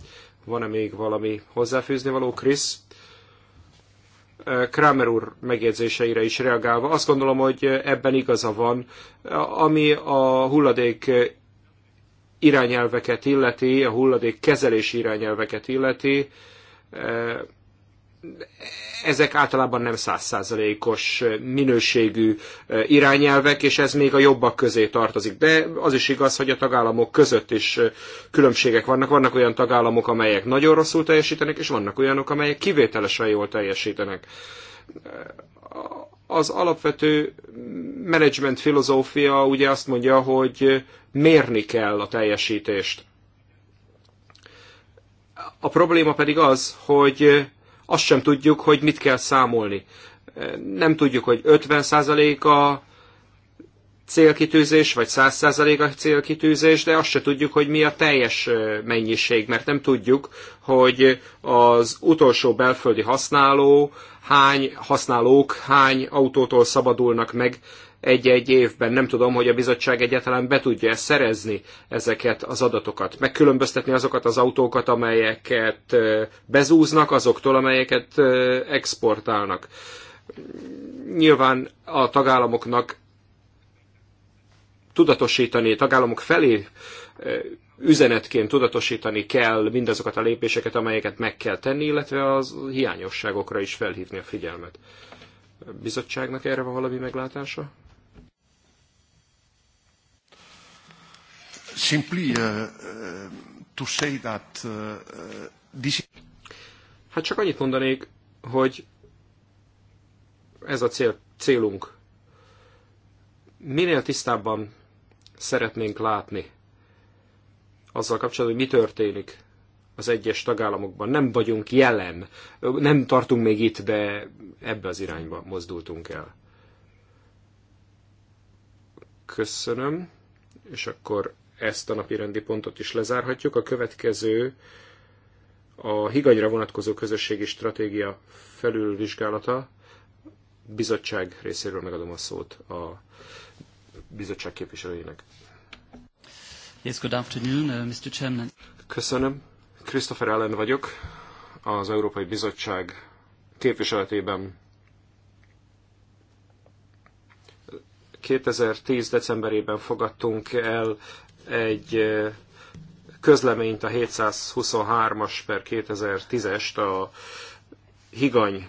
Van-e még valami hozzáfűzni való, Krisz? Kramer úr megjegyzéseire is reagálva, azt gondolom, hogy ebben igaza van. Ami a hulladék irányelveket illeti, a hulladék kezelési irányelveket illeti, ezek általában nem százszázalékos minőségű irányelvek, és ez még a jobbak közé tartozik. De az is igaz, hogy a tagállamok között is különbségek vannak. Vannak olyan tagállamok, amelyek nagyon rosszul teljesítenek, és vannak olyanok, amelyek kivételesen jól teljesítenek. Az alapvető menedzsment filozófia ugye azt mondja, hogy mérni kell a teljesítést. A probléma pedig az, hogy azt sem tudjuk, hogy mit kell számolni. Nem tudjuk, hogy 50% a célkitűzés, vagy 100% a célkitűzés, de azt se tudjuk, hogy mi a teljes mennyiség, mert nem tudjuk, hogy az utolsó belföldi használó, hány használók, hány autótól szabadulnak meg egy-egy évben. Nem tudom, hogy a bizottság egyáltalán be tudja -e szerezni ezeket az adatokat. Megkülönböztetni azokat az autókat, amelyeket bezúznak, azoktól, amelyeket exportálnak. Nyilván a tagállamoknak tudatosítani, tagállamok felé üzenetként tudatosítani kell mindazokat a lépéseket, amelyeket meg kell tenni, illetve az hiányosságokra is felhívni a figyelmet. A bizottságnak erre van valami meglátása? simply uh, uh, to say that uh, this... Hát csak annyit mondanék, hogy ez a cél, célunk. Minél tisztábban szeretnénk látni azzal kapcsolatban, hogy mi történik az egyes tagállamokban. Nem vagyunk jelen, nem tartunk még itt, de ebbe az irányba mozdultunk el. Köszönöm, és akkor ezt a napi rendi pontot is lezárhatjuk. A következő a higanyra vonatkozó közösségi stratégia felülvizsgálata. Bizottság részéről megadom a szót a bizottság képviselőjének. Yes, good afternoon, uh, Mr. Chairman. Köszönöm. Christopher Allen vagyok, az Európai Bizottság képviseletében 2010. decemberében fogadtunk el egy közleményt, a 723-as per 2010-est a higanyra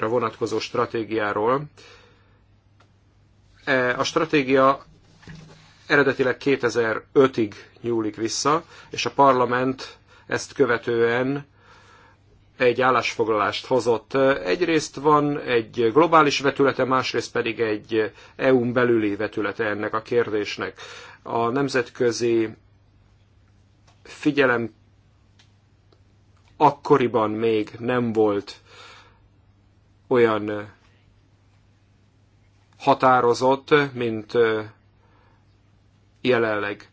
vonatkozó stratégiáról. E, a stratégia eredetileg 2005-ig nyúlik vissza, és a parlament ezt követően egy állásfoglalást hozott. Egyrészt van egy globális vetülete, másrészt pedig egy EU-n belüli vetülete ennek a kérdésnek. A nemzetközi figyelem akkoriban még nem volt olyan határozott, mint jelenleg.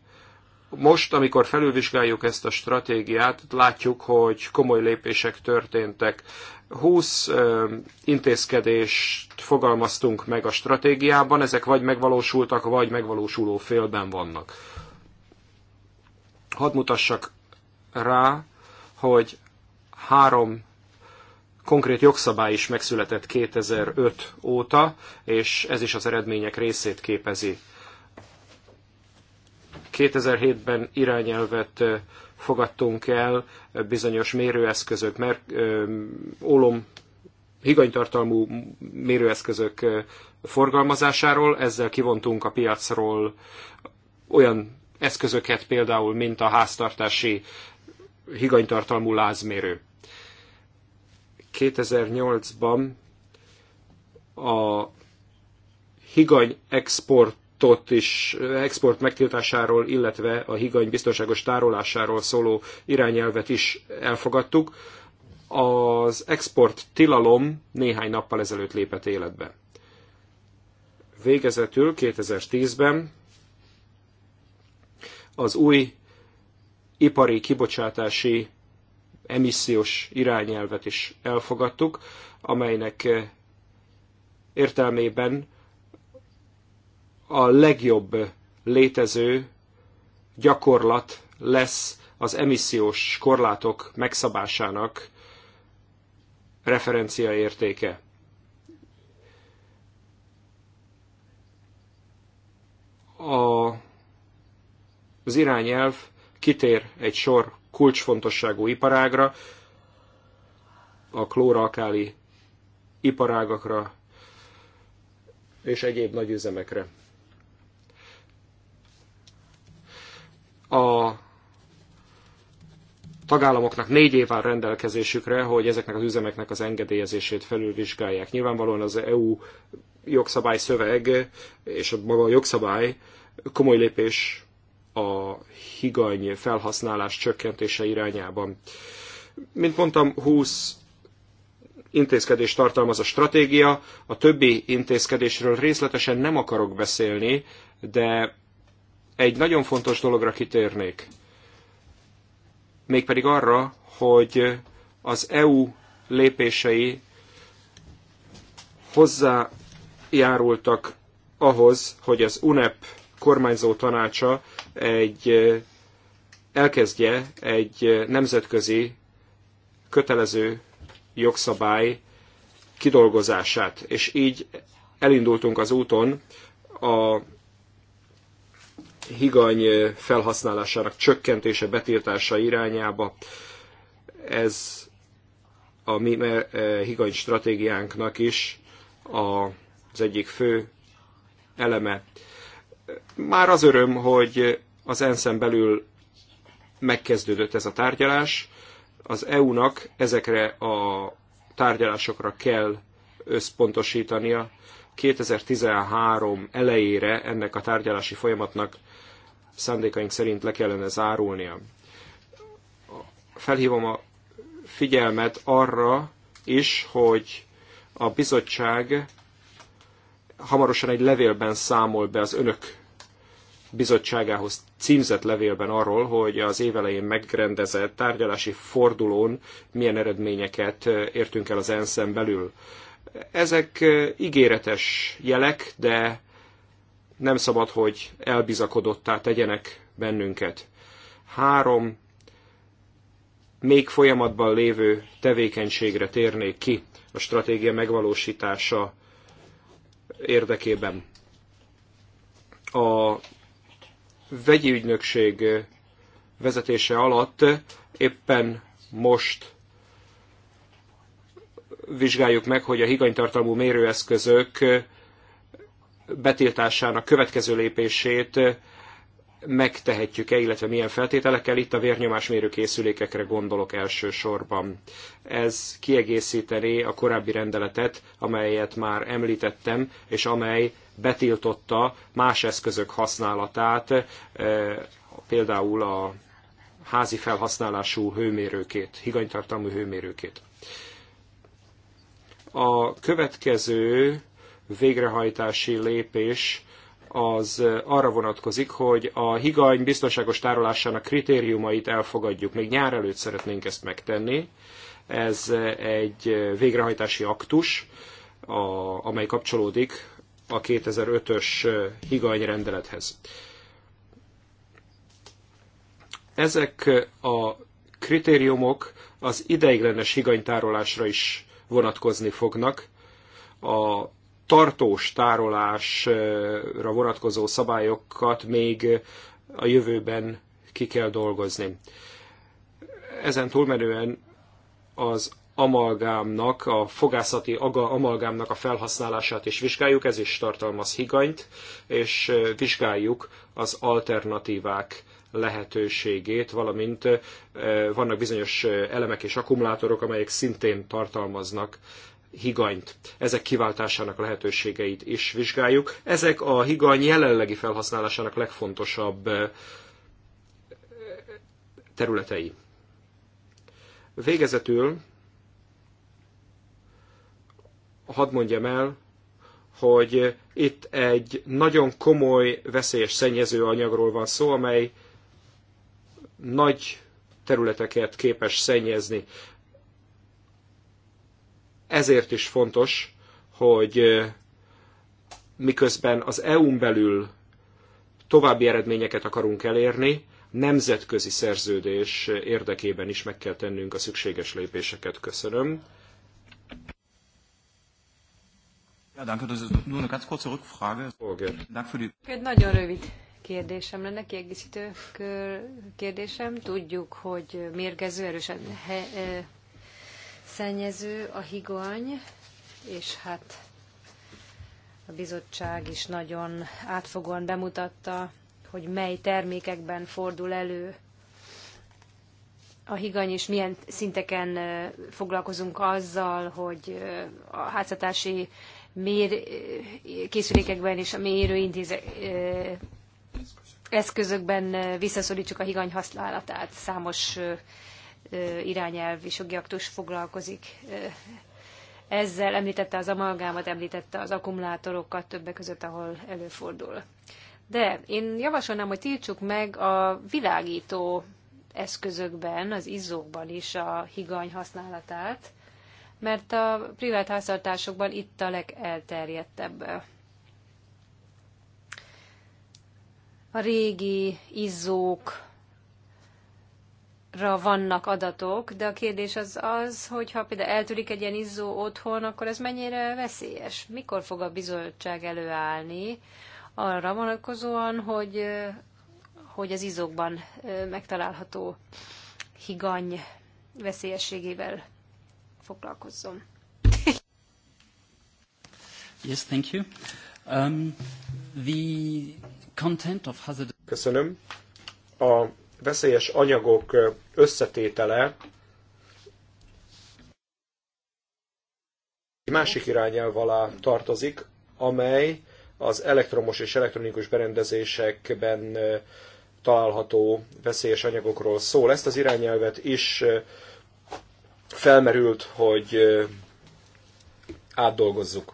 Most, amikor felülvizsgáljuk ezt a stratégiát, látjuk, hogy komoly lépések történtek. 20 intézkedést fogalmaztunk meg a stratégiában, ezek vagy megvalósultak, vagy megvalósuló félben vannak. Hadd mutassak rá, hogy három konkrét jogszabály is megszületett 2005 óta, és ez is az eredmények részét képezi. 2007-ben irányelvet fogadtunk el bizonyos mérőeszközök, mert ólom higanytartalmú mérőeszközök forgalmazásáról, ezzel kivontunk a piacról olyan eszközöket például, mint a háztartási higanytartalmú lázmérő. 2008-ban a higany export exportot és export megtiltásáról, illetve a higany biztonságos tárolásáról szóló irányelvet is elfogadtuk. Az export tilalom néhány nappal ezelőtt lépett életbe. Végezetül 2010-ben az új ipari kibocsátási emissziós irányelvet is elfogadtuk, amelynek értelmében a legjobb létező gyakorlat lesz az emissziós korlátok megszabásának referenciaértéke. A, az irányelv kitér egy sor kulcsfontosságú iparágra, a klóralkáli iparágakra és egyéb nagyüzemekre. a tagállamoknak négy év áll rendelkezésükre, hogy ezeknek az üzemeknek az engedélyezését felülvizsgálják. Nyilvánvalóan az EU jogszabály szöveg és a maga a jogszabály komoly lépés a higany felhasználás csökkentése irányában. Mint mondtam, 20 intézkedés tartalmaz a stratégia, a többi intézkedésről részletesen nem akarok beszélni, de egy nagyon fontos dologra kitérnék, mégpedig arra, hogy az EU lépései hozzájárultak ahhoz, hogy az UNEP kormányzó tanácsa egy elkezdje egy nemzetközi kötelező jogszabály kidolgozását. És így elindultunk az úton a higany felhasználásának csökkentése, betiltása irányába. Ez a mi higany stratégiánknak is az egyik fő eleme. Már az öröm, hogy az ensz belül megkezdődött ez a tárgyalás. Az EU-nak ezekre a tárgyalásokra kell összpontosítania. 2013 elejére ennek a tárgyalási folyamatnak szándékaink szerint le kellene zárulnia. Felhívom a figyelmet arra is, hogy a bizottság hamarosan egy levélben számol be az önök bizottságához címzett levélben arról, hogy az évelején megrendezett tárgyalási fordulón milyen eredményeket értünk el az ensz belül. Ezek ígéretes jelek, de nem szabad, hogy elbizakodottá tegyenek bennünket. Három még folyamatban lévő tevékenységre térnék ki a stratégia megvalósítása érdekében. A vegyi ügynökség vezetése alatt éppen most vizsgáljuk meg, hogy a higanytartalmú mérőeszközök betiltásának következő lépését megtehetjük-e, illetve milyen feltételekkel. Itt a vérnyomásmérő készülékekre gondolok elsősorban. Ez kiegészíteni a korábbi rendeletet, amelyet már említettem, és amely betiltotta más eszközök használatát, eh, például a házi felhasználású hőmérőkét, higanytartalmú hőmérőkét. A következő végrehajtási lépés az eh, arra vonatkozik, hogy a higany biztonságos tárolásának kritériumait elfogadjuk. Még nyár előtt szeretnénk ezt megtenni. Ez eh, egy eh, végrehajtási aktus, a, amely kapcsolódik a 2005-ös higany rendelethez. Ezek a kritériumok az ideiglenes higanytárolásra is vonatkozni fognak. A tartós tárolásra vonatkozó szabályokat még a jövőben ki kell dolgozni. Ezen túlmenően az amalgámnak, a fogászati aga amalgámnak a felhasználását is vizsgáljuk, ez is tartalmaz higanyt, és vizsgáljuk az alternatívák lehetőségét, valamint eh, vannak bizonyos eh, elemek és akkumulátorok, amelyek szintén tartalmaznak higanyt, ezek kiváltásának lehetőségeit is vizsgáljuk. Ezek a higany jelenlegi felhasználásának legfontosabb eh, területei. Végezetül hadd mondjam el, hogy itt egy nagyon komoly veszélyes szennyező anyagról van szó, amely nagy területeket képes szennyezni. Ezért is fontos, hogy miközben az EU-n belül további eredményeket akarunk elérni, nemzetközi szerződés érdekében is meg kell tennünk a szükséges lépéseket. Köszönöm. Ja, danke, das ist nur eine ganz kurze Rückfrage. Dank für die... Egy nagyon rövid kérdésem lenne, kiegészítő kérdésem. Tudjuk, hogy mérgező, erősen he, szennyező a higany, és hát a bizottság is nagyon átfogóan bemutatta, hogy mely termékekben fordul elő a higany, és milyen szinteken foglalkozunk azzal, hogy a háztartási mér, készülékekben és a mérőintézek eszközökben visszaszorítsuk a higany használatát. Számos irányelv és jogi aktus foglalkozik ezzel, említette az amalgámat, említette az akkumulátorokat többek között, ahol előfordul. De én javasolnám, hogy tiltsuk meg a világító eszközökben, az izzókban is a higany használatát, mert a privát háztartásokban itt a legelterjedtebb. A régi izzók, ra vannak adatok, de a kérdés az az, hogy ha például eltűnik egy ilyen izzó otthon, akkor ez mennyire veszélyes? Mikor fog a bizottság előállni arra vonatkozóan, hogy, hogy az izzókban megtalálható higany veszélyességével foglalkozzon? Yes, thank you. Um, the content of hazard... Köszönöm. A veszélyes anyagok összetétele egy másik irányelv alá tartozik, amely az elektromos és elektronikus berendezésekben található veszélyes anyagokról szól. Ezt az irányelvet is felmerült, hogy átdolgozzuk.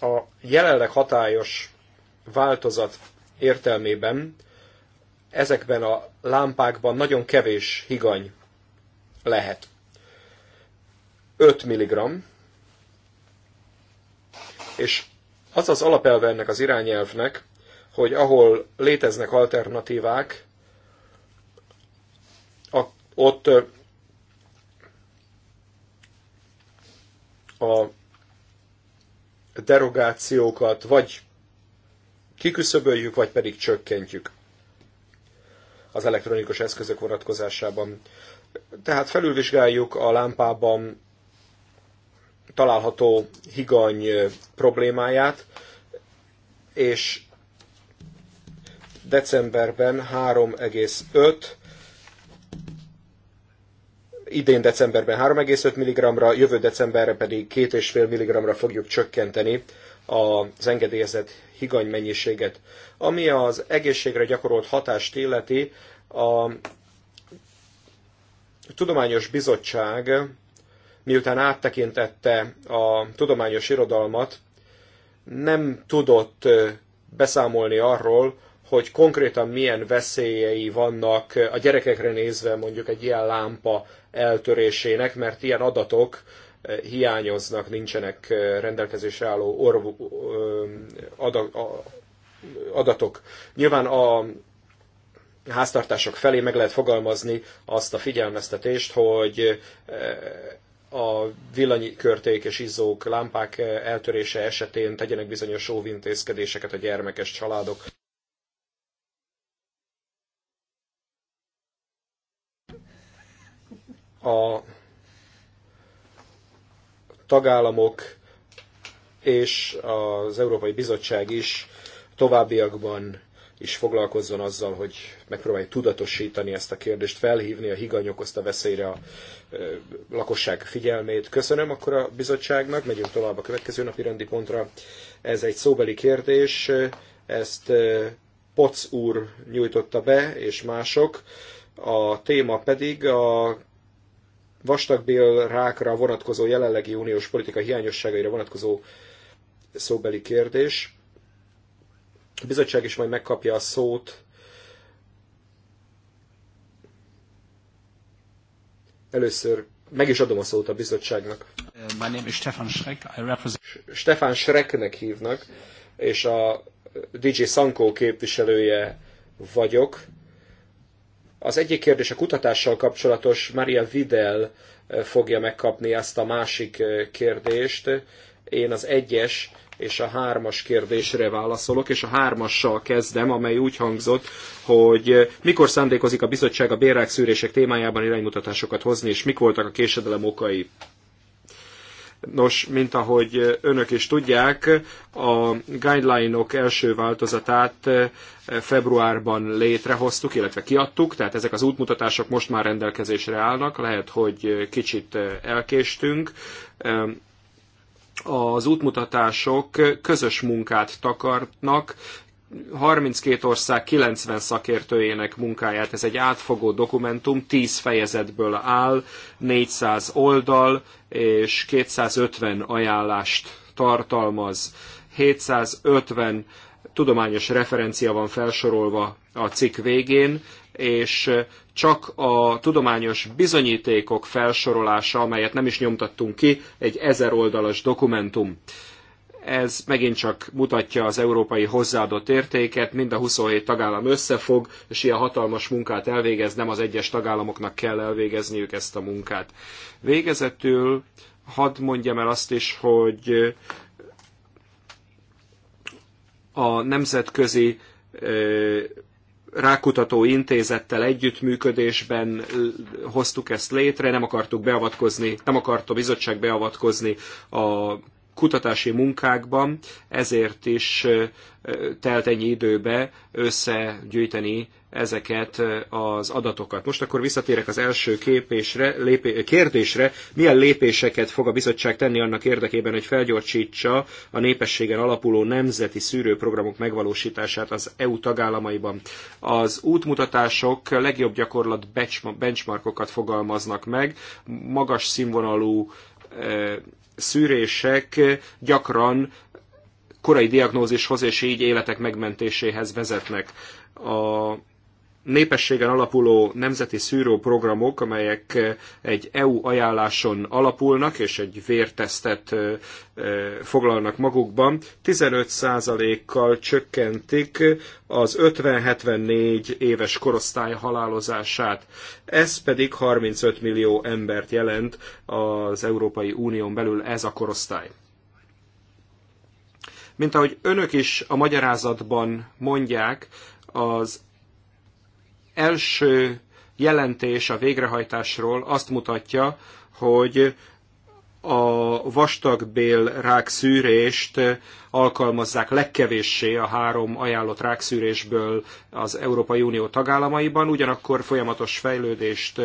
A jelenleg hatályos változat értelmében ezekben a lámpákban nagyon kevés higany lehet. 5 mg, és az az alapelve ennek az irányelvnek, hogy ahol léteznek alternatívák, ott a derogációkat vagy kiküszöböljük, vagy pedig csökkentjük az elektronikus eszközök vonatkozásában. Tehát felülvizsgáljuk a lámpában található higany problémáját, és decemberben 3,5 idén decemberben 3,5 mg-ra, jövő decemberre pedig 2,5 mg-ra fogjuk csökkenteni az engedélyezett higany mennyiséget. Ami az egészségre gyakorolt hatást illeti, a Tudományos Bizottság miután áttekintette a tudományos irodalmat, nem tudott beszámolni arról, hogy konkrétan milyen veszélyei vannak a gyerekekre nézve mondjuk egy ilyen lámpa eltörésének, mert ilyen adatok hiányoznak, nincsenek rendelkezésre álló orv, adatok. Nyilván a háztartások felé meg lehet fogalmazni azt a figyelmeztetést, hogy a villanykörték és izzók, lámpák eltörése esetén tegyenek bizonyos óvintézkedéseket a gyermekes családok. A tagállamok és az Európai Bizottság is továbbiakban is foglalkozzon azzal, hogy megpróbálja tudatosítani ezt a kérdést, felhívni a higany okozta veszélyre a lakosság figyelmét. Köszönöm akkor a bizottságnak, megyünk tovább a következő napi rendi pontra. Ez egy szóbeli kérdés, ezt Poc úr nyújtotta be, és mások. A téma pedig a vastagbél rákra vonatkozó jelenlegi uniós politika hiányosságaira vonatkozó szóbeli kérdés. A bizottság is majd megkapja a szót. Először meg is adom a szót a bizottságnak. My name is Stefan Schreck. I represent... Stefan Schrecknek hívnak, és a DJ Sankó képviselője vagyok. Az egyik kérdés a kutatással kapcsolatos, Maria Videl eh, fogja megkapni ezt a másik eh, kérdést. Én az egyes és a hármas kérdésre válaszolok, és a hármassal kezdem, amely úgy hangzott, hogy eh, mikor szándékozik a bizottság a bérák szűrések témájában iránymutatásokat hozni, és mik voltak a késedelem okai. Nos, mint ahogy önök is tudják, a guideline-ok első változatát eh, februárban létrehoztuk, illetve kiadtuk, tehát ezek az útmutatások most már rendelkezésre állnak, lehet, hogy kicsit eh, elkéstünk. Az útmutatások közös munkát takarnak, 32 ország 90 szakértőjének munkáját. Ez egy átfogó dokumentum, 10 fejezetből áll, 400 oldal és 250 ajánlást tartalmaz. 750 tudományos referencia van felsorolva a cikk végén, és csak a tudományos bizonyítékok felsorolása, amelyet nem is nyomtattunk ki, egy ezer oldalas dokumentum. Ez megint csak mutatja az európai hozzáadott értéket, mind a 27 tagállam összefog, és ilyen hatalmas munkát elvégez, nem az egyes tagállamoknak kell elvégezniük ezt a munkát. Végezetül hadd mondjam el azt is, hogy a nemzetközi rákutató intézettel együttműködésben hoztuk ezt létre, nem akartuk beavatkozni, nem akart a bizottság beavatkozni a kutatási munkákban, ezért is telt ennyi időbe összegyűjteni ezeket az adatokat. Most akkor visszatérek az első képésre, lépé, kérdésre, milyen lépéseket fog a bizottság tenni annak érdekében, hogy felgyorsítsa a népességen alapuló nemzeti szűrőprogramok megvalósítását az EU tagállamaiban. Az útmutatások legjobb gyakorlat benchmarkokat fogalmaznak meg, magas színvonalú szűrések gyakran korai diagnózishoz és így életek megmentéséhez vezetnek. A népességen alapuló nemzeti szűrőprogramok, amelyek eh, egy EU ajánláson alapulnak, és egy vértesztet eh, eh, foglalnak magukban, 15%-kal csökkentik az 50-74 éves korosztály halálozását. Ez pedig 35 millió embert jelent az Európai Unión belül ez a korosztály. Mint ahogy önök is a magyarázatban mondják, az első jelentés a végrehajtásról azt mutatja, hogy a vastagbél rákszűrést alkalmazzák legkevéssé a három ajánlott rákszűrésből az Európai Unió tagállamaiban, ugyanakkor folyamatos fejlődést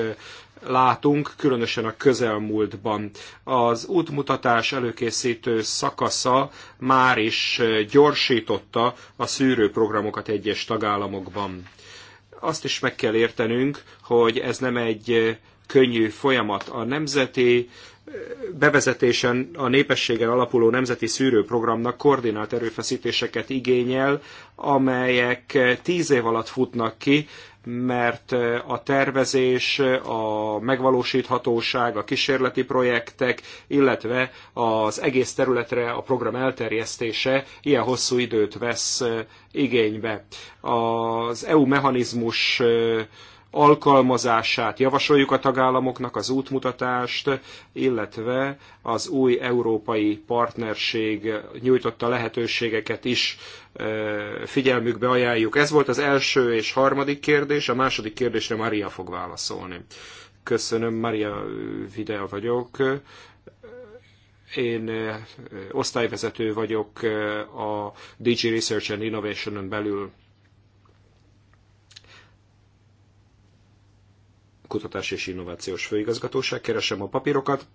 látunk, különösen a közelmúltban. Az útmutatás előkészítő szakasza már is gyorsította a szűrőprogramokat egyes tagállamokban azt is meg kell értenünk, hogy ez nem egy könnyű folyamat. A nemzeti bevezetésen a népességen alapuló nemzeti szűrőprogramnak koordinált erőfeszítéseket igényel, amelyek tíz év alatt futnak ki, mert a tervezés, a megvalósíthatóság, a kísérleti projektek, illetve az egész területre a program elterjesztése ilyen hosszú időt vesz igénybe. Az EU mechanizmus alkalmazását javasoljuk a tagállamoknak, az útmutatást, illetve az új európai partnerség nyújtotta lehetőségeket is e, figyelmükbe ajánljuk. Ez volt az első és harmadik kérdés, a második kérdésre Maria fog válaszolni. Köszönöm, Maria Videa vagyok. Én e, osztályvezető vagyok e, a DG Research and Innovation-ön belül Kutatás és Innovációs Főigazgatóság. Keresem a papírokat.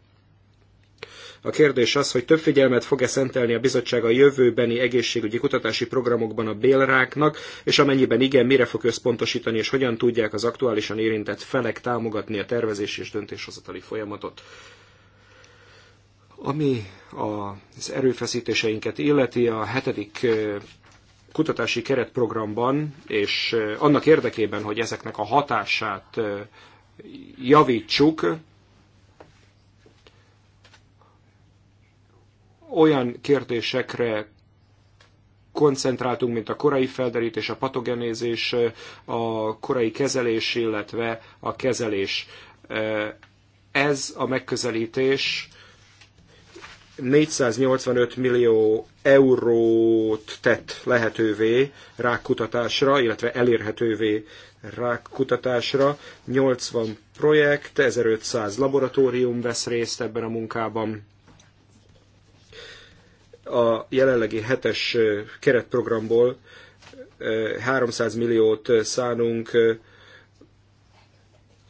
A kérdés az, hogy több figyelmet fog-e szentelni a bizottság a jövőbeni egészségügyi kutatási programokban a bélráknak, és amennyiben igen, mire fog összpontosítani, és hogyan tudják az aktuálisan érintett felek támogatni a tervezési és döntéshozatali folyamatot. Ami az erőfeszítéseinket illeti, a hetedik kutatási keretprogramban, és annak érdekében, hogy ezeknek a hatását javítsuk, olyan kérdésekre koncentráltunk, mint a korai felderítés, a patogenézés, a korai kezelés, illetve a kezelés. Ez a megközelítés 485 millió eurót tett lehetővé rákutatásra, illetve elérhetővé rákkutatásra. 80 projekt, 1500 laboratórium vesz részt ebben a munkában. A jelenlegi hetes keretprogramból 300 milliót szánunk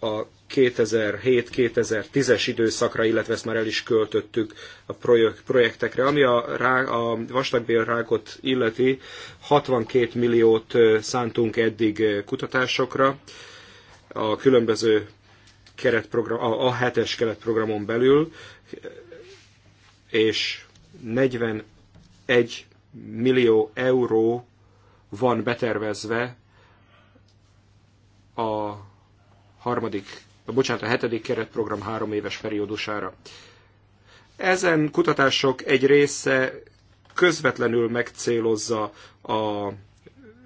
a 2007-2010-es időszakra, illetve ezt már el is költöttük a projektekre. Ami a, rá, a vastagbélrákot illeti, 62 milliót szántunk eddig kutatásokra a különböző keretprogram, a 7-es keretprogramon belül, és 41 millió euró van betervezve a harmadik bocsánat, a hetedik keretprogram három éves periódusára. Ezen kutatások egy része közvetlenül megcélozza a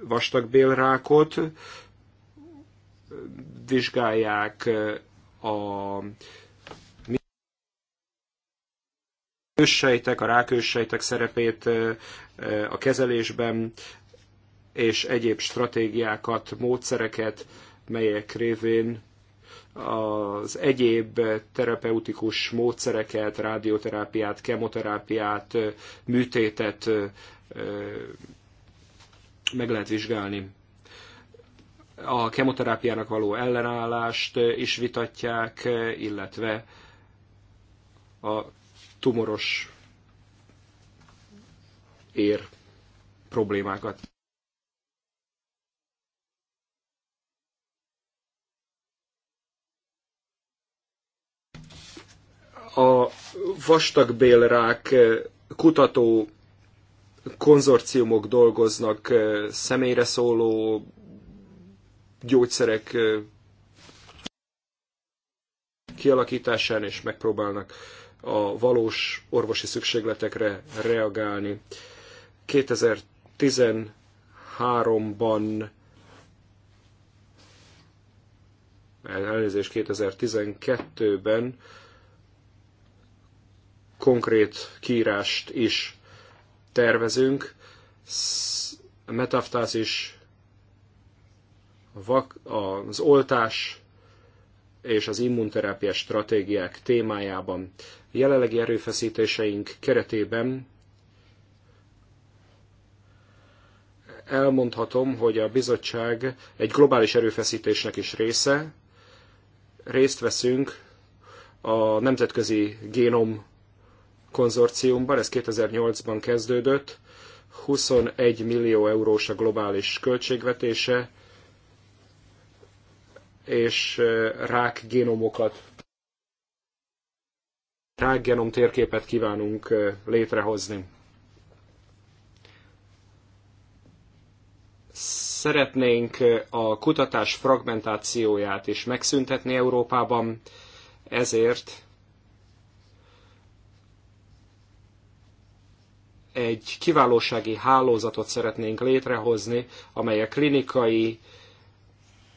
vastagbélrákot, vizsgálják a őssejtek, a rákőssejtek szerepét a kezelésben, és egyéb stratégiákat, módszereket, melyek révén az egyéb terapeutikus módszereket, rádióterápiát, kemoterápiát, műtétet meg lehet vizsgálni. A kemoterápiának való ellenállást is vitatják, illetve a tumoros ér problémákat. a vastagbélrák eh, kutató konzorciumok dolgoznak eh, személyre szóló gyógyszerek eh, kialakításán, és megpróbálnak a valós orvosi szükségletekre reagálni. 2013-ban elnézést 2012-ben konkrét kiírást is tervezünk. Metaftázis, az oltás és az immunterápiás stratégiák témájában. Jelenlegi erőfeszítéseink keretében elmondhatom, hogy a bizottság egy globális erőfeszítésnek is része. Részt veszünk a nemzetközi génom konzorciumban, ez 2008-ban kezdődött, 21 millió eurós a globális költségvetése, és rák genomokat, rák genom térképet kívánunk létrehozni. Szeretnénk a kutatás fragmentációját is megszüntetni Európában, ezért egy kiválósági hálózatot szeretnénk létrehozni, amely a klinikai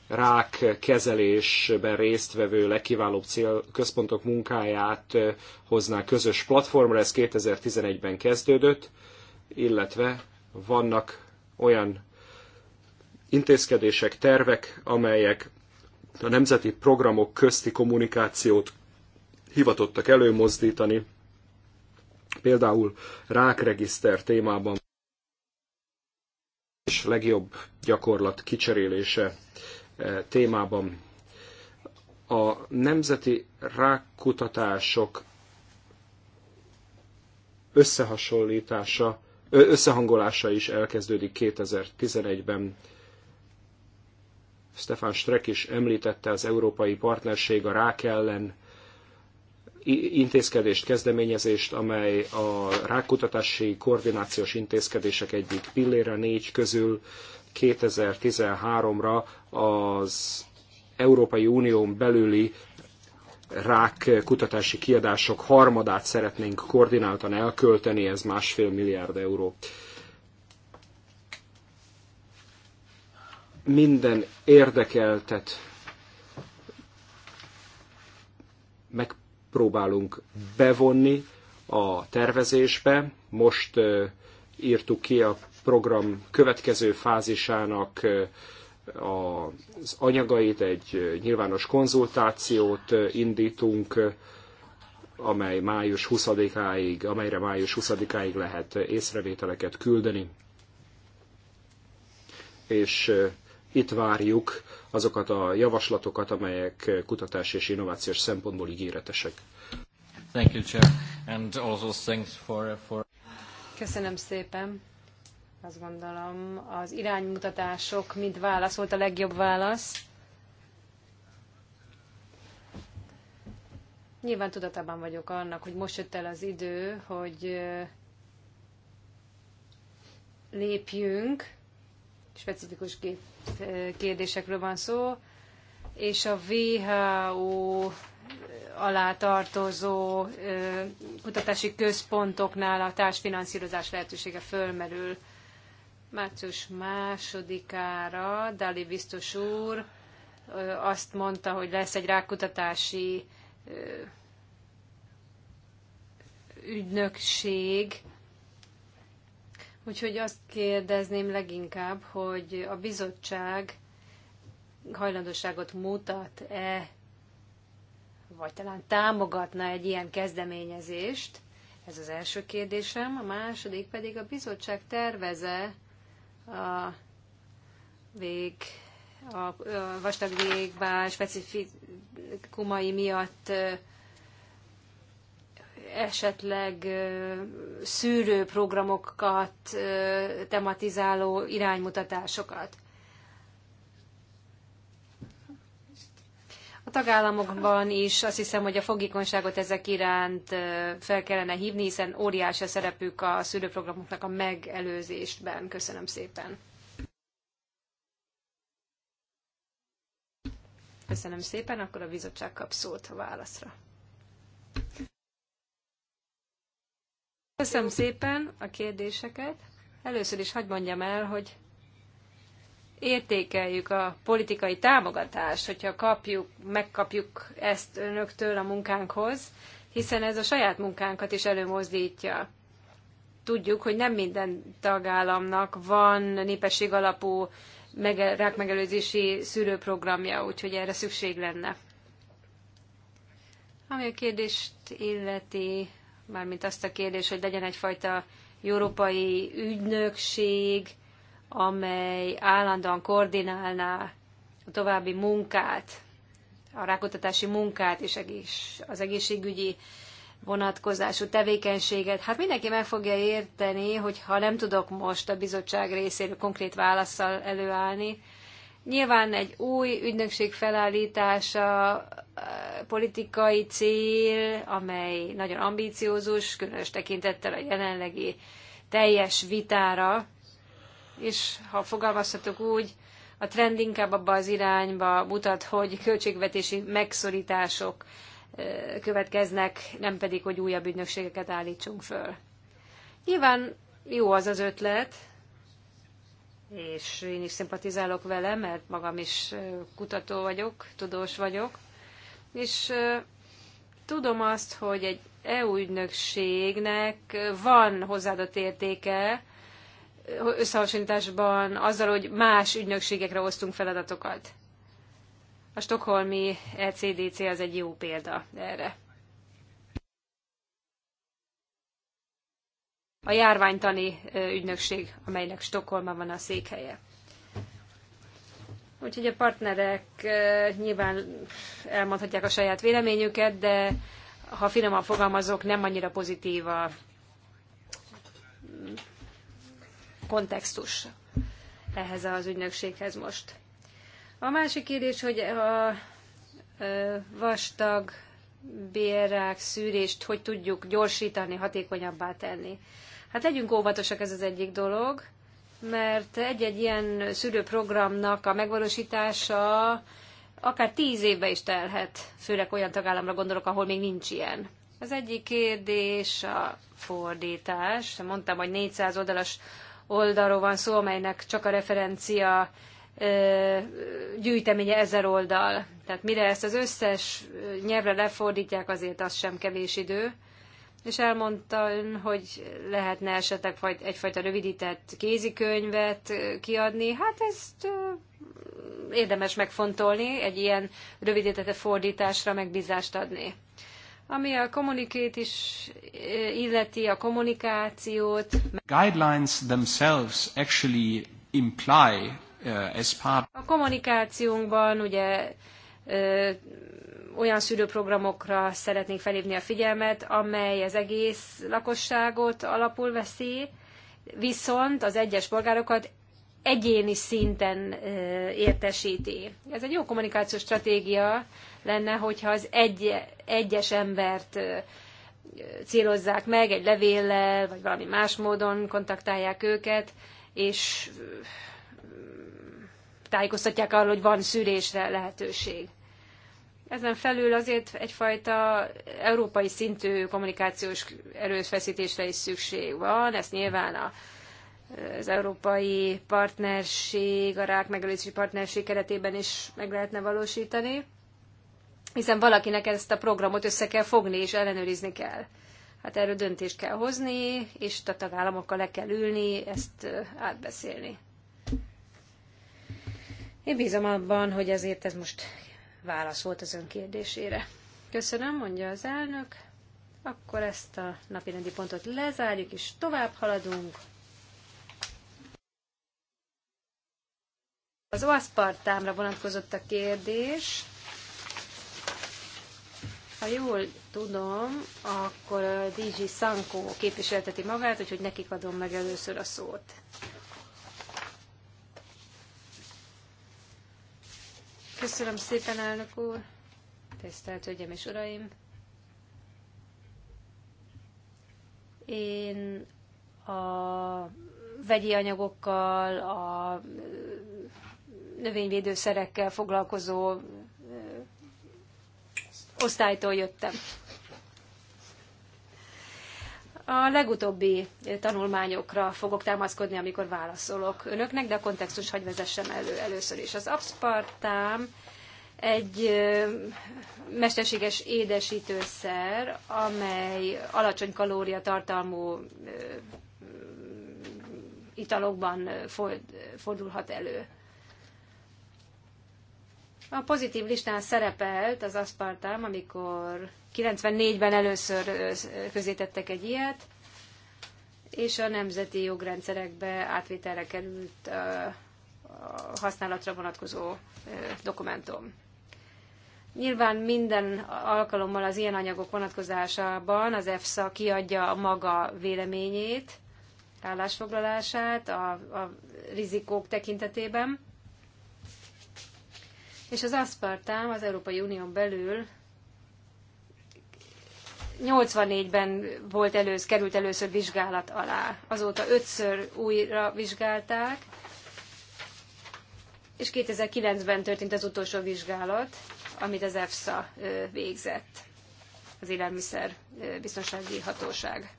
rák kezelésben résztvevő legkiválóbb központok munkáját hozná közös platformra. Ez 2011-ben kezdődött, illetve vannak olyan intézkedések, tervek, amelyek a nemzeti programok közti kommunikációt hivatottak előmozdítani, Például rákregiszter témában és legjobb gyakorlat kicserélése eh, témában a nemzeti rákkutatások összehasonlítása, összehangolása is elkezdődik 2011-ben. Stefan Streck is említette az Európai Partnerség a rák ellen intézkedést, kezdeményezést, amely a rákutatási koordinációs intézkedések egyik pillére négy közül 2013-ra az Európai Unión belüli rák kutatási kiadások harmadát szeretnénk koordináltan elkölteni, ez másfél milliárd euró. Minden érdekeltet meg próbálunk bevonni a tervezésbe. Most írtuk ki a program következő fázisának az anyagait, egy nyilvános konzultációt indítunk, amely május 20-áig, amelyre május 20-áig lehet észrevételeket küldeni. És itt várjuk azokat a javaslatokat, amelyek kutatás és innovációs szempontból ígéretesek. Thank you, Chair. And also thanks for, for... Köszönöm szépen. Azt gondolom, az iránymutatások mind válasz volt a legjobb válasz. Nyilván tudatában vagyok annak, hogy most jött el az idő, hogy lépjünk, specifikus eh, kérdésekről van szó, és a WHO alá tartozó eh, kutatási központoknál a társfinanszírozás lehetősége fölmerül. Március másodikára Dali biztos úr eh, azt mondta, hogy lesz egy rákutatási ügynökség, Úgyhogy azt kérdezném leginkább, hogy a bizottság hajlandóságot mutat-e, vagy talán támogatna egy ilyen kezdeményezést. Ez az első kérdésem. A második pedig a bizottság terveze a vég, a, a vastag végbál specifikumai miatt esetleg szűrő programokat, tematizáló iránymutatásokat. A tagállamokban is azt hiszem, hogy a fogékonyságot ezek iránt fel kellene hívni, hiszen óriási a szerepük a szülőprogramoknak a megelőzésben. Köszönöm szépen. Köszönöm szépen, akkor a bizottság kap szót a válaszra. Köszönöm szépen a kérdéseket. Először is hagyd mondjam el, hogy értékeljük a politikai támogatást, hogyha kapjuk, megkapjuk ezt önöktől a munkánkhoz, hiszen ez a saját munkánkat is előmozdítja. Tudjuk, hogy nem minden tagállamnak van népesség alapú mege, rákmegelőzési szűrőprogramja, úgyhogy erre szükség lenne. Ami a kérdést illeti mármint azt a kérdés, hogy legyen egyfajta európai ügynökség, amely állandóan koordinálná a további munkát, a rákutatási munkát és az egészségügyi vonatkozású tevékenységet. Hát mindenki meg fogja érteni, hogy ha nem tudok most a bizottság részéről konkrét válaszsal előállni, Nyilván egy új ügynökség felállítása eh, politikai cél, amely nagyon ambíciózus, különös tekintettel a jelenlegi teljes vitára, és ha fogalmazhatok úgy, a trend inkább abba az irányba mutat, hogy költségvetési megszorítások eh, következnek, nem pedig, hogy újabb ügynökségeket állítsunk föl. Nyilván jó az az ötlet, és én is szimpatizálok vele, mert magam is kutató vagyok, tudós vagyok, és tudom azt, hogy egy EU ügynökségnek van hozzáadott értéke összehasonlításban azzal, hogy más ügynökségekre osztunk feladatokat. A stokholmi ECDC az egy jó példa erre. a járványtani ügynökség, amelynek Stockholmban van a székhelye. Úgyhogy a partnerek nyilván elmondhatják a saját véleményüket, de ha finoman fogalmazok, nem annyira pozitív a kontextus ehhez az ügynökséghez most. A másik kérdés, hogy a vastag bérrák szűrést hogy tudjuk gyorsítani, hatékonyabbá tenni. Hát legyünk óvatosak, ez az egyik dolog, mert egy-egy ilyen szülőprogramnak a megvalósítása akár tíz évbe is telhet, főleg olyan tagállamra gondolok, ahol még nincs ilyen. Az egyik kérdés a fordítás. Mondtam, hogy 400 oldalas oldalról van szó, amelynek csak a referencia gyűjteménye ezer oldal. Tehát mire ezt az összes nyelvre lefordítják, azért az sem kevés idő és elmondta ön, hogy lehetne esetleg egyfajta rövidített kézikönyvet kiadni. Hát ezt érdemes megfontolni, egy ilyen rövidített fordításra megbízást adni. Ami a kommunikét is illeti, a kommunikációt. Guidelines themselves actually imply uh, as part... A kommunikációnkban ugye olyan szűrőprogramokra szeretnénk felhívni a figyelmet, amely az egész lakosságot alapul veszi, viszont az egyes polgárokat egyéni szinten értesíti. Ez egy jó kommunikációs stratégia lenne, hogyha az egy, egyes embert célozzák meg egy levéllel, vagy valami más módon kontaktálják őket, és tájékoztatják arról, hogy van szűrésre lehetőség. Ezen felül azért egyfajta európai szintű kommunikációs erőfeszítésre is szükség van, ezt nyilván a az európai partnerség, a rák megelőzési partnerség keretében is meg lehetne valósítani, hiszen valakinek ezt a programot össze kell fogni és ellenőrizni kell. Hát erről döntést kell hozni, és a tagállamokkal le kell ülni, ezt átbeszélni. Én bízom abban, hogy ezért ez most válasz volt az ön kérdésére. Köszönöm, mondja az elnök. Akkor ezt a napi rendi pontot lezárjuk, és tovább haladunk. Az oaszpartámra vonatkozott a kérdés. Ha jól tudom, akkor a DG Sankó képviselteti magát, úgyhogy nekik adom meg először a szót. Köszönöm szépen, elnök úr! Tisztelt Hölgyeim és Uraim! Én a vegyi anyagokkal, a növényvédőszerekkel foglalkozó osztálytól jöttem. A legutóbbi tanulmányokra fogok támaszkodni, amikor válaszolok önöknek, de a kontextus hagy vezessem elő először is. Az abspartám egy mesterséges édesítőszer, amely alacsony kalóriatartalmú italokban fordulhat elő. A pozitív listán szerepelt az aszpartám, amikor 94-ben először közétettek egy ilyet, és a nemzeti jogrendszerekbe átvételre került a használatra vonatkozó dokumentum. Nyilván minden alkalommal az ilyen anyagok vonatkozásában az EFSA kiadja a maga véleményét, állásfoglalását a, a rizikók tekintetében, és az aszpartám az Európai Unión belül 84-ben volt elősz, került először vizsgálat alá. Azóta ötször újra vizsgálták, és 2009-ben történt az utolsó vizsgálat, amit az EFSA végzett, az Élelmiszer Biztonsági Hatóság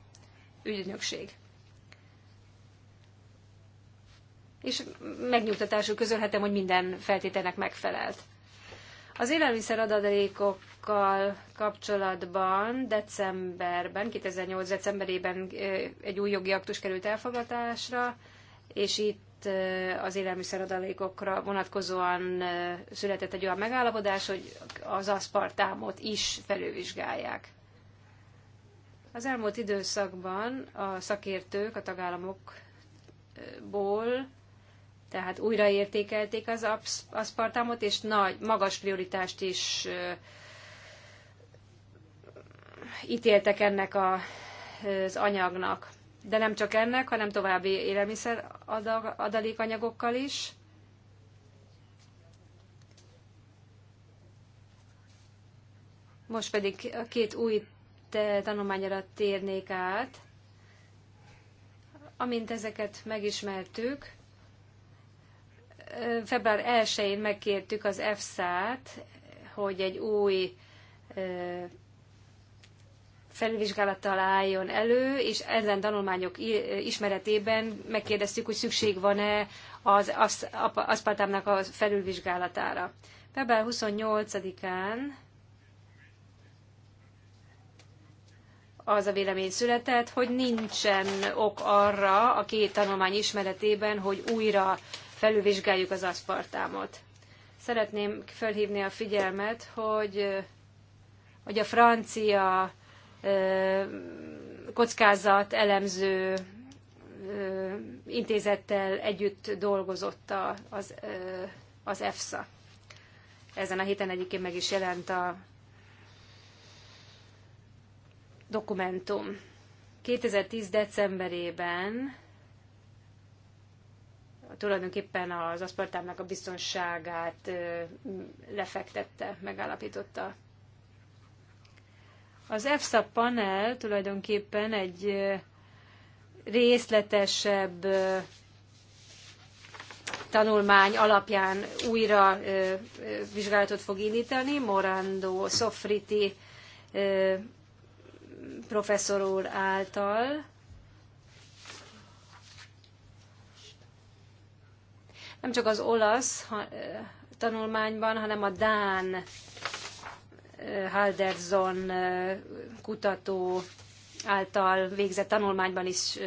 ügynökség. és megnyugtatásul közölhetem, hogy minden feltételnek megfelelt. Az élelmiszer adadalékokkal kapcsolatban decemberben, 2008. decemberében egy új jogi aktus került elfogadásra, és itt az élelmiszer adalékokra vonatkozóan született egy olyan megállapodás, hogy az aszpartámot is felülvizsgálják. Az elmúlt időszakban a szakértők a tagállamokból tehát újraértékelték az aszpartámot, és nagy, magas prioritást is ítéltek ennek a, az anyagnak. De nem csak ennek, hanem további élelmiszer adalékanyagokkal is. Most pedig a két új tanulmányra térnék át. Amint ezeket megismertük, február 1-én megkértük az EFSA-t, hogy egy új felülvizsgálattal álljon elő, és ezen tanulmányok ismeretében megkérdeztük, hogy szükség van-e az aszpaltámnak a felülvizsgálatára. Február 28-án az a vélemény született, hogy nincsen ok arra a két tanulmány ismeretében, hogy újra felülvizsgáljuk az aszpartámot. Szeretném felhívni a figyelmet, hogy, eh, hogy a francia eh, kockázat elemző eh, intézettel együtt dolgozott az, az EFSA. Ezen a héten egyébként meg is jelent a dokumentum. 2010. decemberében tulajdonképpen az aszpartámnak a biztonságát lefektette, megállapította. Az EFSA panel tulajdonképpen egy részletesebb tanulmány alapján újra vizsgálatot fog indítani. Morando Sofriti professzor úr által nem csak az olasz tanulmányban, hanem a Dán Halderson kutató által végzett tanulmányban is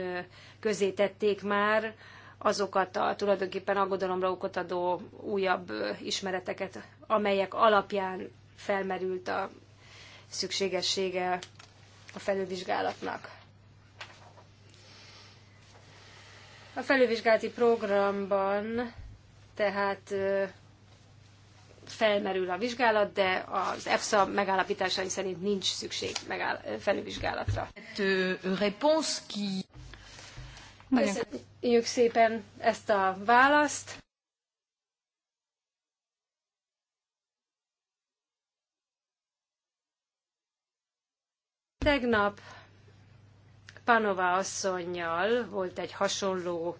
közé tették már azokat a tulajdonképpen aggodalomra okot adó újabb ismereteket, amelyek alapján felmerült a szükségessége a felülvizsgálatnak. A felülvizsgálati programban tehát felmerül a vizsgálat, de az EFSA megállapításai szerint nincs szükség megáll- felülvizsgálatra. Köszönjük szépen ezt a választ. Tegnap Panova asszonynal volt egy hasonló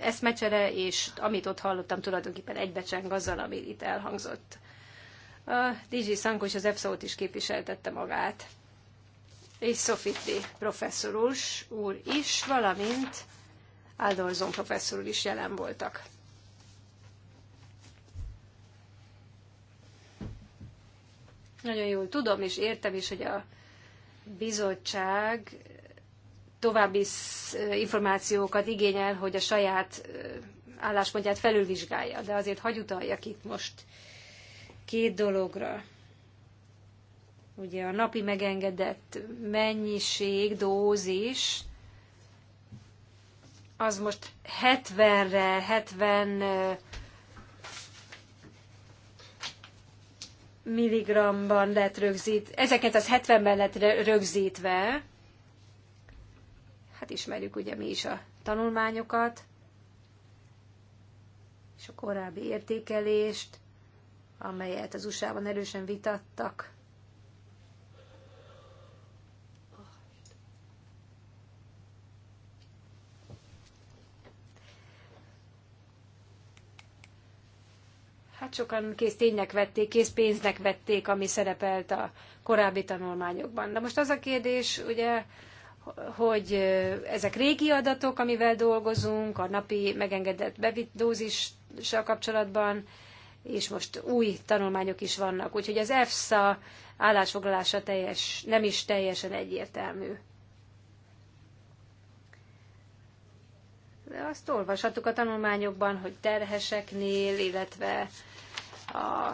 eszmecsere, és amit ott hallottam, tulajdonképpen egybecseng azzal, ami itt elhangzott. A DJ Sanko és az EFSA-ot is képviseltette magát, és Sofiti professzorus úr is, valamint Aldorzon professzor úr is jelen voltak. Nagyon jól tudom és értem is, hogy a bizottság további információkat igényel, hogy a saját álláspontját felülvizsgálja. De azért hagy utaljak itt most két dologra. Ugye a napi megengedett mennyiség, dózis, az most 70-re, 70 milligramban lett rögzít, 1970-ben lett rögzítve, hát ismerjük ugye mi is a tanulmányokat, és a korábbi értékelést, amelyet az USA-ban erősen vitattak. Hát sokan kész ténynek vették, kész pénznek vették, ami szerepelt a korábbi tanulmányokban. De most az a kérdés, ugye, hogy ezek régi adatok, amivel dolgozunk, a napi megengedett bevitt dózissal kapcsolatban, és most új tanulmányok is vannak. Úgyhogy az EFSA állásfoglalása teljes, nem is teljesen egyértelmű. De azt olvashattuk a tanulmányokban, hogy terheseknél, illetve a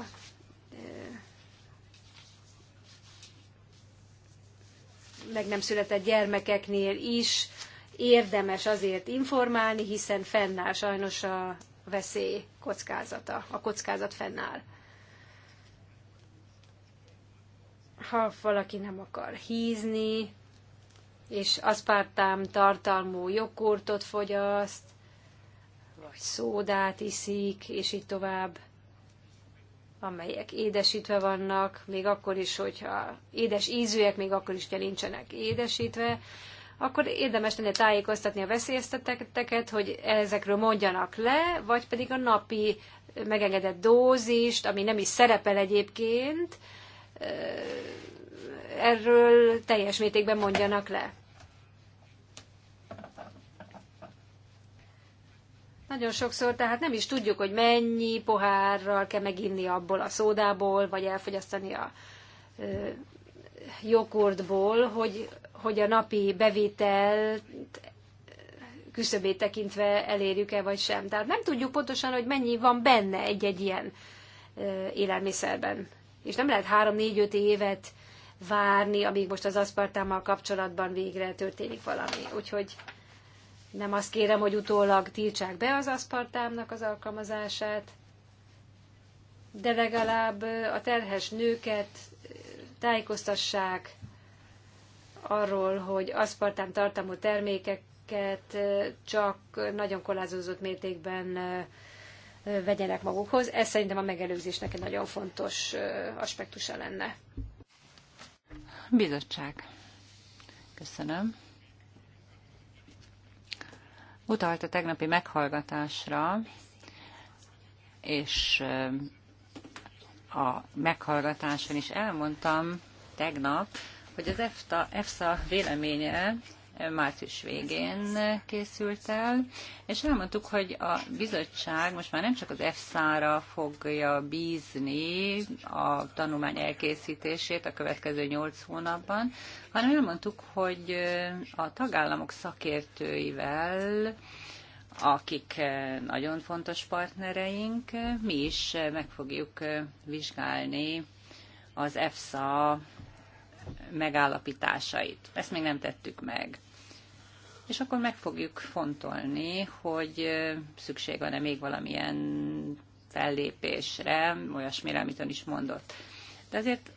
meg nem született gyermekeknél is érdemes azért informálni, hiszen fennáll sajnos a veszély kockázata, a kockázat fennáll. Ha valaki nem akar hízni, és aszpártám tartalmú jogkurtot fogyaszt, vagy szódát iszik, és így tovább, amelyek édesítve vannak, még akkor is, hogyha édes ízűek, még akkor is, hogyha nincsenek édesítve, akkor érdemes lenne tájékoztatni a veszélyezteteket, hogy ezekről mondjanak le, vagy pedig a napi megengedett dózist, ami nem is szerepel egyébként, erről teljes mértékben mondjanak le. Nagyon sokszor tehát nem is tudjuk, hogy mennyi pohárral kell meginni abból a szódából, vagy elfogyasztani a ö, jogurtból, hogy, hogy a napi bevételt küszöbét tekintve elérjük-e, vagy sem. Tehát nem tudjuk pontosan, hogy mennyi van benne egy-egy ilyen ö, élelmiszerben. És nem lehet három-négy-öt évet várni, amíg most az aszpartámmal kapcsolatban végre történik valami. Úgyhogy nem azt kérem, hogy utólag tiltsák be az aszpartámnak az alkalmazását, de legalább a terhes nőket tájékoztassák arról, hogy aszpartám tartalmú termékeket csak nagyon korlátozott mértékben vegyenek magukhoz. Ez szerintem a megelőzésnek egy nagyon fontos aspektusa lenne. Bizottság. Köszönöm utalt a tegnapi meghallgatásra, és a meghallgatáson is elmondtam tegnap, hogy az EFSA véleménye március végén készült el, és elmondtuk, hogy a bizottság most már nem csak az EFSA-ra fogja bízni a tanulmány elkészítését a következő nyolc hónapban, hanem elmondtuk, hogy a tagállamok szakértőivel akik nagyon fontos partnereink, mi is meg fogjuk vizsgálni az EFSA megállapításait. Ezt még nem tettük meg és akkor meg fogjuk fontolni, hogy szükség van-e még valamilyen fellépésre, olyasmire, amit ön is mondott. De azért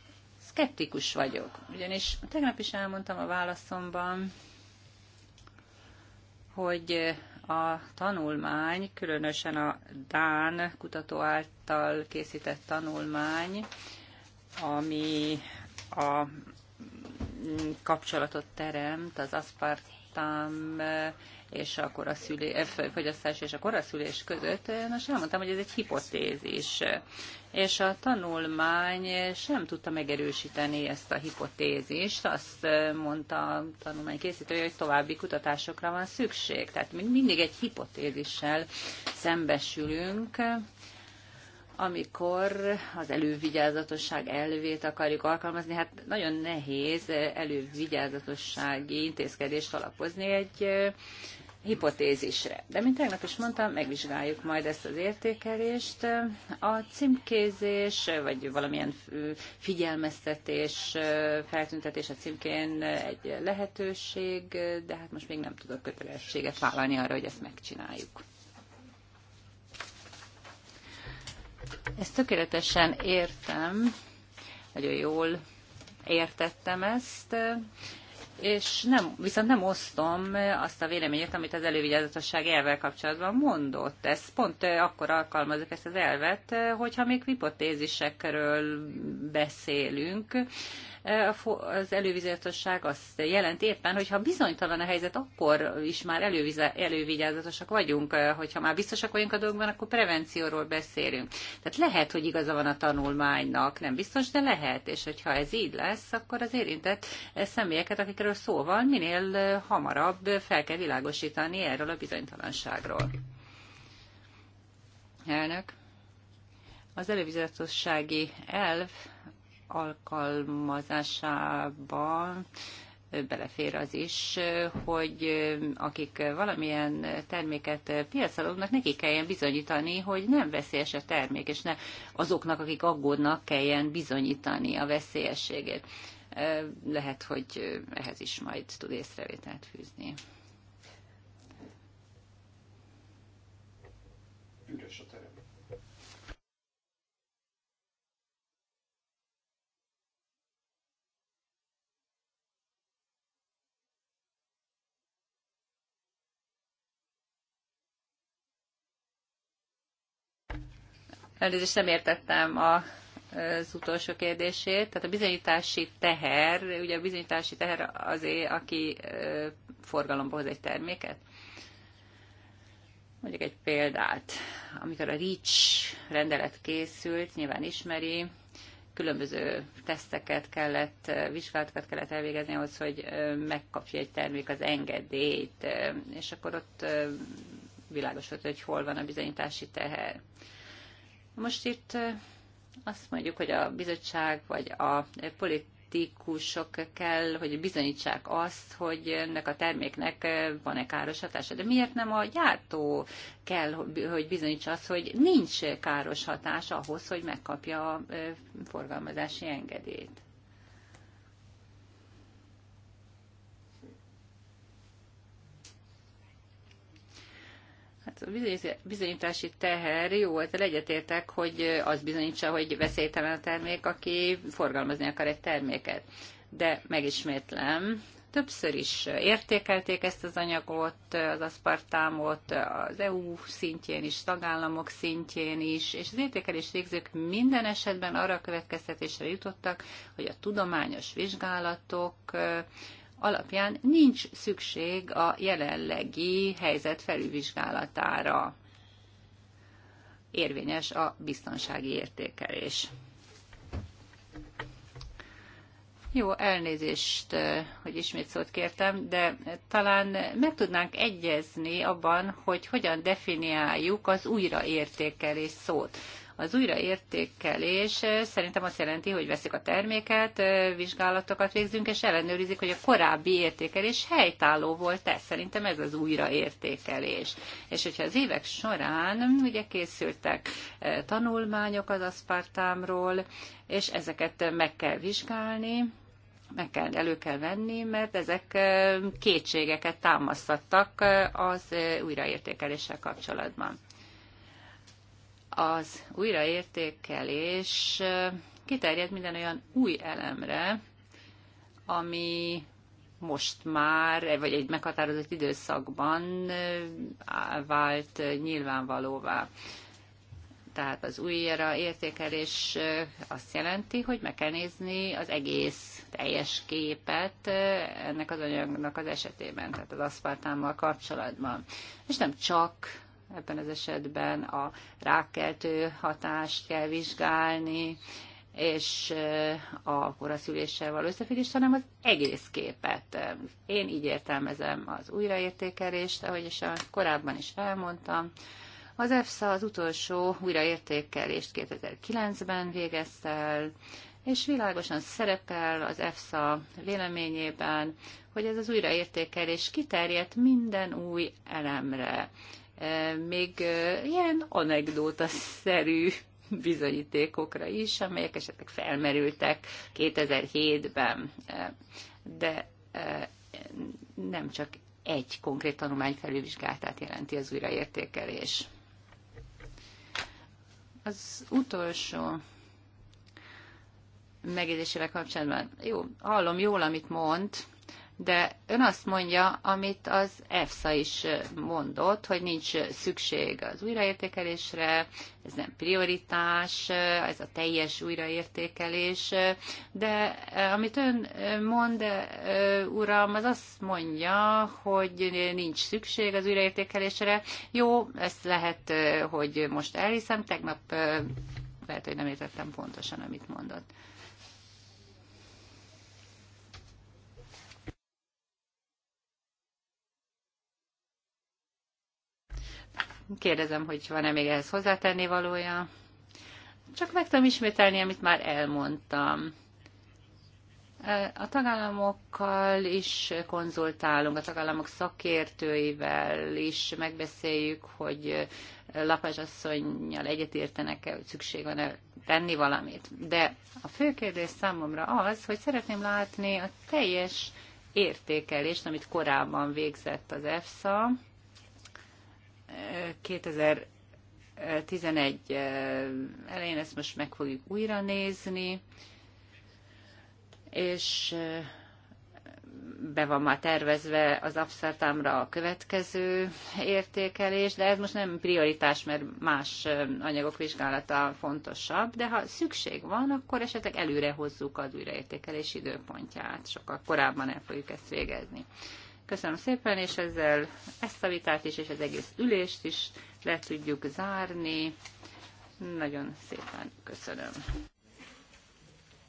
szkeptikus vagyok, ugyanis tegnap is elmondtam a válaszomban, hogy a tanulmány, különösen a Dán kutató által készített tanulmány, ami a mm, kapcsolatot teremt az aszpart fogyasztottam, és a koraszülé, eh, fogyasztás és a koraszülés között, eh, most elmondtam, hogy ez egy hipotézis. És a tanulmány sem tudta megerősíteni ezt a hipotézist. Azt eh, mondta a tanulmány készítője, hogy további kutatásokra van szükség. Tehát még mindig egy hipotézissel szembesülünk, amikor az elővigyázatosság elvét akarjuk alkalmazni, hát nagyon nehéz elővigyázatossági intézkedést alapozni egy hipotézisre. De mint tegnap is mondtam, megvizsgáljuk majd ezt az értékelést. A címkézés, vagy valamilyen figyelmeztetés, feltüntetés a címkén egy lehetőség, de hát most még nem tudok kötelességet vállalni arra, hogy ezt megcsináljuk. Ezt tökéletesen értem, nagyon jól értettem ezt, és nem, viszont nem osztom azt a véleményet, amit az elővigyázatosság elvel kapcsolatban mondott. Ez pont akkor alkalmazok ezt az elvet, hogyha még hipotézisekről beszélünk, az elővizetosság azt jelenti éppen, hogy ha bizonytalan a helyzet, akkor is már elővigyázatosak vagyunk, hogyha már biztosak vagyunk a dolgban, akkor prevencióról beszélünk. Tehát lehet, hogy igaza van a tanulmánynak, nem biztos, de lehet, és hogyha ez így lesz, akkor az érintett személyeket, akikről szó van, minél hamarabb fel kell világosítani erről a bizonytalanságról. Elnök. Az elővizetossági elv alkalmazásába belefér az is, hogy akik valamilyen terméket piacolognak, neki kelljen bizonyítani, hogy nem veszélyes a termék, és ne azoknak, akik aggódnak, kelljen bizonyítani a veszélyességét. Lehet, hogy ehhez is majd tud észrevételt fűzni. Üres a Elnézést nem értettem a, az utolsó kérdését. Tehát a bizonyítási teher, ugye a bizonyítási teher azért, aki forgalomba hoz egy terméket? Mondjuk egy példát. Amikor a REACH rendelet készült, nyilván ismeri, különböző teszteket kellett, vizsgálatokat kellett elvégezni ahhoz, hogy megkapja egy termék az engedélyt, és akkor ott világos volt, hogy hol van a bizonyítási teher. Most itt azt mondjuk, hogy a bizottság vagy a politikusok kell, hogy bizonyítsák azt, hogy ennek a terméknek van-e káros hatása. De miért nem a gyártó kell, hogy bizonyítsa azt, hogy nincs káros hatása ahhoz, hogy megkapja a forgalmazási engedélyt? Hát bizonyítási teher jó volt, egyetértek, hogy az bizonyítsa, hogy veszélytelen a termék, aki forgalmazni akar egy terméket. De megismétlem, többször is értékelték ezt az anyagot, az aszpartámot, az EU szintjén is, tagállamok szintjén is, és az értékelés végzők minden esetben arra a következtetésre jutottak, hogy a tudományos vizsgálatok alapján nincs szükség a jelenlegi helyzet felülvizsgálatára. Érvényes a biztonsági értékelés. Jó, elnézést, hogy ismét szót kértem, de talán meg tudnánk egyezni abban, hogy hogyan definiáljuk az újraértékelés szót. Az újraértékelés szerintem azt jelenti, hogy veszik a terméket, vizsgálatokat végzünk, és ellenőrizik, hogy a korábbi értékelés helytálló volt-e. Szerintem ez az újraértékelés. És hogyha az évek során ugye készültek tanulmányok az aszpartámról, és ezeket meg kell vizsgálni, meg kell, elő kell venni, mert ezek kétségeket támasztattak az újraértékeléssel kapcsolatban. Az újraértékelés kiterjed minden olyan új elemre, ami most már, vagy egy meghatározott időszakban vált nyilvánvalóvá. Tehát az újra értékelés azt jelenti, hogy meg kell nézni az egész teljes képet ennek az anyagnak az esetében, tehát az aszpartámmal kapcsolatban. És nem csak ebben az esetben a rákkeltő hatást kell vizsgálni, és eh, a koraszüléssel való összefüggést, hanem az egész képet. Én így értelmezem az újraértékelést, ahogy is korábban is elmondtam. Az EFSA az utolsó újraértékelést 2009-ben végezte el, és világosan szerepel az EFSA véleményében, hogy ez az újraértékelés kiterjedt minden új elemre, még ilyen anekdótaszerű bizonyítékokra is, amelyek esetleg felmerültek 2007-ben. De nem csak egy konkrét tanulmány felülvizsgáltát jelenti az újraértékelés. Az utolsó megjegyzésével kapcsolatban, jó, hallom jól, amit mond, de ön azt mondja, amit az EFSA is mondott, hogy nincs szükség az újraértékelésre, ez nem prioritás, ez a teljes újraértékelés, de e, amit ön e, mond, e, uram, az azt mondja, hogy nincs szükség az újraértékelésre. Jó, ezt lehet, hogy most elhiszem, tegnap lehet, hogy nem értettem pontosan, amit mondott. Kérdezem, hogy van-e még ehhez hozzátenni valója. Csak meg tudom ismételni, amit már elmondtam. A tagállamokkal is konzultálunk, a tagállamok szakértőivel is megbeszéljük, hogy Lapás asszonynal egyetértenek-e, hogy szükség van-e tenni valamit. De a fő kérdés számomra az, hogy szeretném látni a teljes értékelést, amit korábban végzett az EFSA, 2011 eh, elején ezt most meg fogjuk újra nézni, és eh, be van már tervezve az abszertámra a következő értékelés, de ez most nem prioritás, mert más eh, anyagok vizsgálata fontosabb, de ha szükség van, akkor esetleg előre hozzuk az újraértékelés időpontját, sokkal korábban el fogjuk ezt végezni. Köszönöm szépen, és ezzel ezt a vitát is, és az egész ülést is le tudjuk zárni. Nagyon szépen köszönöm.